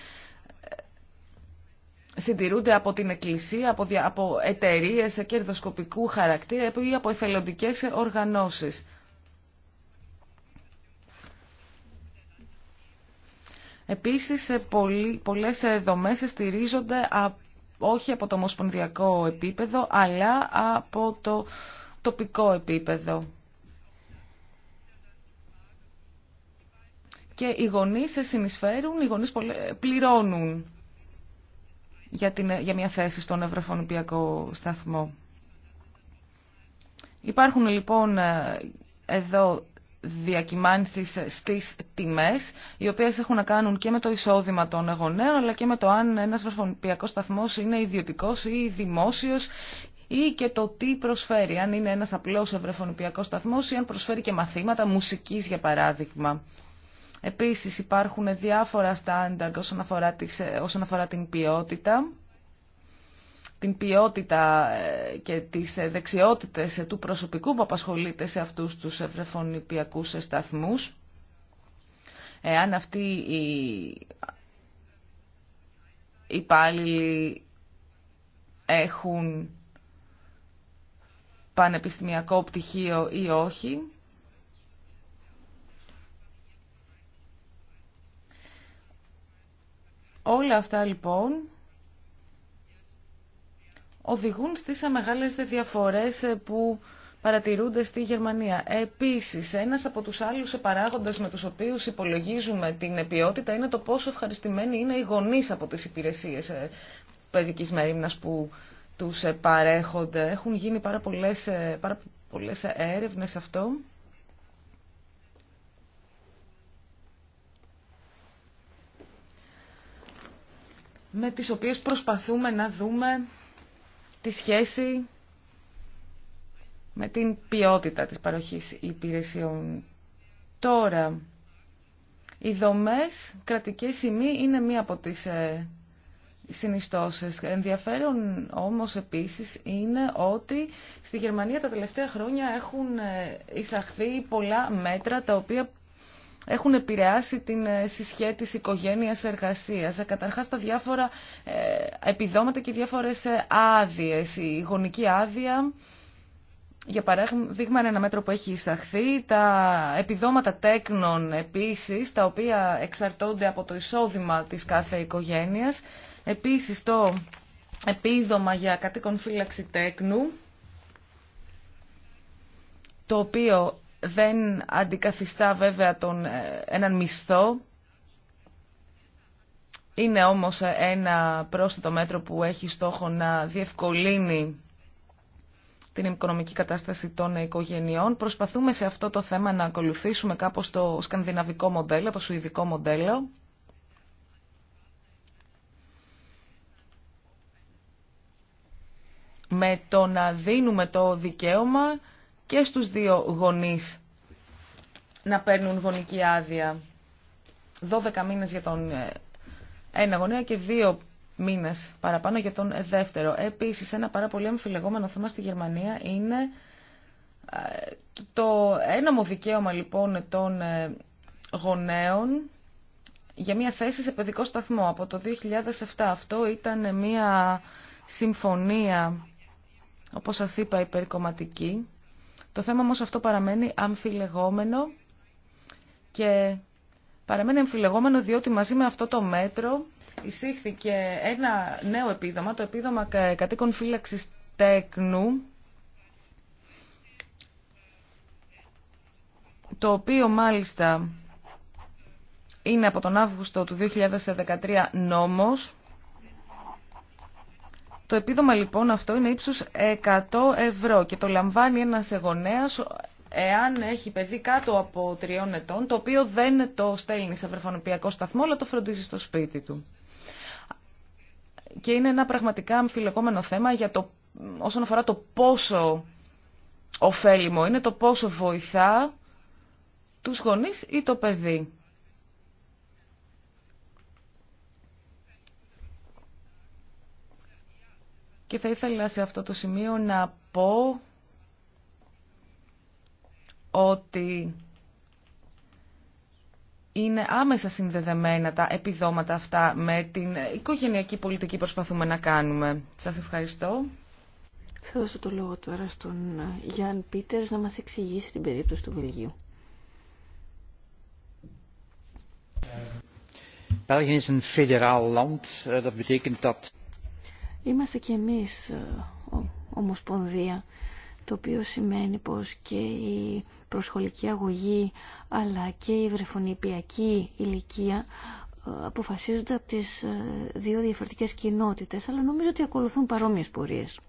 συντηρούνται από την Εκκλησία, από, δια, από εταιρείες κερδοσκοπικού χαρακτήρα ή από εθελοντικές οργανώσεις. Επίσης, πολλές δομές στηρίζονται όχι από το ομοσπονδιακό επίπεδο, αλλά από το τοπικό επίπεδο. Και οι γονείς συνεισφέρουν, οι γονείς πληρώνουν για, την, για μια θέση στον Ευρωφωνηπιακό Σταθμό. Υπάρχουν λοιπόν ε, εδώ διακυμάνσεις στις τιμές, οι οποίες έχουν να κάνουν και με το εισόδημα των γονέων, αλλά και με το αν ένας βρεφονιπιακός σταθμός είναι ιδιωτικός ή δημόσιος, ή και το τι προσφέρει, αν είναι ένας απλός βρεφονιπιακός σταθμός ή αν προσφέρει και μαθήματα μουσικής, για παράδειγμα. Επίσης υπάρχουν διάφορα στάνταρτ όσον, αφορά ε, όσον αφορά την ποιότητα την ποιότητα ε, και τις ε, δεξιότητες του προσωπικού που απασχολείται σε αυτούς τους βρεφονιπιακούς σταθμούς. Εάν αυτοί οι υπάλληλοι έχουν πανεπιστημιακό πτυχίο ή όχι. Όλα αυτά λοιπόν οδηγούν στις μεγάλες διαφορές ε, που παρατηρούνται στη Γερμανία. Επίσης, ένας από τους άλλους παράγοντες με τους οποίους υπολογίζουμε την ποιότητα είναι το πόσο ευχαριστημένοι είναι οι γονείς από τις υπηρεσίες ε, παιδικής μερίμνας που τους ε, παρέχονται. Έχουν γίνει πάρα πολλές, πάρα πολλές έρευνες αυτό. με τις οποίες προσπαθούμε να δούμε τη σχέση με την ποιότητα της παροχής υπηρεσιών. Τώρα, οι δομές κρατικές σημεί είναι μία από τις ε, συνιστώσεις. Ενδιαφέρον όμως επίσης είναι ότι στη Γερμανία τα τελευταία χρόνια έχουν ε, εισαχθεί πολλά μέτρα τα οποία έχουν επηρεάσει την ε, συσχέτιση οικογένειας-εργασίας. Καταρχάς τα διάφορα ε, επιδόματα και διάφορες ε, άδειες. Η γονική άδεια, για παράδειγμα, είναι ένα μέτρο που έχει εισαχθεί. Τα επιδόματα τέκνων επίσης, τα οποία εξαρτώνται από το εισόδημα της κάθε οικογένειας. Επίσης το επίδομα για κατοίκον φύλαξη τέκνου, το οποίο δεν αντικαθιστά βέβαια τον, ε, έναν μισθό. Είναι όμως ένα πρόσθετο μέτρο που έχει στόχο να διευκολύνει την οικονομική κατάσταση των οικογενειών. Προσπαθούμε σε αυτό το θέμα να ακολουθήσουμε κάπως το σκανδιναβικό μοντέλο, το σουηδικό μοντέλο. Με το να δίνουμε το δικαίωμα και στους δύο γονείς να παίρνουν γονική άδεια. 12 μήνες για τον ε, ένα γονέα και δύο μήνες παραπάνω για τον δεύτερο. Επίσης, ένα πάρα πολύ αμφιλεγόμενο θέμα στη Γερμανία είναι ε, το ένομο δικαίωμα λοιπόν των ε, γονέων για μια θέση σε παιδικό σταθμό από το 2007. Αυτό ήταν μια συμφωνία, όπως σας είπα, υπερκομματική το θέμα όμως αυτό παραμένει αμφιλεγόμενο και παραμένει αμφιλεγόμενο διότι μαζί με αυτό το μέτρο εισήχθηκε ένα νέο επίδομα, το επίδομα κατοίκων φύλαξης τέκνου, το οποίο μάλιστα είναι από τον Αύγουστο του 2013 νόμος το επίδομα λοιπόν αυτό είναι ύψους 100 ευρώ και το λαμβάνει ένας εγωνέας εάν έχει παιδί κάτω από τριών ετών, το οποίο δεν το στέλνει σε βρεφονοπιακό σταθμό, αλλά το φροντίζει στο σπίτι του. Και είναι ένα πραγματικά αμφιλεκόμενο θέμα για το, όσον αφορά το πόσο ωφέλιμο είναι, το πόσο βοηθά τους γονείς ή το παιδί. Και θα ήθελα σε αυτό το σημείο να πω ότι είναι άμεσα συνδεδεμένα τα επιδόματα αυτά με την οικογενειακή πολιτική που προσπαθούμε να κάνουμε. Σας ευχαριστώ. Θα δώσω το λόγο τώρα στον ε, Γιάνν Πίτερς να μας εξηγήσει την περίπτωση του Βελγίου. Είμαστε κι εμείς ε, ομοσπονδία, το οποίο σημαίνει πως και η προσχολική αγωγή αλλά και η βρεφονιπιακή ηλικία ε, αποφασίζονται από τις ε, δύο διαφορετικές κοινότητες, αλλά νομίζω ότι ακολουθούν παρόμοιες πορείες.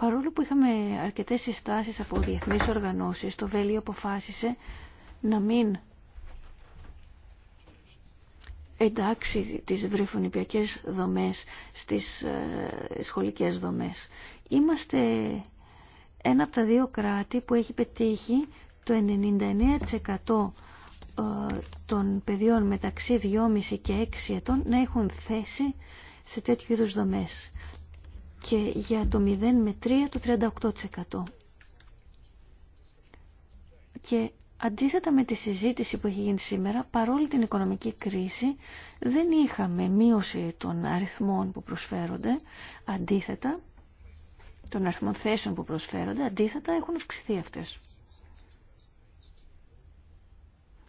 Παρόλο που είχαμε αρκετές συστάσεις από διεθνείς οργανώσεις, το Βέλιο αποφάσισε να μην εντάξει τις βρυφονιπιακές δομές στις ε, σχολικές δομές. Είμαστε ένα από τα δύο κράτη που έχει πετύχει το 99% ε, των παιδιών μεταξύ 2,5 και 6 ετών να έχουν θέση σε τέτοιου είδους δομές και για το 0 με 3 το 38%. Και Αντίθετα με τη συζήτηση που έχει γίνει σήμερα, παρόλη την οικονομική κρίση, δεν είχαμε μείωση των αριθμών που προσφέρονται, αντίθετα, των αριθμών θέσεων που προσφέρονται, αντίθετα έχουν αυξηθεί αυτές.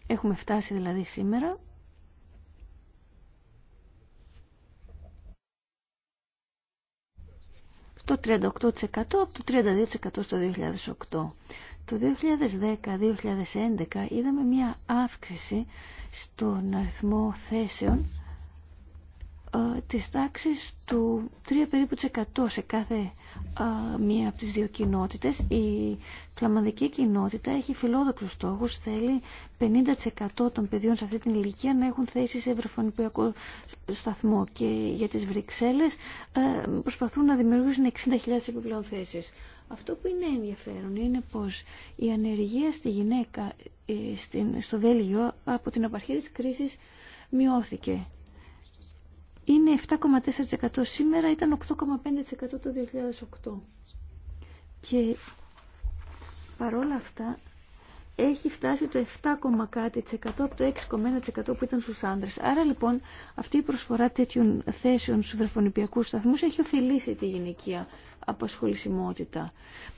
Έχουμε φτάσει δηλαδή σήμερα στο 38% από το 32% στο 2008. Το 2010-2011 είδαμε μια αύξηση στον αριθμό θέσεων ε, της τάξης του 3 περίπου σε κάθε ε, μία από τις δύο κοινότητες. Η φλαμανδική κοινότητα έχει φιλόδοξους στόχους, θέλει 50% των παιδιών σε αυτή την ηλικία να έχουν θέσει σε ευρωφωνηπιακό σταθμό και για τις Βρυξέλλες ε, προσπαθούν να δημιουργήσουν 60.000 επιπλέον θέσεις. Αυτό που είναι ενδιαφέρον είναι πως η ανεργία στη γυναίκα ε, στο Βέλγιο από την απαρχή της κρίσης μειώθηκε. Είναι 7,4% σήμερα, ήταν 8,5% το 2008. Και παρόλα αυτά έχει φτάσει το 7, κάτι από το 6,1% που ήταν στους άντρες. Άρα λοιπόν αυτή η προσφορά τέτοιων θέσεων στους βρεφονιπιακούς σταθμούς έχει ωφελήσει τη γυναικεία απασχολησιμότητα.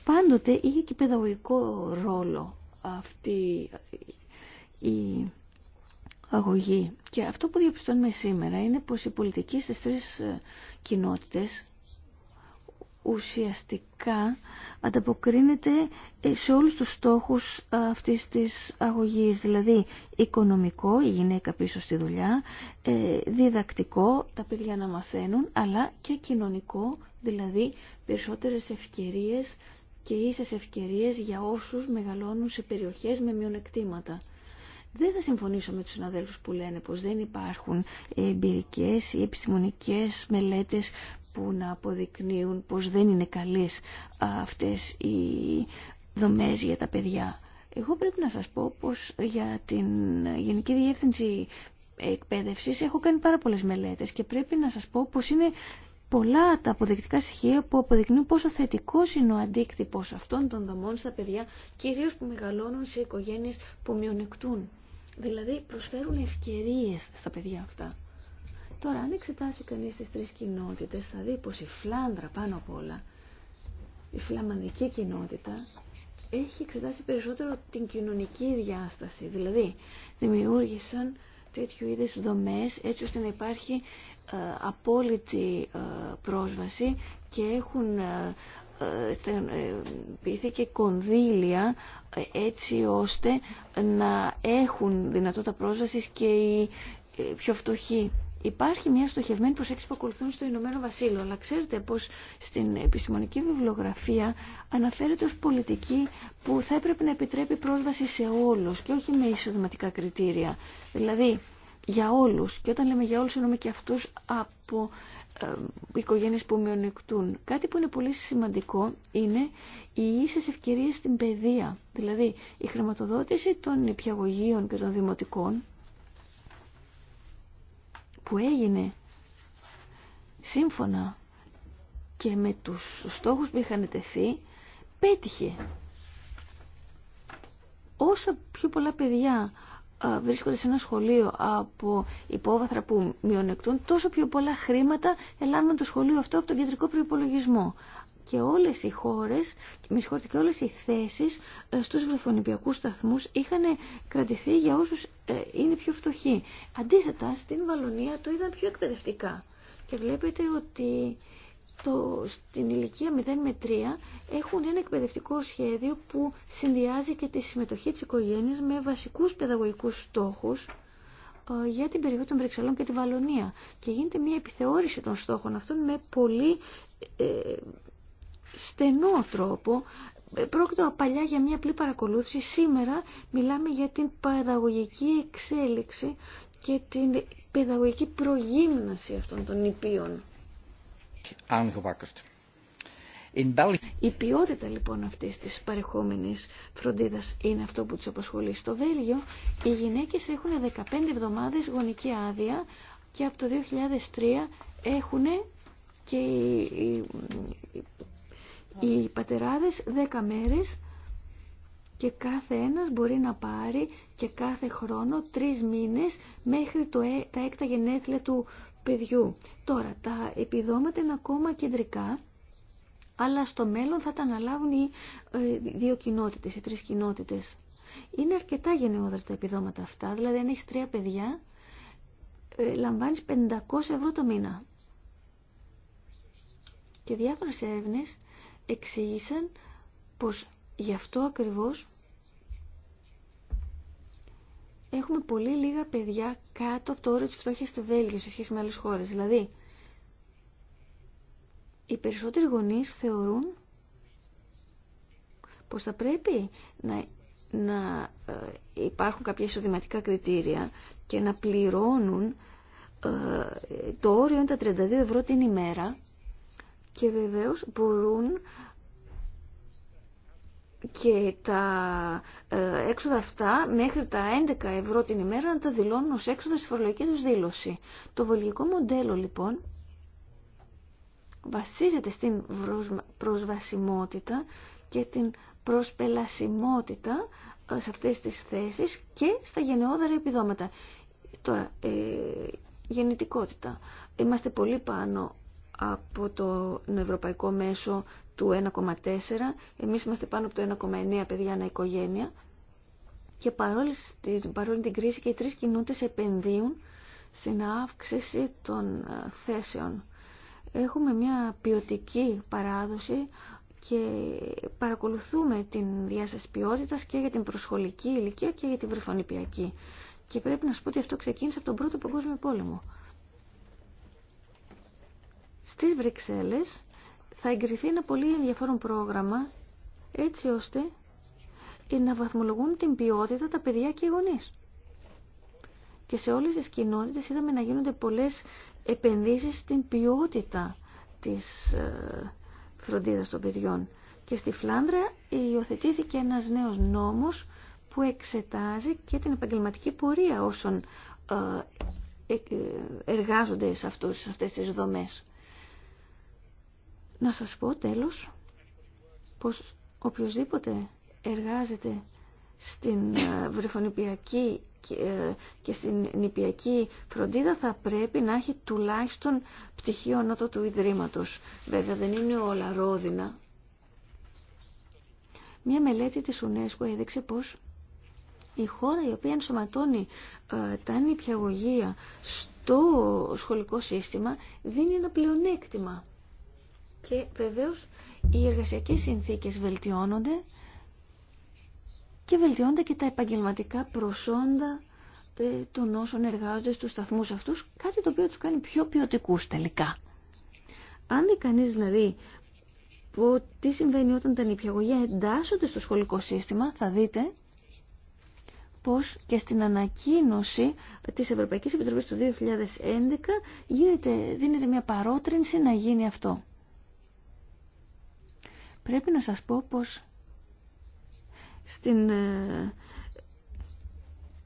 Πάντοτε είχε και παιδαγωγικό ρόλο αυτή η αγωγή. Και αυτό που διαπιστώνουμε σήμερα είναι πως οι πολιτικοί στις τρεις ε, κοινότητες ουσιαστικά ανταποκρίνεται ε, σε όλους τους στόχους ε, αυτής της αγωγής. Δηλαδή οικονομικό, η γυναίκα πίσω στη δουλειά, ε, διδακτικό, τα παιδιά να μαθαίνουν, αλλά και κοινωνικό, δηλαδή περισσότερες ευκαιρίες και ίσες ευκαιρίες για όσους μεγαλώνουν σε περιοχές με μειονεκτήματα. Δεν θα συμφωνήσω με τους συναδέλφους που λένε πως δεν υπάρχουν εμπειρικές ή επιστημονικές μελέτες που να αποδεικνύουν πως δεν είναι καλές αυτές οι δομές για τα παιδιά. Εγώ πρέπει να σας πω πως για την Γενική Διεύθυνση Εκπαίδευσης έχω κάνει πάρα πολλές μελέτες και πρέπει να σας πω πως είναι πολλά τα αποδεικτικά στοιχεία που αποδεικνύουν πόσο θετικό είναι ο αντίκτυπος αυτών των δομών στα παιδιά, κυρίως που μεγαλώνουν σε οικογένειες που μειονεκτούν. Δηλαδή προσφέρουν ευκαιρίες στα παιδιά αυτά. Τώρα, αν εξετάσει κανεί τι τρεις κοινότητες, θα δει πω η Φλάνδρα πάνω απ' όλα, η φλαμανδική κοινότητα, έχει εξετάσει περισσότερο την κοινωνική διάσταση. Δηλαδή, δημιούργησαν τέτοιου είδου δομέ έτσι ώστε να υπάρχει ε, απόλυτη ε, πρόσβαση και έχουν ε, ε και κονδύλια έτσι ώστε να έχουν δυνατότητα πρόσβασης και οι πιο φτωχοί Υπάρχει μια στοχευμένη προσέγγιση που ακολουθούν στο Ηνωμένο Βασίλειο, αλλά ξέρετε πω στην επιστημονική βιβλιογραφία αναφέρεται ω πολιτική που θα έπρεπε να επιτρέπει πρόσβαση σε όλου και όχι με ισοδηματικά κριτήρια. Δηλαδή, για όλου, Και όταν λέμε για όλου εννοούμε και αυτού από ε, που μειονεκτούν. Κάτι που είναι πολύ σημαντικό είναι οι ίσε ευκαιρίες στην παιδεία. Δηλαδή η χρηματοδότηση των νηπιαγωγείων και των δημοτικών που έγινε σύμφωνα και με τους στόχους που είχαν τεθεί πέτυχε. Όσα πιο πολλά παιδιά βρίσκονται σε ένα σχολείο από υπόβαθρα που μειονεκτούν, τόσο πιο πολλά χρήματα ελάμβανε το σχολείο αυτό από τον κεντρικό προϋπολογισμό και όλες οι χώρες, με συγχωρείτε και όλες οι θέσεις ε, στους βρεφονιπιακούς σταθμούς είχαν κρατηθεί για όσους ε, είναι πιο φτωχοί. Αντίθετα, στην Βαλονία το είδαν πιο εκπαιδευτικά. Και βλέπετε ότι το, στην ηλικία 0 με 3 έχουν ένα εκπαιδευτικό σχέδιο που συνδυάζει και τη συμμετοχή της οικογένειας με βασικούς παιδαγωγικούς στόχους ε, για την περιοχή των Βρυξελών και τη Βαλονία. Και γίνεται μια επιθεώρηση των στόχων αυτών με πολύ στενό τρόπο. Πρόκειται παλιά για μια απλή παρακολούθηση. Σήμερα μιλάμε για την παιδαγωγική εξέλιξη και την παιδαγωγική προγύμναση αυτών των νηπίων Η ποιότητα λοιπόν αυτή τη παρεχόμενη φροντίδα είναι αυτό που του απασχολεί. Στο Βέλγιο οι γυναίκε έχουν 15 εβδομάδε γονική άδεια και από το 2003 έχουν και οι οι πατεράδες 10 μέρες και κάθε ένας μπορεί να πάρει και κάθε χρόνο 3 μήνες μέχρι το, ε, τα έκτα γενέθλια του παιδιού. Τώρα, τα επιδόματα είναι ακόμα κεντρικά, αλλά στο μέλλον θα τα αναλάβουν οι ε, δύο κοινότητες, οι τρεις κοινότητες. Είναι αρκετά γενναιόδρα τα επιδόματα αυτά, δηλαδή αν έχεις τρία παιδιά, ε, λαμβάνεις 500 ευρώ το μήνα. Και διάφορες έρευνες εξήγησαν πως γι' αυτό ακριβώς έχουμε πολύ λίγα παιδιά κάτω από το όριο της φτώχειας στη Βέλγιο σε σχέση με άλλες χώρες. Δηλαδή, οι περισσότεροι γονείς θεωρούν πως θα πρέπει να, ε, υπάρχουν κάποια εισοδηματικά κριτήρια και να πληρώνουν ε, το όριο είναι τα 32 ευρώ την ημέρα και βεβαίως μπορούν και τα ε, έξοδα αυτά μέχρι τα 11 ευρώ την ημέρα να τα δηλώνουν ως έξοδα στη φορολογική τους δήλωση. Το βολγικό μοντέλο λοιπόν βασίζεται στην προσβασιμότητα και την προσπελασιμότητα ε, σε αυτές τις θέσεις και στα γενναιόδερα επιδόματα. Τώρα, ε, γεννητικότητα. Είμαστε πολύ πάνω από το Ευρωπαϊκό Μέσο του 1,4. Εμείς είμαστε πάνω από το 1,9 παιδιά ανά οικογένεια. Και παρόλη την κρίση και οι τρεις κινούντες επενδύουν στην αύξηση των ε, θέσεων. Έχουμε μια ποιοτική παράδοση και παρακολουθούμε την διάσταση ποιότητας και για την προσχολική ηλικία και για την βρεφονιπιακή. Και πρέπει να σου πω ότι αυτό ξεκίνησε από τον Πρώτο Παγκόσμιο Πόλεμο στις Βρυξέλλες θα εγκριθεί ένα πολύ ενδιαφέρον πρόγραμμα έτσι ώστε να βαθμολογούν την ποιότητα τα παιδιά και οι γονείς. Και σε όλες τις κοινότητες είδαμε να γίνονται πολλές επενδύσεις στην ποιότητα της ε, φροντίδας των παιδιών. Και στη Φλάνδρα υιοθετήθηκε ένας νέος νόμος που εξετάζει και την επαγγελματική πορεία όσων ε, ε, εργάζονται σε, αυτούς, αυτές τις δομές. Να σας πω τέλος πως οποιοδήποτε εργάζεται στην ε, βρεφονιπιακή ε, και στην νηπιακή φροντίδα θα πρέπει να έχει τουλάχιστον πτυχίο νότο του Ιδρύματος. Βέβαια δεν είναι όλα ρόδινα. Μια μελέτη της UNESCO έδειξε πως η χώρα η οποία ενσωματώνει ε, τα νηπιαγωγεία στο σχολικό σύστημα δίνει ένα πλεονέκτημα. Και βεβαίως οι εργασιακές συνθήκες βελτιώνονται και βελτιώνονται και τα επαγγελματικά προσόντα των όσων εργάζονται στους σταθμούς αυτούς, κάτι το οποίο τους κάνει πιο ποιοτικού τελικά. Αν δει κανείς δηλαδή τι συμβαίνει όταν τα νηπιαγωγεία εντάσσονται στο σχολικό σύστημα, θα δείτε πως και στην ανακοίνωση της Ευρωπαϊκής Επιτροπής του 2011 δίνεται μια παρότρινση να γίνει αυτό. Πρέπει να σας πω πως στην ε,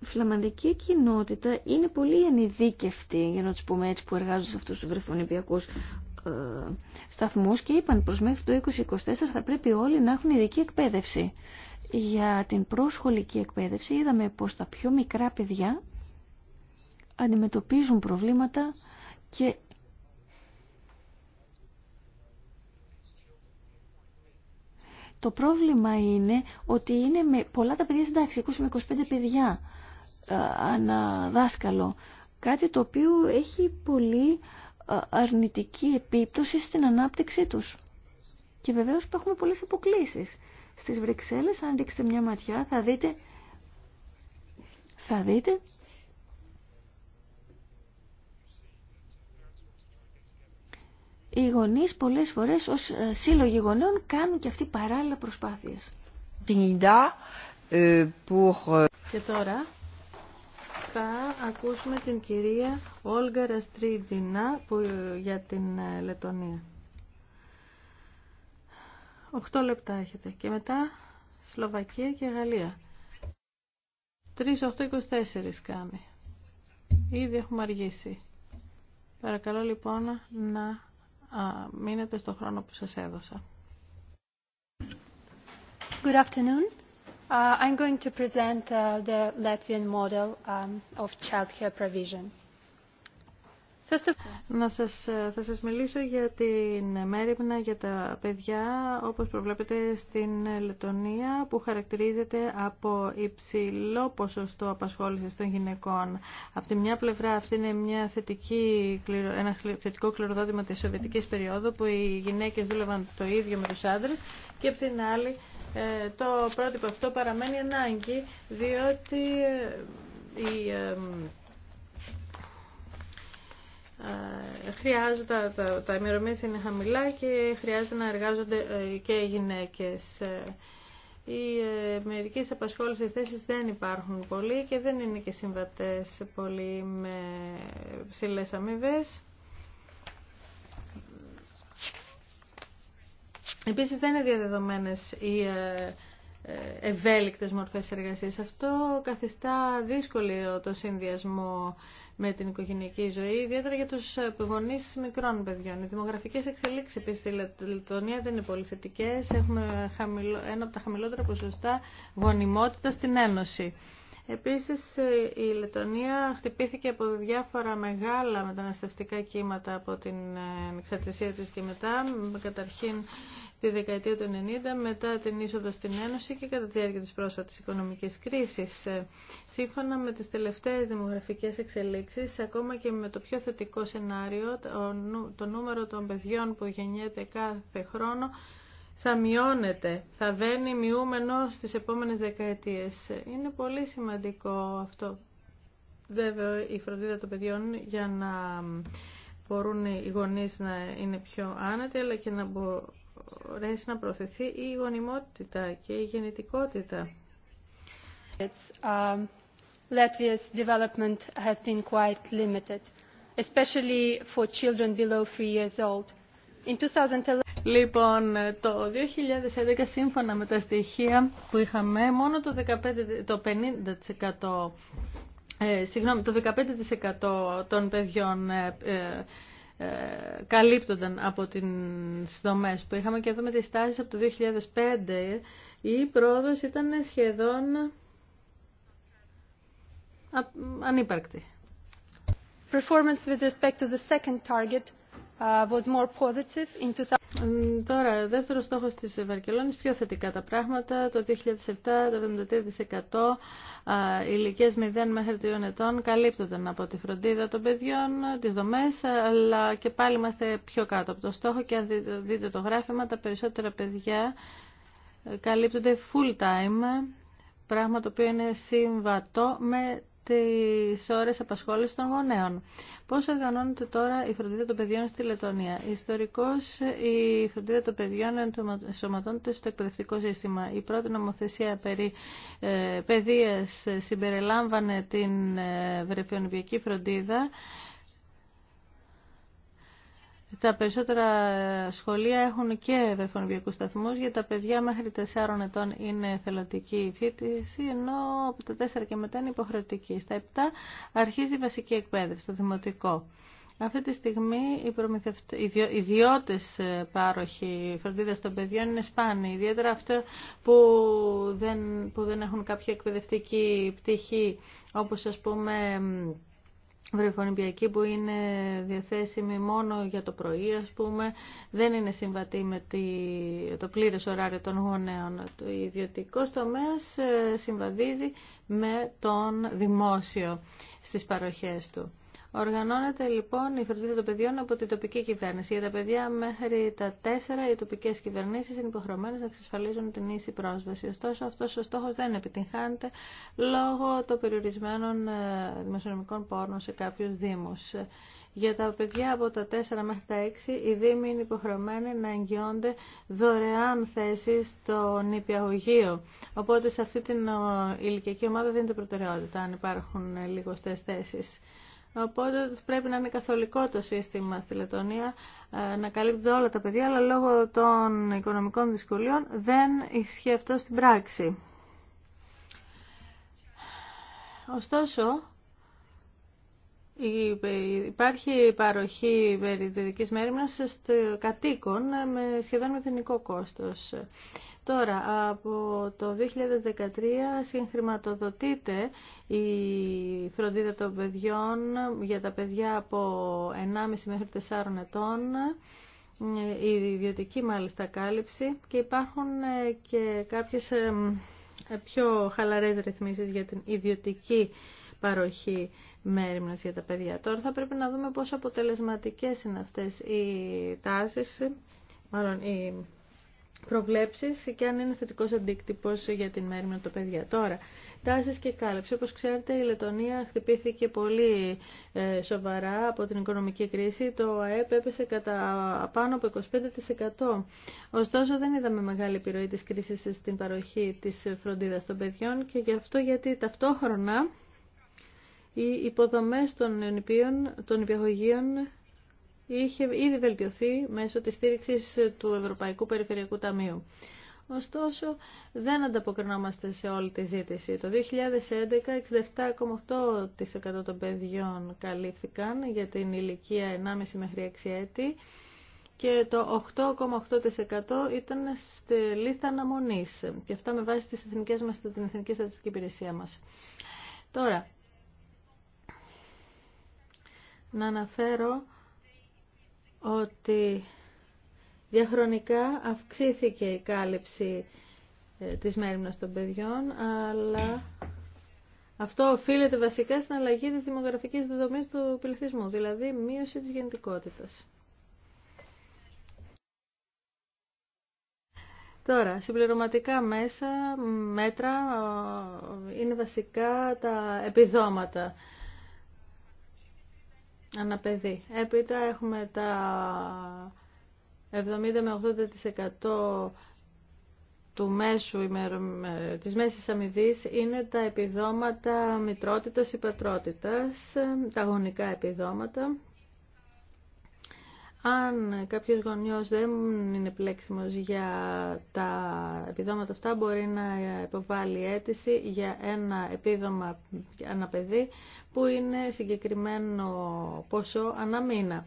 φλαμανδική κοινότητα είναι πολύ ανειδίκευτη, για να τους πούμε έτσι, που εργάζονται σε αυτούς τους βρεφονιπιακούς ε, σταθμούς και είπαν πως μέχρι το 2024 θα πρέπει όλοι να έχουν ειδική εκπαίδευση. Για την προσχολική εκπαίδευση είδαμε πως τα πιο μικρά παιδιά αντιμετωπίζουν προβλήματα και Το πρόβλημα είναι ότι είναι με πολλά τα παιδιά συντάξει, 20 με 25 παιδιά ε, αναδάσκαλο Κάτι το οποίο έχει πολύ ε, αρνητική επίπτωση στην ανάπτυξή τους. Και βεβαίως έχουμε πολλές αποκλήσεις. Στις Βρυξέλλες, αν ρίξετε μια ματιά, θα δείτε, θα δείτε οι γονείς πολλές φορές ως ε, σύλλογοι γονέων κάνουν και αυτοί παράλληλα προσπάθειες. Ε, ε, και τώρα θα ακούσουμε την κυρία Όλγα Ραστρίτζινα που, για την Λετωνία. 8 λεπτά έχετε και μετά Σλοβακία και Γαλλία. 3-8-24 κάμε. κάνει. έχουμε αργήσει. Παρακαλώ λοιπόν να μείνετε στο χρόνο που σας έδωσα. Good afternoon. Uh, I'm going to present uh, the Latvian model um, of care provision. Να σας, θα σας μιλήσω για την μέρημνα για τα παιδιά, όπως προβλέπετε στην Λετωνία, που χαρακτηρίζεται από υψηλό ποσοστό απασχόλησης των γυναικών. Από τη μια πλευρά αυτή είναι μια θετική, ένα θετικό κληροδότημα της Σοβιετικής περίοδου, που οι γυναίκες δούλευαν το ίδιο με τους άντρες, και από την άλλη ε, το πρότυπο αυτό παραμένει ανάγκη, διότι... Ε, η, ε, ε, χρειάζεται, τα, τα ημερομήνες είναι χαμηλά και χρειάζεται να εργάζονται ε, και οι γυναίκες. Ε, οι μερικέ απασχόλησει θέσει δεν υπάρχουν πολύ και δεν είναι και συμβατέ πολύ με ψηλέ αμοιβέ. Επίση δεν είναι διαδεδομένε οι ευέλικτε μορφέ εργασία. Αυτό καθιστά δύσκολο το συνδυασμό με την οικογενειακή ζωή, ιδιαίτερα για τους ε, γονείς μικρών παιδιών. Οι δημογραφικές εξελίξεις επίσης στη Λετωνία δεν είναι πολύ θετικέ. Έχουμε ένα από τα χαμηλότερα ποσοστά γονιμότητα στην Ένωση. Επίσης ε, η Λετωνία χτυπήθηκε από διάφορα μεγάλα μεταναστευτικά κύματα από την ε, εξαρτησία της και μετά. Καταρχήν στη δεκαετία του 90 μετά την είσοδο στην Ένωση και κατά τη διάρκεια της πρόσφατης οικονομικής κρίσης. Ε, σύμφωνα με τις τελευταίες δημογραφικές εξελίξεις, ακόμα και με το πιο θετικό σενάριο, το νούμερο των παιδιών που γεννιέται κάθε χρόνο θα μειώνεται, θα βαίνει μειούμενο στις επόμενες δεκαετίες. Ε, είναι πολύ σημαντικό αυτό. Βέβαια, η φροντίδα των παιδιών για να μπορούν οι γονείς να είναι πιο άνετοι, αλλά και να μπορέσει να προωθηθεί η γονιμότητα και η γεννητικότητα. It's, um, Latvia's development has been quite limited, especially for children below three years old. In 2011... Λοιπόν, το 2011 σύμφωνα με τα στοιχεία που είχαμε, μόνο το, 15, το 50%, ε, συγγνώμη, το 15% των παιδιών ε, ε, ε, καλύπτονταν από τις δομές που είχαμε και εδώ με τις στάσεις από το 2005 η πρόοδος ήταν σχεδόν ανύπαρκτη. Performance with respect to the second target Uh, was more positive in 2000... Τώρα, δεύτερο στόχο στόχος της πιο θετικά τα πράγματα. Το 2007 το 73% ηλικίες 0 μέχρι 3 ετών καλύπτονταν από τη φροντίδα των παιδιών, τι δομέ, αλλά και πάλι είμαστε πιο κάτω από το στόχο και αν δείτε το γράφημα, τα περισσότερα παιδιά ε, καλύπτονται full time, πράγμα το οποίο είναι συμβατό με τις ώρες απασχόλησης των γονέων. Πώς οργανώνεται τώρα η φροντίδα των παιδιών στη Λετωνία. Ιστορικώς η φροντίδα των παιδιών ενσωματώνεται στο εκπαιδευτικό σύστημα. Η πρώτη νομοθεσία περί ε, παιδείας συμπεριλάμβανε την ε, βρεφιονιβιακή φροντίδα τα περισσότερα σχολεία έχουν και βρεφονιβιακούς σταθμούς. Για τα παιδιά μέχρι 4 ετών είναι θελοντική φίτηση, ενώ από τα 4 και μετά είναι υποχρεωτική. Στα 7 αρχίζει η βασική εκπαίδευση, το δημοτικό. Αυτή τη στιγμή οι, οι ιδιώτες ε, πάροχοι φροντίδας των παιδιών είναι σπάνιοι, ιδιαίτερα αυτό που δεν, που δεν έχουν κάποια εκπαιδευτική πτυχή, όπως ας πούμε Βρεφονιμπιακή που είναι διαθέσιμη μόνο για το πρωί ας πούμε δεν είναι συμβατή με το πλήρες ωράριο των γονέων. Το ιδιωτικό τομέα ε, συμβαδίζει με τον δημόσιο στις παροχές του. Οργανώνεται λοιπόν η φροντίδα των παιδιών από την τοπική κυβέρνηση. Για τα παιδιά μέχρι τα τέσσερα οι τοπικέ κυβερνήσει είναι υποχρεωμένε να εξασφαλίζουν την ίση πρόσβαση. Ωστόσο αυτό ο στόχο δεν επιτυγχάνεται λόγω των περιορισμένων ε, δημοσιονομικών πόρων σε κάποιου Δήμου. Για τα παιδιά από τα 4 μέχρι τα 6 οι Δήμοι είναι υποχρεωμένοι να εγγυώνται δωρεάν θέσει στο νηπιαγωγείο. Οπότε σε αυτή την ε, ηλικιακή ομάδα δίνεται προτεραιότητα αν υπάρχουν ε, λιγοστέ θέσει. Οπότε πρέπει να είναι καθολικό το σύστημα στη Λετωνία ε, να καλύπτουν όλα τα παιδιά, αλλά λόγω των οικονομικών δυσκολιών δεν ισχύει αυτό στην πράξη. Ωστόσο, υπάρχει παροχή περιδιδικής μέρημνας κατοίκων με σχεδόν μηδενικό κόστος. Τώρα, από το 2013 συγχρηματοδοτείται η φροντίδα των παιδιών για τα παιδιά από 1,5 μέχρι 4 ετών, η ιδιωτική μάλιστα κάλυψη και υπάρχουν ε, και κάποιες ε, ε, πιο χαλαρές ρυθμίσεις για την ιδιωτική παροχή μέρημνας για τα παιδιά. Τώρα θα πρέπει να δούμε πόσο αποτελεσματικές είναι αυτές οι τάσεις, μάλλον οι προβλέψεις και αν είναι θετικός αντίκτυπος για την μέρη με το παιδιά. Τώρα, τάσεις και κάλυψη. Όπως ξέρετε η Λετωνία χτυπήθηκε πολύ ε, σοβαρά από την οικονομική κρίση. Το ΑΕΠ έπεσε κατά πάνω από 25%. Ωστόσο δεν είδαμε μεγάλη επιρροή της κρίσης στην παροχή της φροντίδας των παιδιών και γι' αυτό γιατί ταυτόχρονα οι υποδομές των, νηπίων, των νηπιαγωγείων είχε ήδη βελτιωθεί μέσω της στήριξης του Ευρωπαϊκού Περιφερειακού Ταμείου. Ωστόσο, δεν ανταποκρινόμαστε σε όλη τη ζήτηση. Το 2011, 67,8% των παιδιών καλύφθηκαν για την ηλικία 1,5 μέχρι 6 έτη και το 8,8% ήταν στη λίστα αναμονής και αυτά με βάση τις εθνικές μας, την Εθνική Στατιστική Υπηρεσία μας. Τώρα, να αναφέρω ότι διαχρονικά αυξήθηκε η κάλυψη ε, της μέρημνας των παιδιών, αλλά αυτό οφείλεται βασικά στην αλλαγή της δημογραφικής δομής του πληθυσμού, δηλαδή μείωση της γεννητικότητας. Τώρα, συμπληρωματικά μέσα, μέτρα, ε, είναι βασικά τα επιδόματα αναπαιδεί. Έπειτα έχουμε τα 70 με 80% του μέσου, ε, της μέσης αμοιβή είναι τα επιδόματα μητρότητας ή πατρότητας, ε, τα γονικά επιδόματα. Αν κάποιο γονιό δεν είναι πλέξιμο για τα επιδόματα αυτά, μπορεί να υποβάλει αίτηση για ένα επίδομα παιδί που είναι συγκεκριμένο ποσό αναμήνα.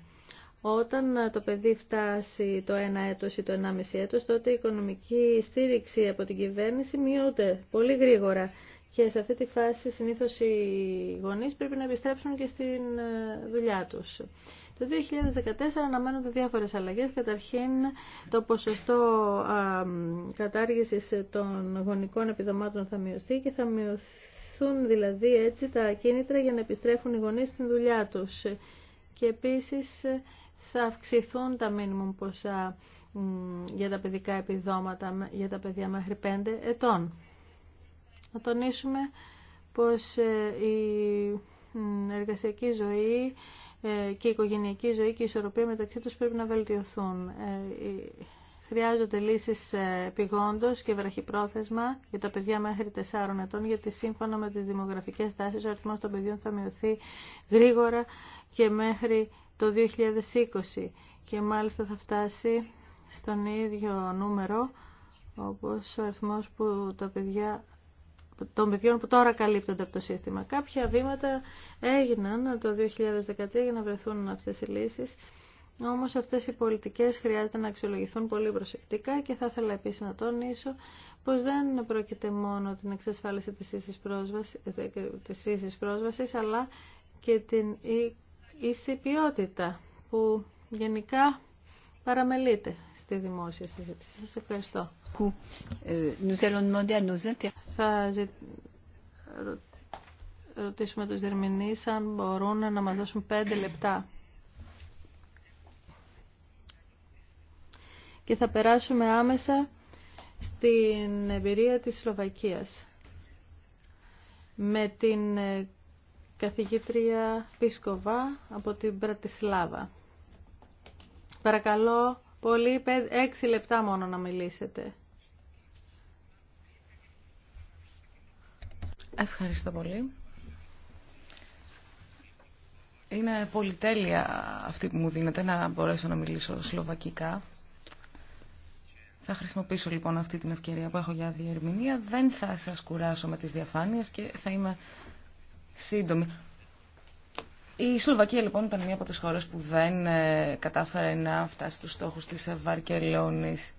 Όταν το παιδί φτάσει το ένα έτος ή το 1,5 έτος, τότε η οικονομική στήριξη από την κυβέρνηση μειούται πολύ γρήγορα. Και σε αυτή τη φάση συνήθως οι γονείς πρέπει να επιστρέψουν και στην ε, δουλειά τους. Το 2014 αναμένονται διάφορες αλλαγές. Καταρχήν το ποσοστό κατάργησης των γονικών επιδομάτων θα μειωθεί και θα μειωθούν δηλαδή έτσι τα κίνητρα για να επιστρέφουν οι γονείς στην δουλειά τους. Και επίσης θα αυξηθούν τα μίνιμουμ ποσά για τα παιδικά επιδόματα για τα παιδιά μέχρι 5 ετών. Να τονίσουμε πως ε, η εργασιακή ζωή ε, και η οικογενειακή ζωή και η ισορροπία μεταξύ τους πρέπει να βελτιωθούν. Ε, χρειάζονται λύσεις ε, πηγόντως και βραχυπρόθεσμα για τα παιδιά μέχρι 4 ετών, γιατί σύμφωνα με τις δημογραφικές τάσεις ο αριθμός των παιδιών θα μειωθεί γρήγορα και μέχρι το 2020 και μάλιστα θα φτάσει στον ίδιο νούμερο όπως ο αριθμός που τα παιδιά των παιδιών που τώρα καλύπτονται από το σύστημα. Κάποια βήματα έγιναν το 2013 για να βρεθούν αυτές οι λύσεις. Όμως αυτές οι πολιτικές χρειάζεται να αξιολογηθούν πολύ προσεκτικά και θα ήθελα επίσης να τονίσω πως δεν πρόκειται μόνο την εξασφάλιση της ίσης πρόσβασης, της πρόσβασης αλλά και την ίση ποιότητα που γενικά παραμελείται στη δημόσια συζήτηση. Σας ευχαριστώ. Ε, θα ρωτήσουμε τους Δερμηνείς αν μπορούν να μας δώσουν πέντε λεπτά. Και θα περάσουμε άμεσα στην εμπειρία της Σλοβακίας με την ε, καθηγήτρια Πίσκοβα από την Πρατισλάβα. Παρακαλώ Πολύ έξι λεπτά μόνο να μιλήσετε. Ευχαριστώ πολύ. Είναι πολυτέλεια αυτή που μου δίνεται να μπορέσω να μιλήσω σλοβακικά. Θα χρησιμοποιήσω λοιπόν αυτή την ευκαιρία που έχω για διερμηνία. Δεν θα σας κουράσω με τις διαφάνειες και θα είμαι σύντομη. Η Σλοβακία λοιπόν ήταν μία από τις χώρες που δεν ε, κατάφερε να φτάσει στους στόχους της Βαρκελόνης.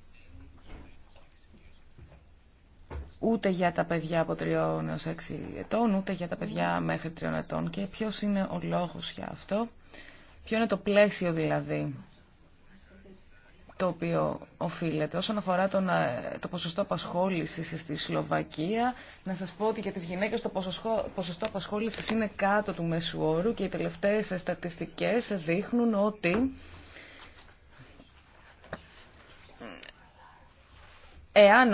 Ούτε για τα παιδιά από 3 έως 6 ετών, ούτε για τα παιδιά μέχρι 3 ετών. Και ποιος είναι ο λόγος για αυτό, ποιο είναι το πλαίσιο δηλαδή το οποίο οφείλεται. Όσον αφορά τον, ε, το ποσοστό απασχόλησης στη Σλοβακία, να σας πω ότι για τις γυναίκες το ποσοστό, απασχόληση είναι κάτω του μέσου όρου και οι τελευταίες στατιστικές δείχνουν ότι εάν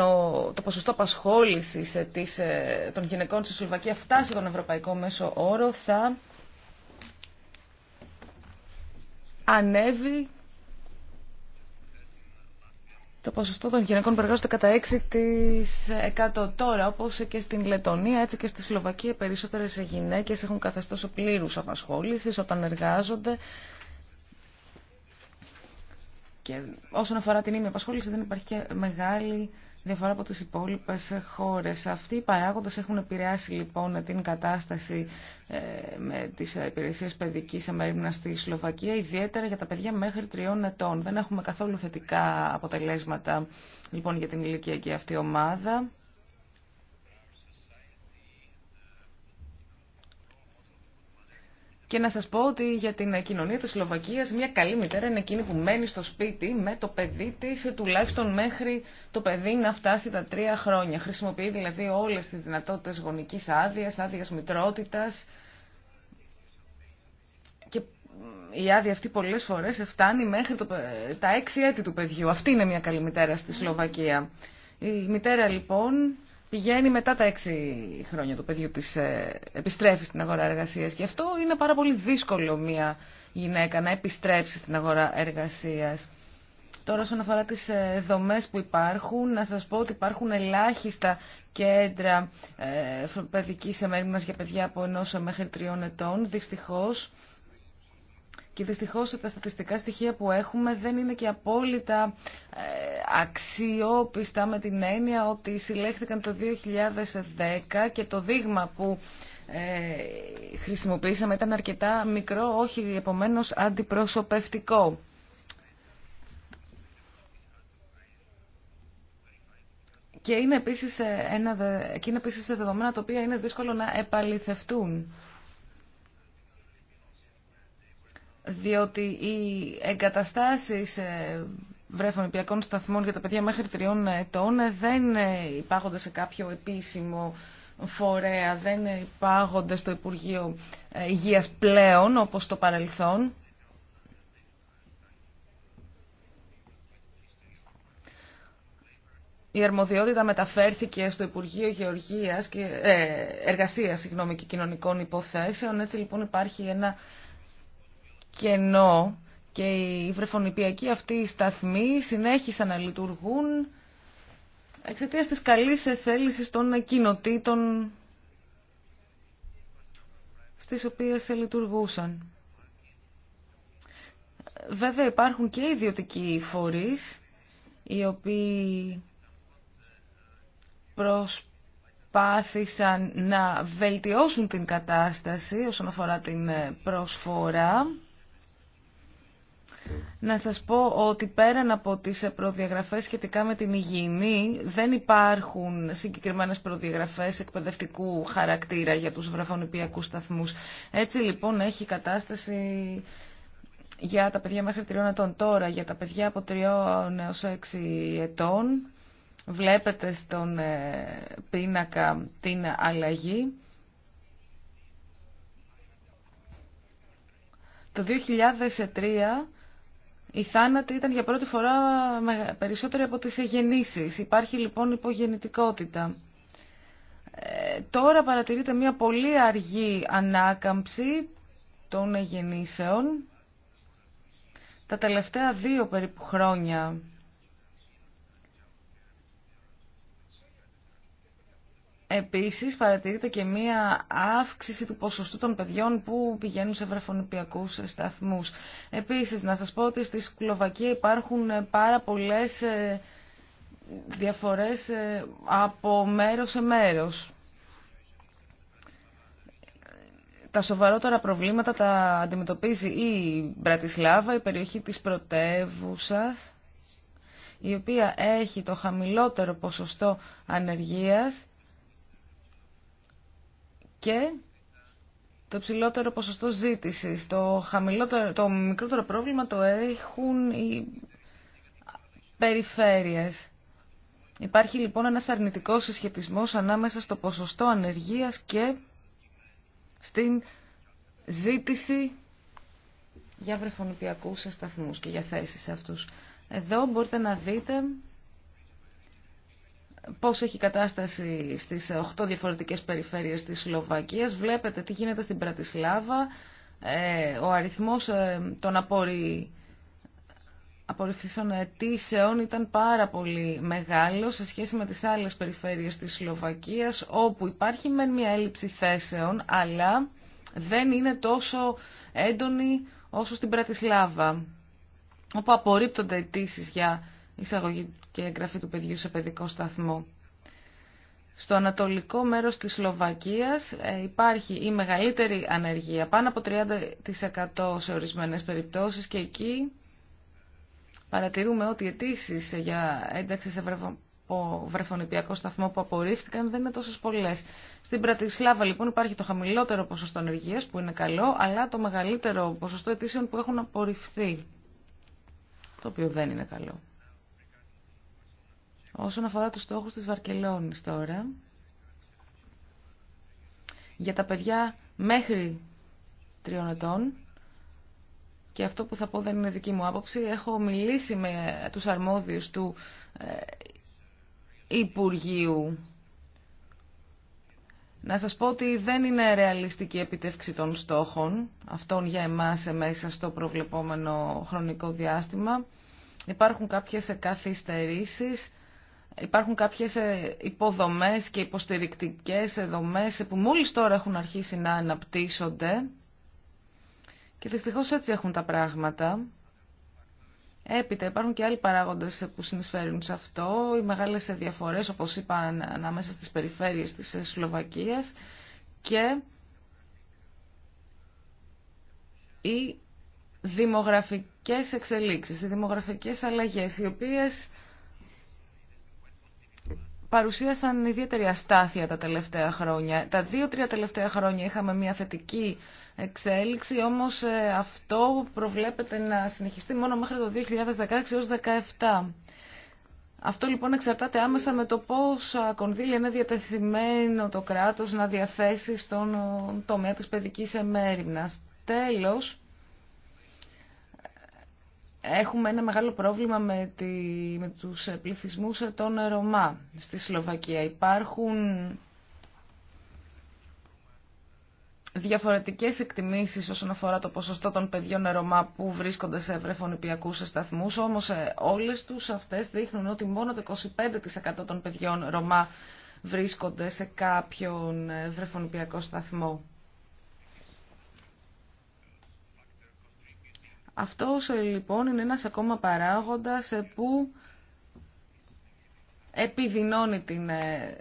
το ποσοστό απασχόλησης ε, των γυναικών στη Σλοβακία φτάσει τον ευρωπαϊκό μέσο όρο, θα ανέβει το ποσοστό των γυναικών που εργάζονται κατά 6% τώρα, όπως και στην Λετωνία, έτσι και στη Σλοβακία, περισσότερες γυναίκε έχουν καθεστώ πλήρους απασχόλησης όταν εργάζονται. Και όσον αφορά την ίμια απασχόληση δεν υπάρχει και μεγάλη διαφορά από τις υπόλοιπες χώρες. Αυτοί οι παράγοντες έχουν επηρεάσει λοιπόν την κατάσταση ε, με τις υπηρεσίες παιδικής εμέριμνας στη Σλοβακία, ιδιαίτερα για τα παιδιά μέχρι τριών ετών. Δεν έχουμε καθόλου θετικά αποτελέσματα λοιπόν για την ηλικιακή αυτή ομάδα. Και να σας πω ότι για την κοινωνία της Σλοβακίας μια καλή μητέρα είναι εκείνη που μένει στο σπίτι με το παιδί της τουλάχιστον μέχρι το παιδί να φτάσει τα τρία χρόνια. Χρησιμοποιεί δηλαδή όλες τις δυνατότητες γονικής άδειας, άδειας μητρότητας και η άδεια αυτή πολλές φορές φτάνει μέχρι το, τα έξι έτη του παιδιού. Αυτή είναι μια καλή μητέρα στη Σλοβακία. Η μητέρα λοιπόν πηγαίνει μετά τα έξι χρόνια του παιδιού της, ε, επιστρέφει στην αγορά εργασίας και αυτό είναι πάρα πολύ δύσκολο μια γυναίκα να επιστρέψει στην αγορά εργασίας. Τώρα όσον αφορά τις ε, δομές που υπάρχουν, να σας πω ότι υπάρχουν ελάχιστα κέντρα ε, παιδικής εμέριμνας για παιδιά από ενός μέχρι τριών ετών. Δυστυχώς και δυστυχώ τα στατιστικά στοιχεία που έχουμε δεν είναι και απόλυτα ε, αξιόπιστα με την έννοια ότι συλλέχθηκαν το 2010 και το δείγμα που ε, χρησιμοποίησαμε ήταν αρκετά μικρό, όχι επομένως αντιπροσωπευτικό. Και είναι επίσης, ε, ένα, και επίσης δεδομένα τα οποία είναι δύσκολο να επαληθευτούν. διότι οι εγκαταστάσεις ε, βρεφονιπιακών σταθμών για τα παιδιά μέχρι τριών ετών δεν ε, υπάγονται σε κάποιο επίσημο φορέα, δεν υπάγονται στο Υπουργείο ε, Υγείας πλέον όπως το παρελθόν. Η αρμοδιότητα μεταφέρθηκε στο Υπουργείο Γεωργίας και, ε, Εργασίας συγγνώμη, και Κοινωνικών Υποθέσεων. Έτσι λοιπόν υπάρχει ένα κενό και οι βρεφονιπιακοί αυτοί οι σταθμοί συνέχισαν να λειτουργούν εξαιτία της καλής εθέλησης των κοινοτήτων στις οποίες λειτουργούσαν. Βέβαια υπάρχουν και ιδιωτικοί φορείς οι οποίοι προσπάθησαν να βελτιώσουν την κατάσταση όσον αφορά την ε, προσφορά να σας πω ότι πέραν από τις προδιαγραφές σχετικά με την υγιεινή δεν υπάρχουν συγκεκριμένες προδιαγραφές εκπαιδευτικού χαρακτήρα για τους βραφονιπιακούς σταθμούς. Έτσι λοιπόν έχει κατάσταση για τα παιδιά μέχρι τριών ετών τώρα, για τα παιδιά από τριών έως έξι ετών. Βλέπετε στον ε, πίνακα την αλλαγή. Το 2003 η θάνατη ήταν για πρώτη φορά περισσότεροι από τις γεννήσεις. Υπάρχει λοιπόν υπογεννητικότητα. Ε, τώρα παρατηρείται μια πολύ αργή ανάκαμψη των γεννήσεων. Τα τελευταία δύο περίπου χρόνια Επίσης παρατηρείται και μία αύξηση του ποσοστού των παιδιών που πηγαίνουν σε βρεφονιπιακούς σταθμούς. Επίσης να σας πω ότι στη Σκλοβακία υπάρχουν πάρα πολλές ε, διαφορές ε, από μέρος σε μέρος. Τα σοβαρότερα προβλήματα τα αντιμετωπίζει η Μπρατισλάβα, η περιοχή της πρωτεύουσα, η οποία έχει το χαμηλότερο ποσοστό ανεργίας και το ψηλότερο ποσοστό ζήτησης. Το, χαμηλότερο, το μικρότερο πρόβλημα το έχουν οι περιφέρειες. Υπάρχει λοιπόν ένας αρνητικός συσχετισμός ανάμεσα στο ποσοστό ανεργίας και στην ζήτηση για βρεφονιπιακούς σταθμούς και για θέσεις αυτούς. Εδώ μπορείτε να δείτε πώς έχει κατάσταση στις 8 διαφορετικές περιφέρειες της Σλοβακίας. Βλέπετε τι γίνεται στην Πρατισλάβα. Ε, ο αριθμός ε, των απορρι... απορριφθήσεων αιτήσεων ήταν πάρα πολύ μεγάλος σε σχέση με τις άλλες περιφέρειες της Σλοβακίας, όπου υπάρχει με μια έλλειψη θέσεων, αλλά δεν είναι τόσο έντονη όσο στην Πρατισλάβα, όπου απορρίπτονται αιτήσει για εισαγωγή και εγγραφή του παιδιού σε παιδικό σταθμό. Στο ανατολικό μέρος της Σλοβακίας ε, υπάρχει η μεγαλύτερη ανεργία, πάνω από 30% σε ορισμένες περιπτώσεις και εκεί παρατηρούμε ότι οι αιτήσει για ένταξη σε βρεφονιπιακό σταθμό που απορρίφθηκαν δεν είναι τόσο πολλέ. Στην Πρατισλάβα λοιπόν υπάρχει το χαμηλότερο ποσοστό ανεργίας που είναι καλό, αλλά το μεγαλύτερο ποσοστό αιτήσεων που έχουν απορριφθεί, το οποίο δεν είναι καλό. Όσον αφορά τους στόχους της Βαρκελόνης τώρα, για τα παιδιά μέχρι τριών ετών, και αυτό που θα πω δεν είναι δική μου άποψη, έχω μιλήσει με τους αρμόδιους του ε, Υπουργείου. Να σας πω ότι δεν είναι ρεαλιστική επιτεύξη των στόχων, αυτών για εμάς μέσα στο προβλεπόμενο χρονικό διάστημα. Υπάρχουν κάποιες καθυστερήσεις υπάρχουν κάποιες ε, υποδομές και υποστηρικτικές δομές που μόλις τώρα έχουν αρχίσει να αναπτύσσονται και δυστυχώς έτσι έχουν τα πράγματα. Έπειτα υπάρχουν και άλλοι παράγοντες που συνεισφέρουν σε αυτό, οι μεγάλες διαφορές όπως είπα ανάμεσα στις περιφέρειες της ε, Σλοβακίας και οι δημογραφικές εξελίξεις, οι δημογραφικές αλλαγές οι οποίες παρουσίασαν ιδιαίτερη αστάθεια τα τελευταία χρόνια. Τα δύο-τρία τελευταία χρόνια είχαμε μια θετική εξέλιξη, όμως ε, αυτό προβλέπεται να συνεχιστεί μόνο μέχρι το 2016 έως 2017. Αυτό λοιπόν εξαρτάται άμεσα με το πώς κονδύλια είναι διατεθειμένο το κράτος να διαθέσει στον τομέα της παιδικής εμέριμνας. Τέλος, έχουμε ένα μεγάλο πρόβλημα με, τη, με τους πληθυσμούς των Ρωμά στη Σλοβακία. Υπάρχουν διαφορετικές εκτιμήσεις όσον αφορά το ποσοστό των παιδιών Ρωμά που βρίσκονται σε ευρεφονιπιακούς σταθμούς, όμως ε, όλες τους αυτές δείχνουν ότι μόνο το 25% των παιδιών Ρωμά βρίσκονται σε κάποιον ε, βρεφονιπιακό σταθμό. αυτό ε, λοιπόν είναι ένας ακόμα παράγοντας ε, που επιδεινώνει την ε,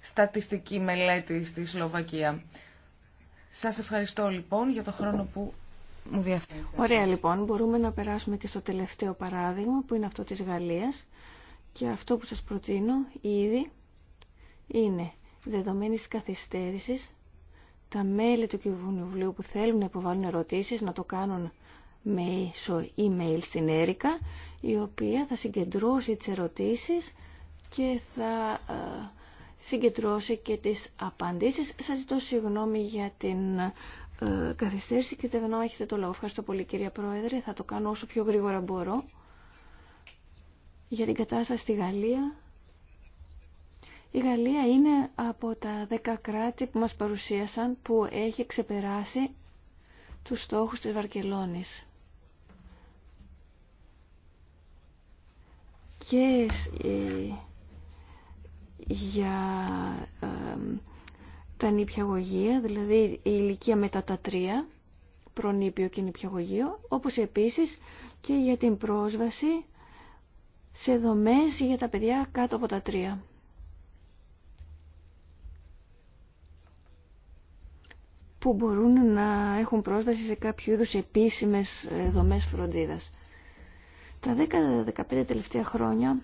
στατιστική μελέτη στη Σλοβακία. Σας ευχαριστώ λοιπόν για το χρόνο που μου διαθέσατε. Ωραία λοιπόν, μπορούμε να περάσουμε και στο τελευταίο παράδειγμα που είναι αυτό της Γαλλίας και αυτό που σας προτείνω ήδη είναι δεδομένης καθυστέρησης τα μέλη του Κοινοβουλίου που θέλουν να υποβάλουν ερωτήσεις να το κάνουν μέσω email στην Έρικα, η οποία θα συγκεντρώσει τις ερωτήσεις και θα ε, συγκεντρώσει και τις απαντήσεις. Σας ζητώ συγγνώμη για την ε, καθυστέρηση και δεν έχετε το λόγο. Ευχαριστώ πολύ κυρία Πρόεδρε, θα το κάνω όσο πιο γρήγορα μπορώ. Για την κατάσταση στη Γαλλία η Γαλλία είναι από τα 10 κράτη που μας παρουσίασαν που έχει ξεπεράσει τους στόχους της Βαρκελόνης. Και ε, για τα νηπιαγωγεία, δηλαδή η ηλικία μετά τα τρία, προνήπιο και νηπιαγωγείο, όπως επίσης και για την πρόσβαση σε δομές για τα παιδιά κάτω από τα τρία. που μπορούν να έχουν πρόσβαση σε κάποιο είδους επίσημες ε, δομές φροντίδας. Τα 10-15 τελευταία χρόνια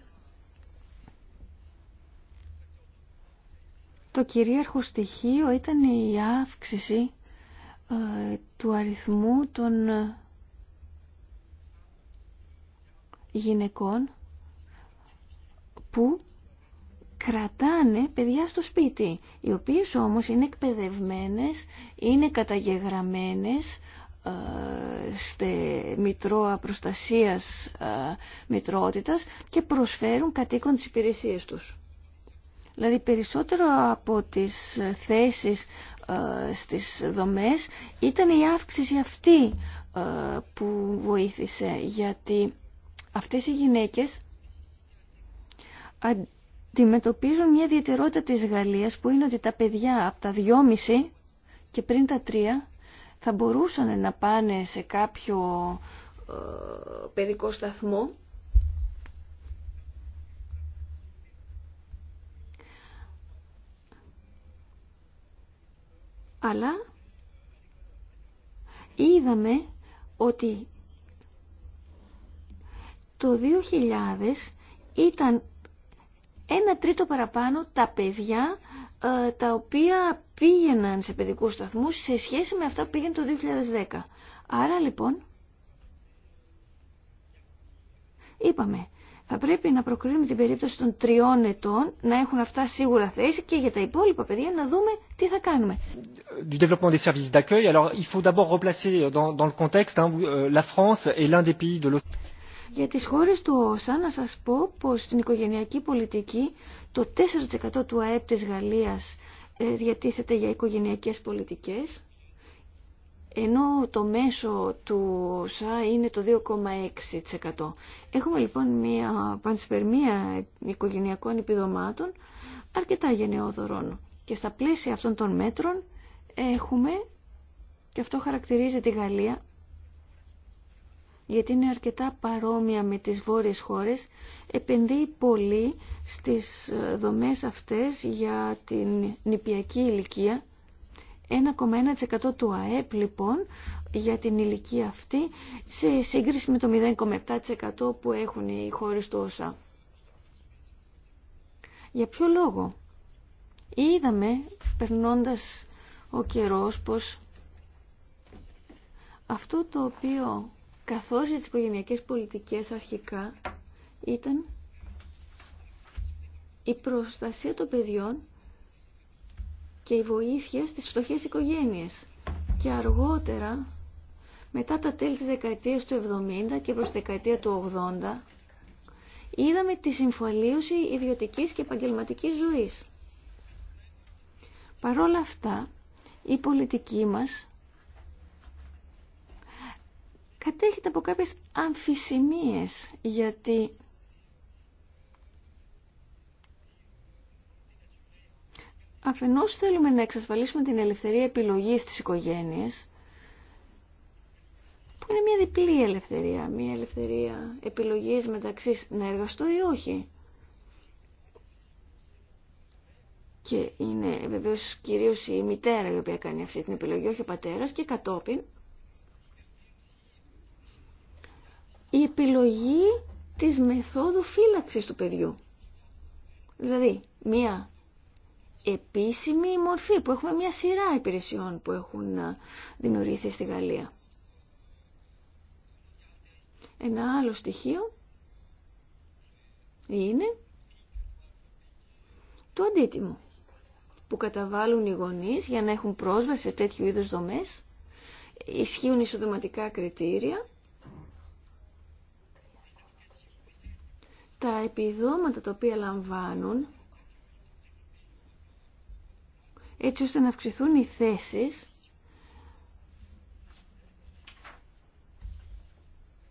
το κυρίαρχο στοιχείο ήταν η αύξηση ε, του αριθμού των ε, γυναικών που κρατάνε παιδιά στο σπίτι, οι οποίες όμως είναι εκπαιδευμένες, είναι καταγεγραμμένες ε, στη Μητρώα Προστασίας ε, Μητρότητας και προσφέρουν κατοίκον τις υπηρεσίες τους. Δηλαδή περισσότερο από τις θέσεις ε, στις δομές ήταν η αύξηση αυτή που βοήθησε γιατί αυτές οι γυναίκες αντιμετωπίζουν μια ιδιαιτερότητα της Γαλλίας που είναι ότι τα παιδιά από τα 2,5 και πριν τα 3 θα μπορούσαν να πάνε σε κάποιο ε, παιδικό σταθμό αλλά είδαμε ότι το 2000 ήταν ένα τρίτο παραπάνω τα παιδιά ε, τα οποία πήγαιναν σε παιδικούς σταθμούς σε σχέση με αυτά που πήγαινε το 2010. Άρα λοιπόν, είπαμε, θα πρέπει να προκρίνουμε την περίπτωση των τριών ετών, να έχουν αυτά σίγουρα θέση και για τα υπόλοιπα παιδιά να δούμε τι θα κάνουμε. Du développement des services d'accueil, alors il faut d'abord replacer dans, dans le contexte, hein, euh, la France est l'un des pays de για τις χώρες του ΩΣΑ να σας πω πως στην οικογενειακή πολιτική το 4% του ΑΕΠ της Γαλλίας ε, διατίθεται για οικογενειακές πολιτικές ενώ το μέσο του ΩΣΑ είναι το 2,6%. Έχουμε λοιπόν μια πανσπερμία οικογενειακών επιδομάτων αρκετά γενναιόδωρων. Και στα πλαίσια αυτών των μέτρων έχουμε, και αυτό χαρακτηρίζει τη Γαλλία, γιατί είναι αρκετά παρόμοια με τις βόρειες χώρες, επενδύει πολύ στις ε, δομές αυτές για την νηπιακή ηλικία. 1,1% του ΑΕΠ λοιπόν για την ηλικία αυτή σε σύγκριση με το 0,7% που έχουν οι χώρες του ΩΣΑ. Για ποιο λόγο. Είδαμε περνώντας ο καιρός πως αυτό το οποίο καθώς για τις οικογενειακές πολιτικές αρχικά ήταν η προστασία των παιδιών και η βοήθεια στις φτωχές οικογένειες. Και αργότερα, μετά τα τέλη της δεκαετίας του 70 και προς τη δεκαετία του 80, είδαμε τη συμφαλίωση ιδιωτικής και επαγγελματικής ζωής. Παρόλα αυτά, η πολιτική μας κατέχεται από κάποιες αμφισημίες γιατί αφενός θέλουμε να εξασφαλίσουμε την ελευθερία επιλογής της οικογένειας που είναι μια διπλή ελευθερία, μια ελευθερία επιλογής μεταξύ να εργαστώ ή όχι. Και είναι βεβαίως κυρίως η μητέρα η οποία κάνει αυτή την επιλογή, όχι ο πατέρας και κατόπιν η επιλογή της μεθόδου φύλαξης του παιδιού. Δηλαδή, μία επίσημη μορφή που έχουμε μια σειρά υπηρεσιών που έχουν ε, δημιουργηθεί στη Γαλλία. Ένα άλλο στοιχείο είναι το αντίτιμο που καταβάλουν οι γονείς για να έχουν πρόσβαση σε τέτοιου είδους δομές. Ισχύουν ισοδηματικά κριτήρια τα επιδόματα τα οποία λαμβάνουν έτσι ώστε να αυξηθούν οι θέσεις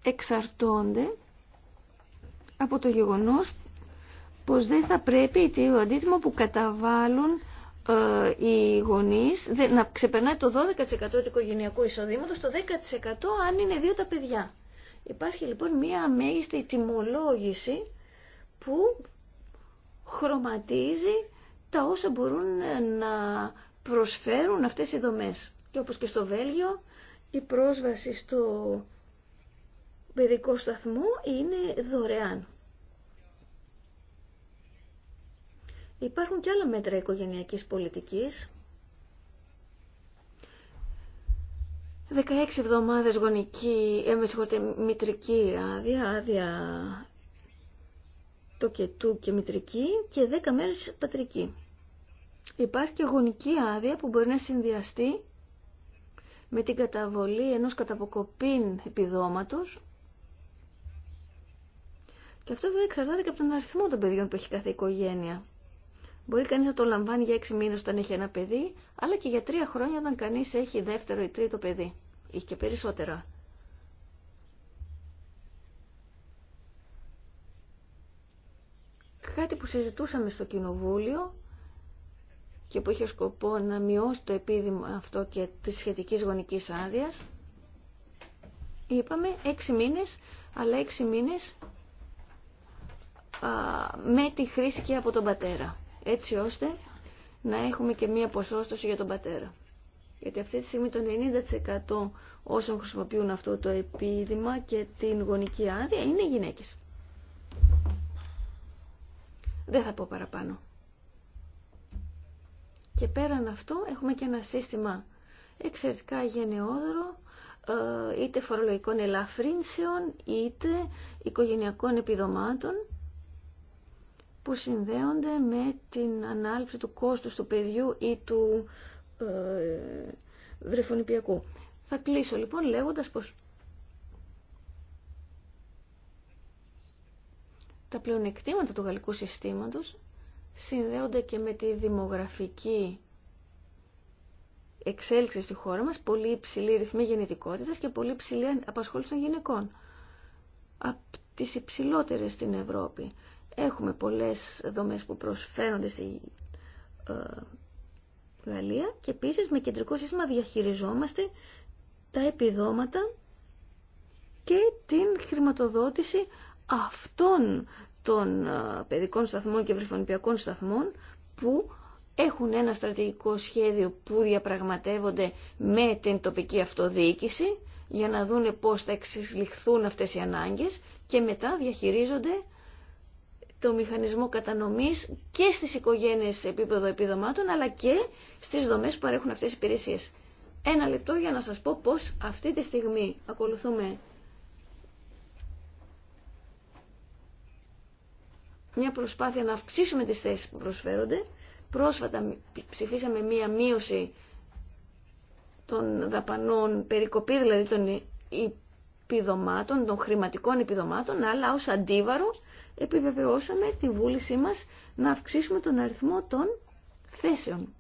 εξαρτώνται από το γεγονός πως δεν θα πρέπει το αντίτιμο που καταβάλουν ε, οι γονείς να ξεπερνάει το 12% του οικογενειακού εισοδήματος, το 10% αν είναι δύο τα παιδιά. Υπάρχει λοιπόν μία αμέγιστη τιμολόγηση που χρωματίζει τα όσα μπορούν ε, να προσφέρουν αυτές οι δομές. Και όπως και στο Βέλγιο, η πρόσβαση στο παιδικό σταθμό είναι δωρεάν. Υπάρχουν και άλλα μέτρα οικογενειακής πολιτικής. 16 εβδομάδες γονική, ε, μητρική άδεια, άδεια το και μητρική και 10 μέρες πατρική. Υπάρχει και γονική άδεια που μπορεί να συνδυαστεί με την καταβολή ενός καταποκοπήν επιδόματος και αυτό βέβαια εξαρτάται και από τον αριθμό των παιδιών που έχει κάθε οικογένεια. Μπορεί κανείς να το λαμβάνει για 6 μήνες όταν έχει ένα παιδί, αλλά και για 3 χρόνια όταν κανείς έχει δεύτερο ή τρίτο παιδί. Είχε και περισσότερα. κάτι που συζητούσαμε στο Κοινοβούλιο και που είχε σκοπό να μειώσει το επίδημα αυτό και τη σχετική γονικής άδειας. Είπαμε έξι μήνες, αλλά έξι μήνες με τη χρήση και από τον πατέρα. Έτσι ώστε να έχουμε και μία ποσόστοση για τον πατέρα. Γιατί αυτή τη στιγμή το 90% όσων χρησιμοποιούν αυτό το επίδημα και την γονική άδεια είναι γυναίκες. Δεν θα πω παραπάνω. Και πέραν αυτού έχουμε και ένα σύστημα εξαιρετικά γενναιόδωρο, ε, είτε φορολογικών ελαφρύνσεων, είτε οικογενειακών επιδομάτων, που συνδέονται με την ανάληψη του κόστους του παιδιού ή του ε, βρεφονιπιακού. Θα κλείσω λοιπόν λέγοντας πως Τα πλεονεκτήματα του γαλλικού συστήματος συνδέονται και με τη δημογραφική εξέλιξη στη χώρα μας, πολύ υψηλή ρυθμή γεννητικότητας και πολύ υψηλή απασχόληση των γυναικών. Από τις υψηλότερες στην Ευρώπη. Έχουμε πολλές δομές που προσφέρονται στη ε, Γαλλία και επίσης με κεντρικό σύστημα διαχειριζόμαστε τα επιδόματα και την χρηματοδότηση αυτών των ε, παιδικών σταθμών και βρυφονιπιακών σταθμών που έχουν ένα στρατηγικό σχέδιο που διαπραγματεύονται με την τοπική αυτοδιοίκηση για να δούνε πώς θα εξελιχθούν αυτές οι ανάγκες και μετά διαχειρίζονται το μηχανισμό κατανομής και στις οικογένειες επίπεδο επιδομάτων αλλά και στις δομές που παρέχουν αυτές οι υπηρεσίες. Ένα λεπτό για να σας πω πώς αυτή τη στιγμή ακολουθούμε μια προσπάθεια να αυξήσουμε τις θέσεις που προσφέρονται. Πρόσφατα ψηφίσαμε μια μείωση των δαπανών, περικοπή δηλαδή των επιδομάτων, των χρηματικών επιδομάτων, αλλά ως αντίβαρο επιβεβαιώσαμε τη βούλησή μας να αυξήσουμε τον αριθμό των θέσεων.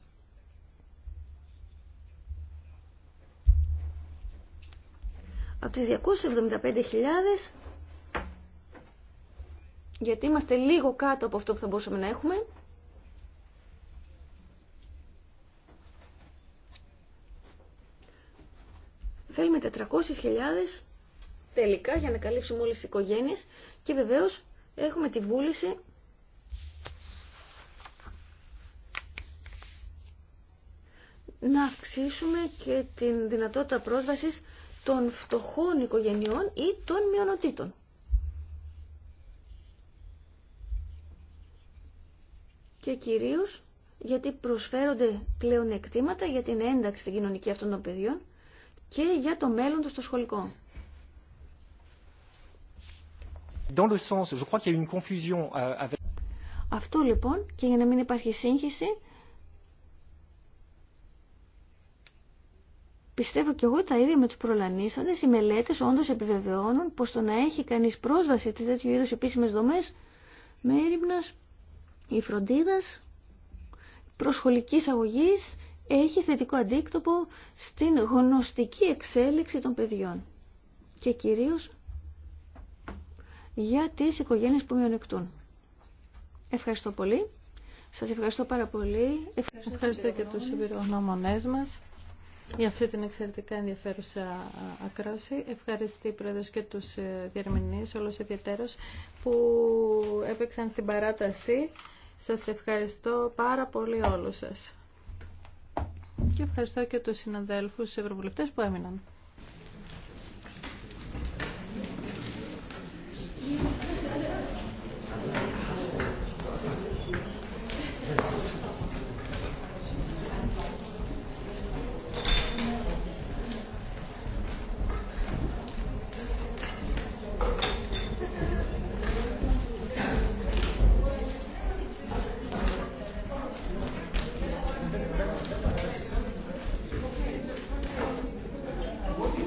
Από τις 275.000 γιατί είμαστε λίγο κάτω από αυτό που θα μπορούσαμε να έχουμε. Θέλουμε 400.000 τελικά για να καλύψουμε όλες τις οικογένειες και βεβαίως έχουμε τη βούληση να αυξήσουμε και την δυνατότητα πρόσβασης των φτωχών οικογενειών ή των μειονοτήτων. και κυρίως γιατί προσφέρονται πλέον εκτήματα για την ένταξη στην κοινωνική αυτών των παιδιών και για το μέλλον του στο σχολικό. Dans le sens, je crois y a une euh, avec... Αυτό λοιπόν και για να μην υπάρχει σύγχυση Πιστεύω και εγώ τα ίδια με τους προλανήσαντες, οι μελέτες όντως επιβεβαιώνουν πως το να έχει κανείς πρόσβαση σε τέτοιου είδους επίσημες δομές με έρημνας η φροντίδας προσχολικής αγωγής έχει θετικό αντίκτυπο στην γνωστική εξέλιξη των παιδιών και κυρίως για τις οικογένειες που μειονεκτούν. Ευχαριστώ πολύ. Σας ευχαριστώ πάρα πολύ. Ευχαριστώ, ευχαριστώ και τους εμπειρογνώμονές μας για αυτή την εξαιρετικά ενδιαφέρουσα ακρόση. Ευχαριστή πρόεδρος και τους ε, διερμηνείς, όλους ιδιαίτερος, που έπαιξαν στην παράταση. Σας ευχαριστώ πάρα πολύ όλους σας. Και ευχαριστώ και τους συναδέλφους ευρωβουλευτές που έμειναν.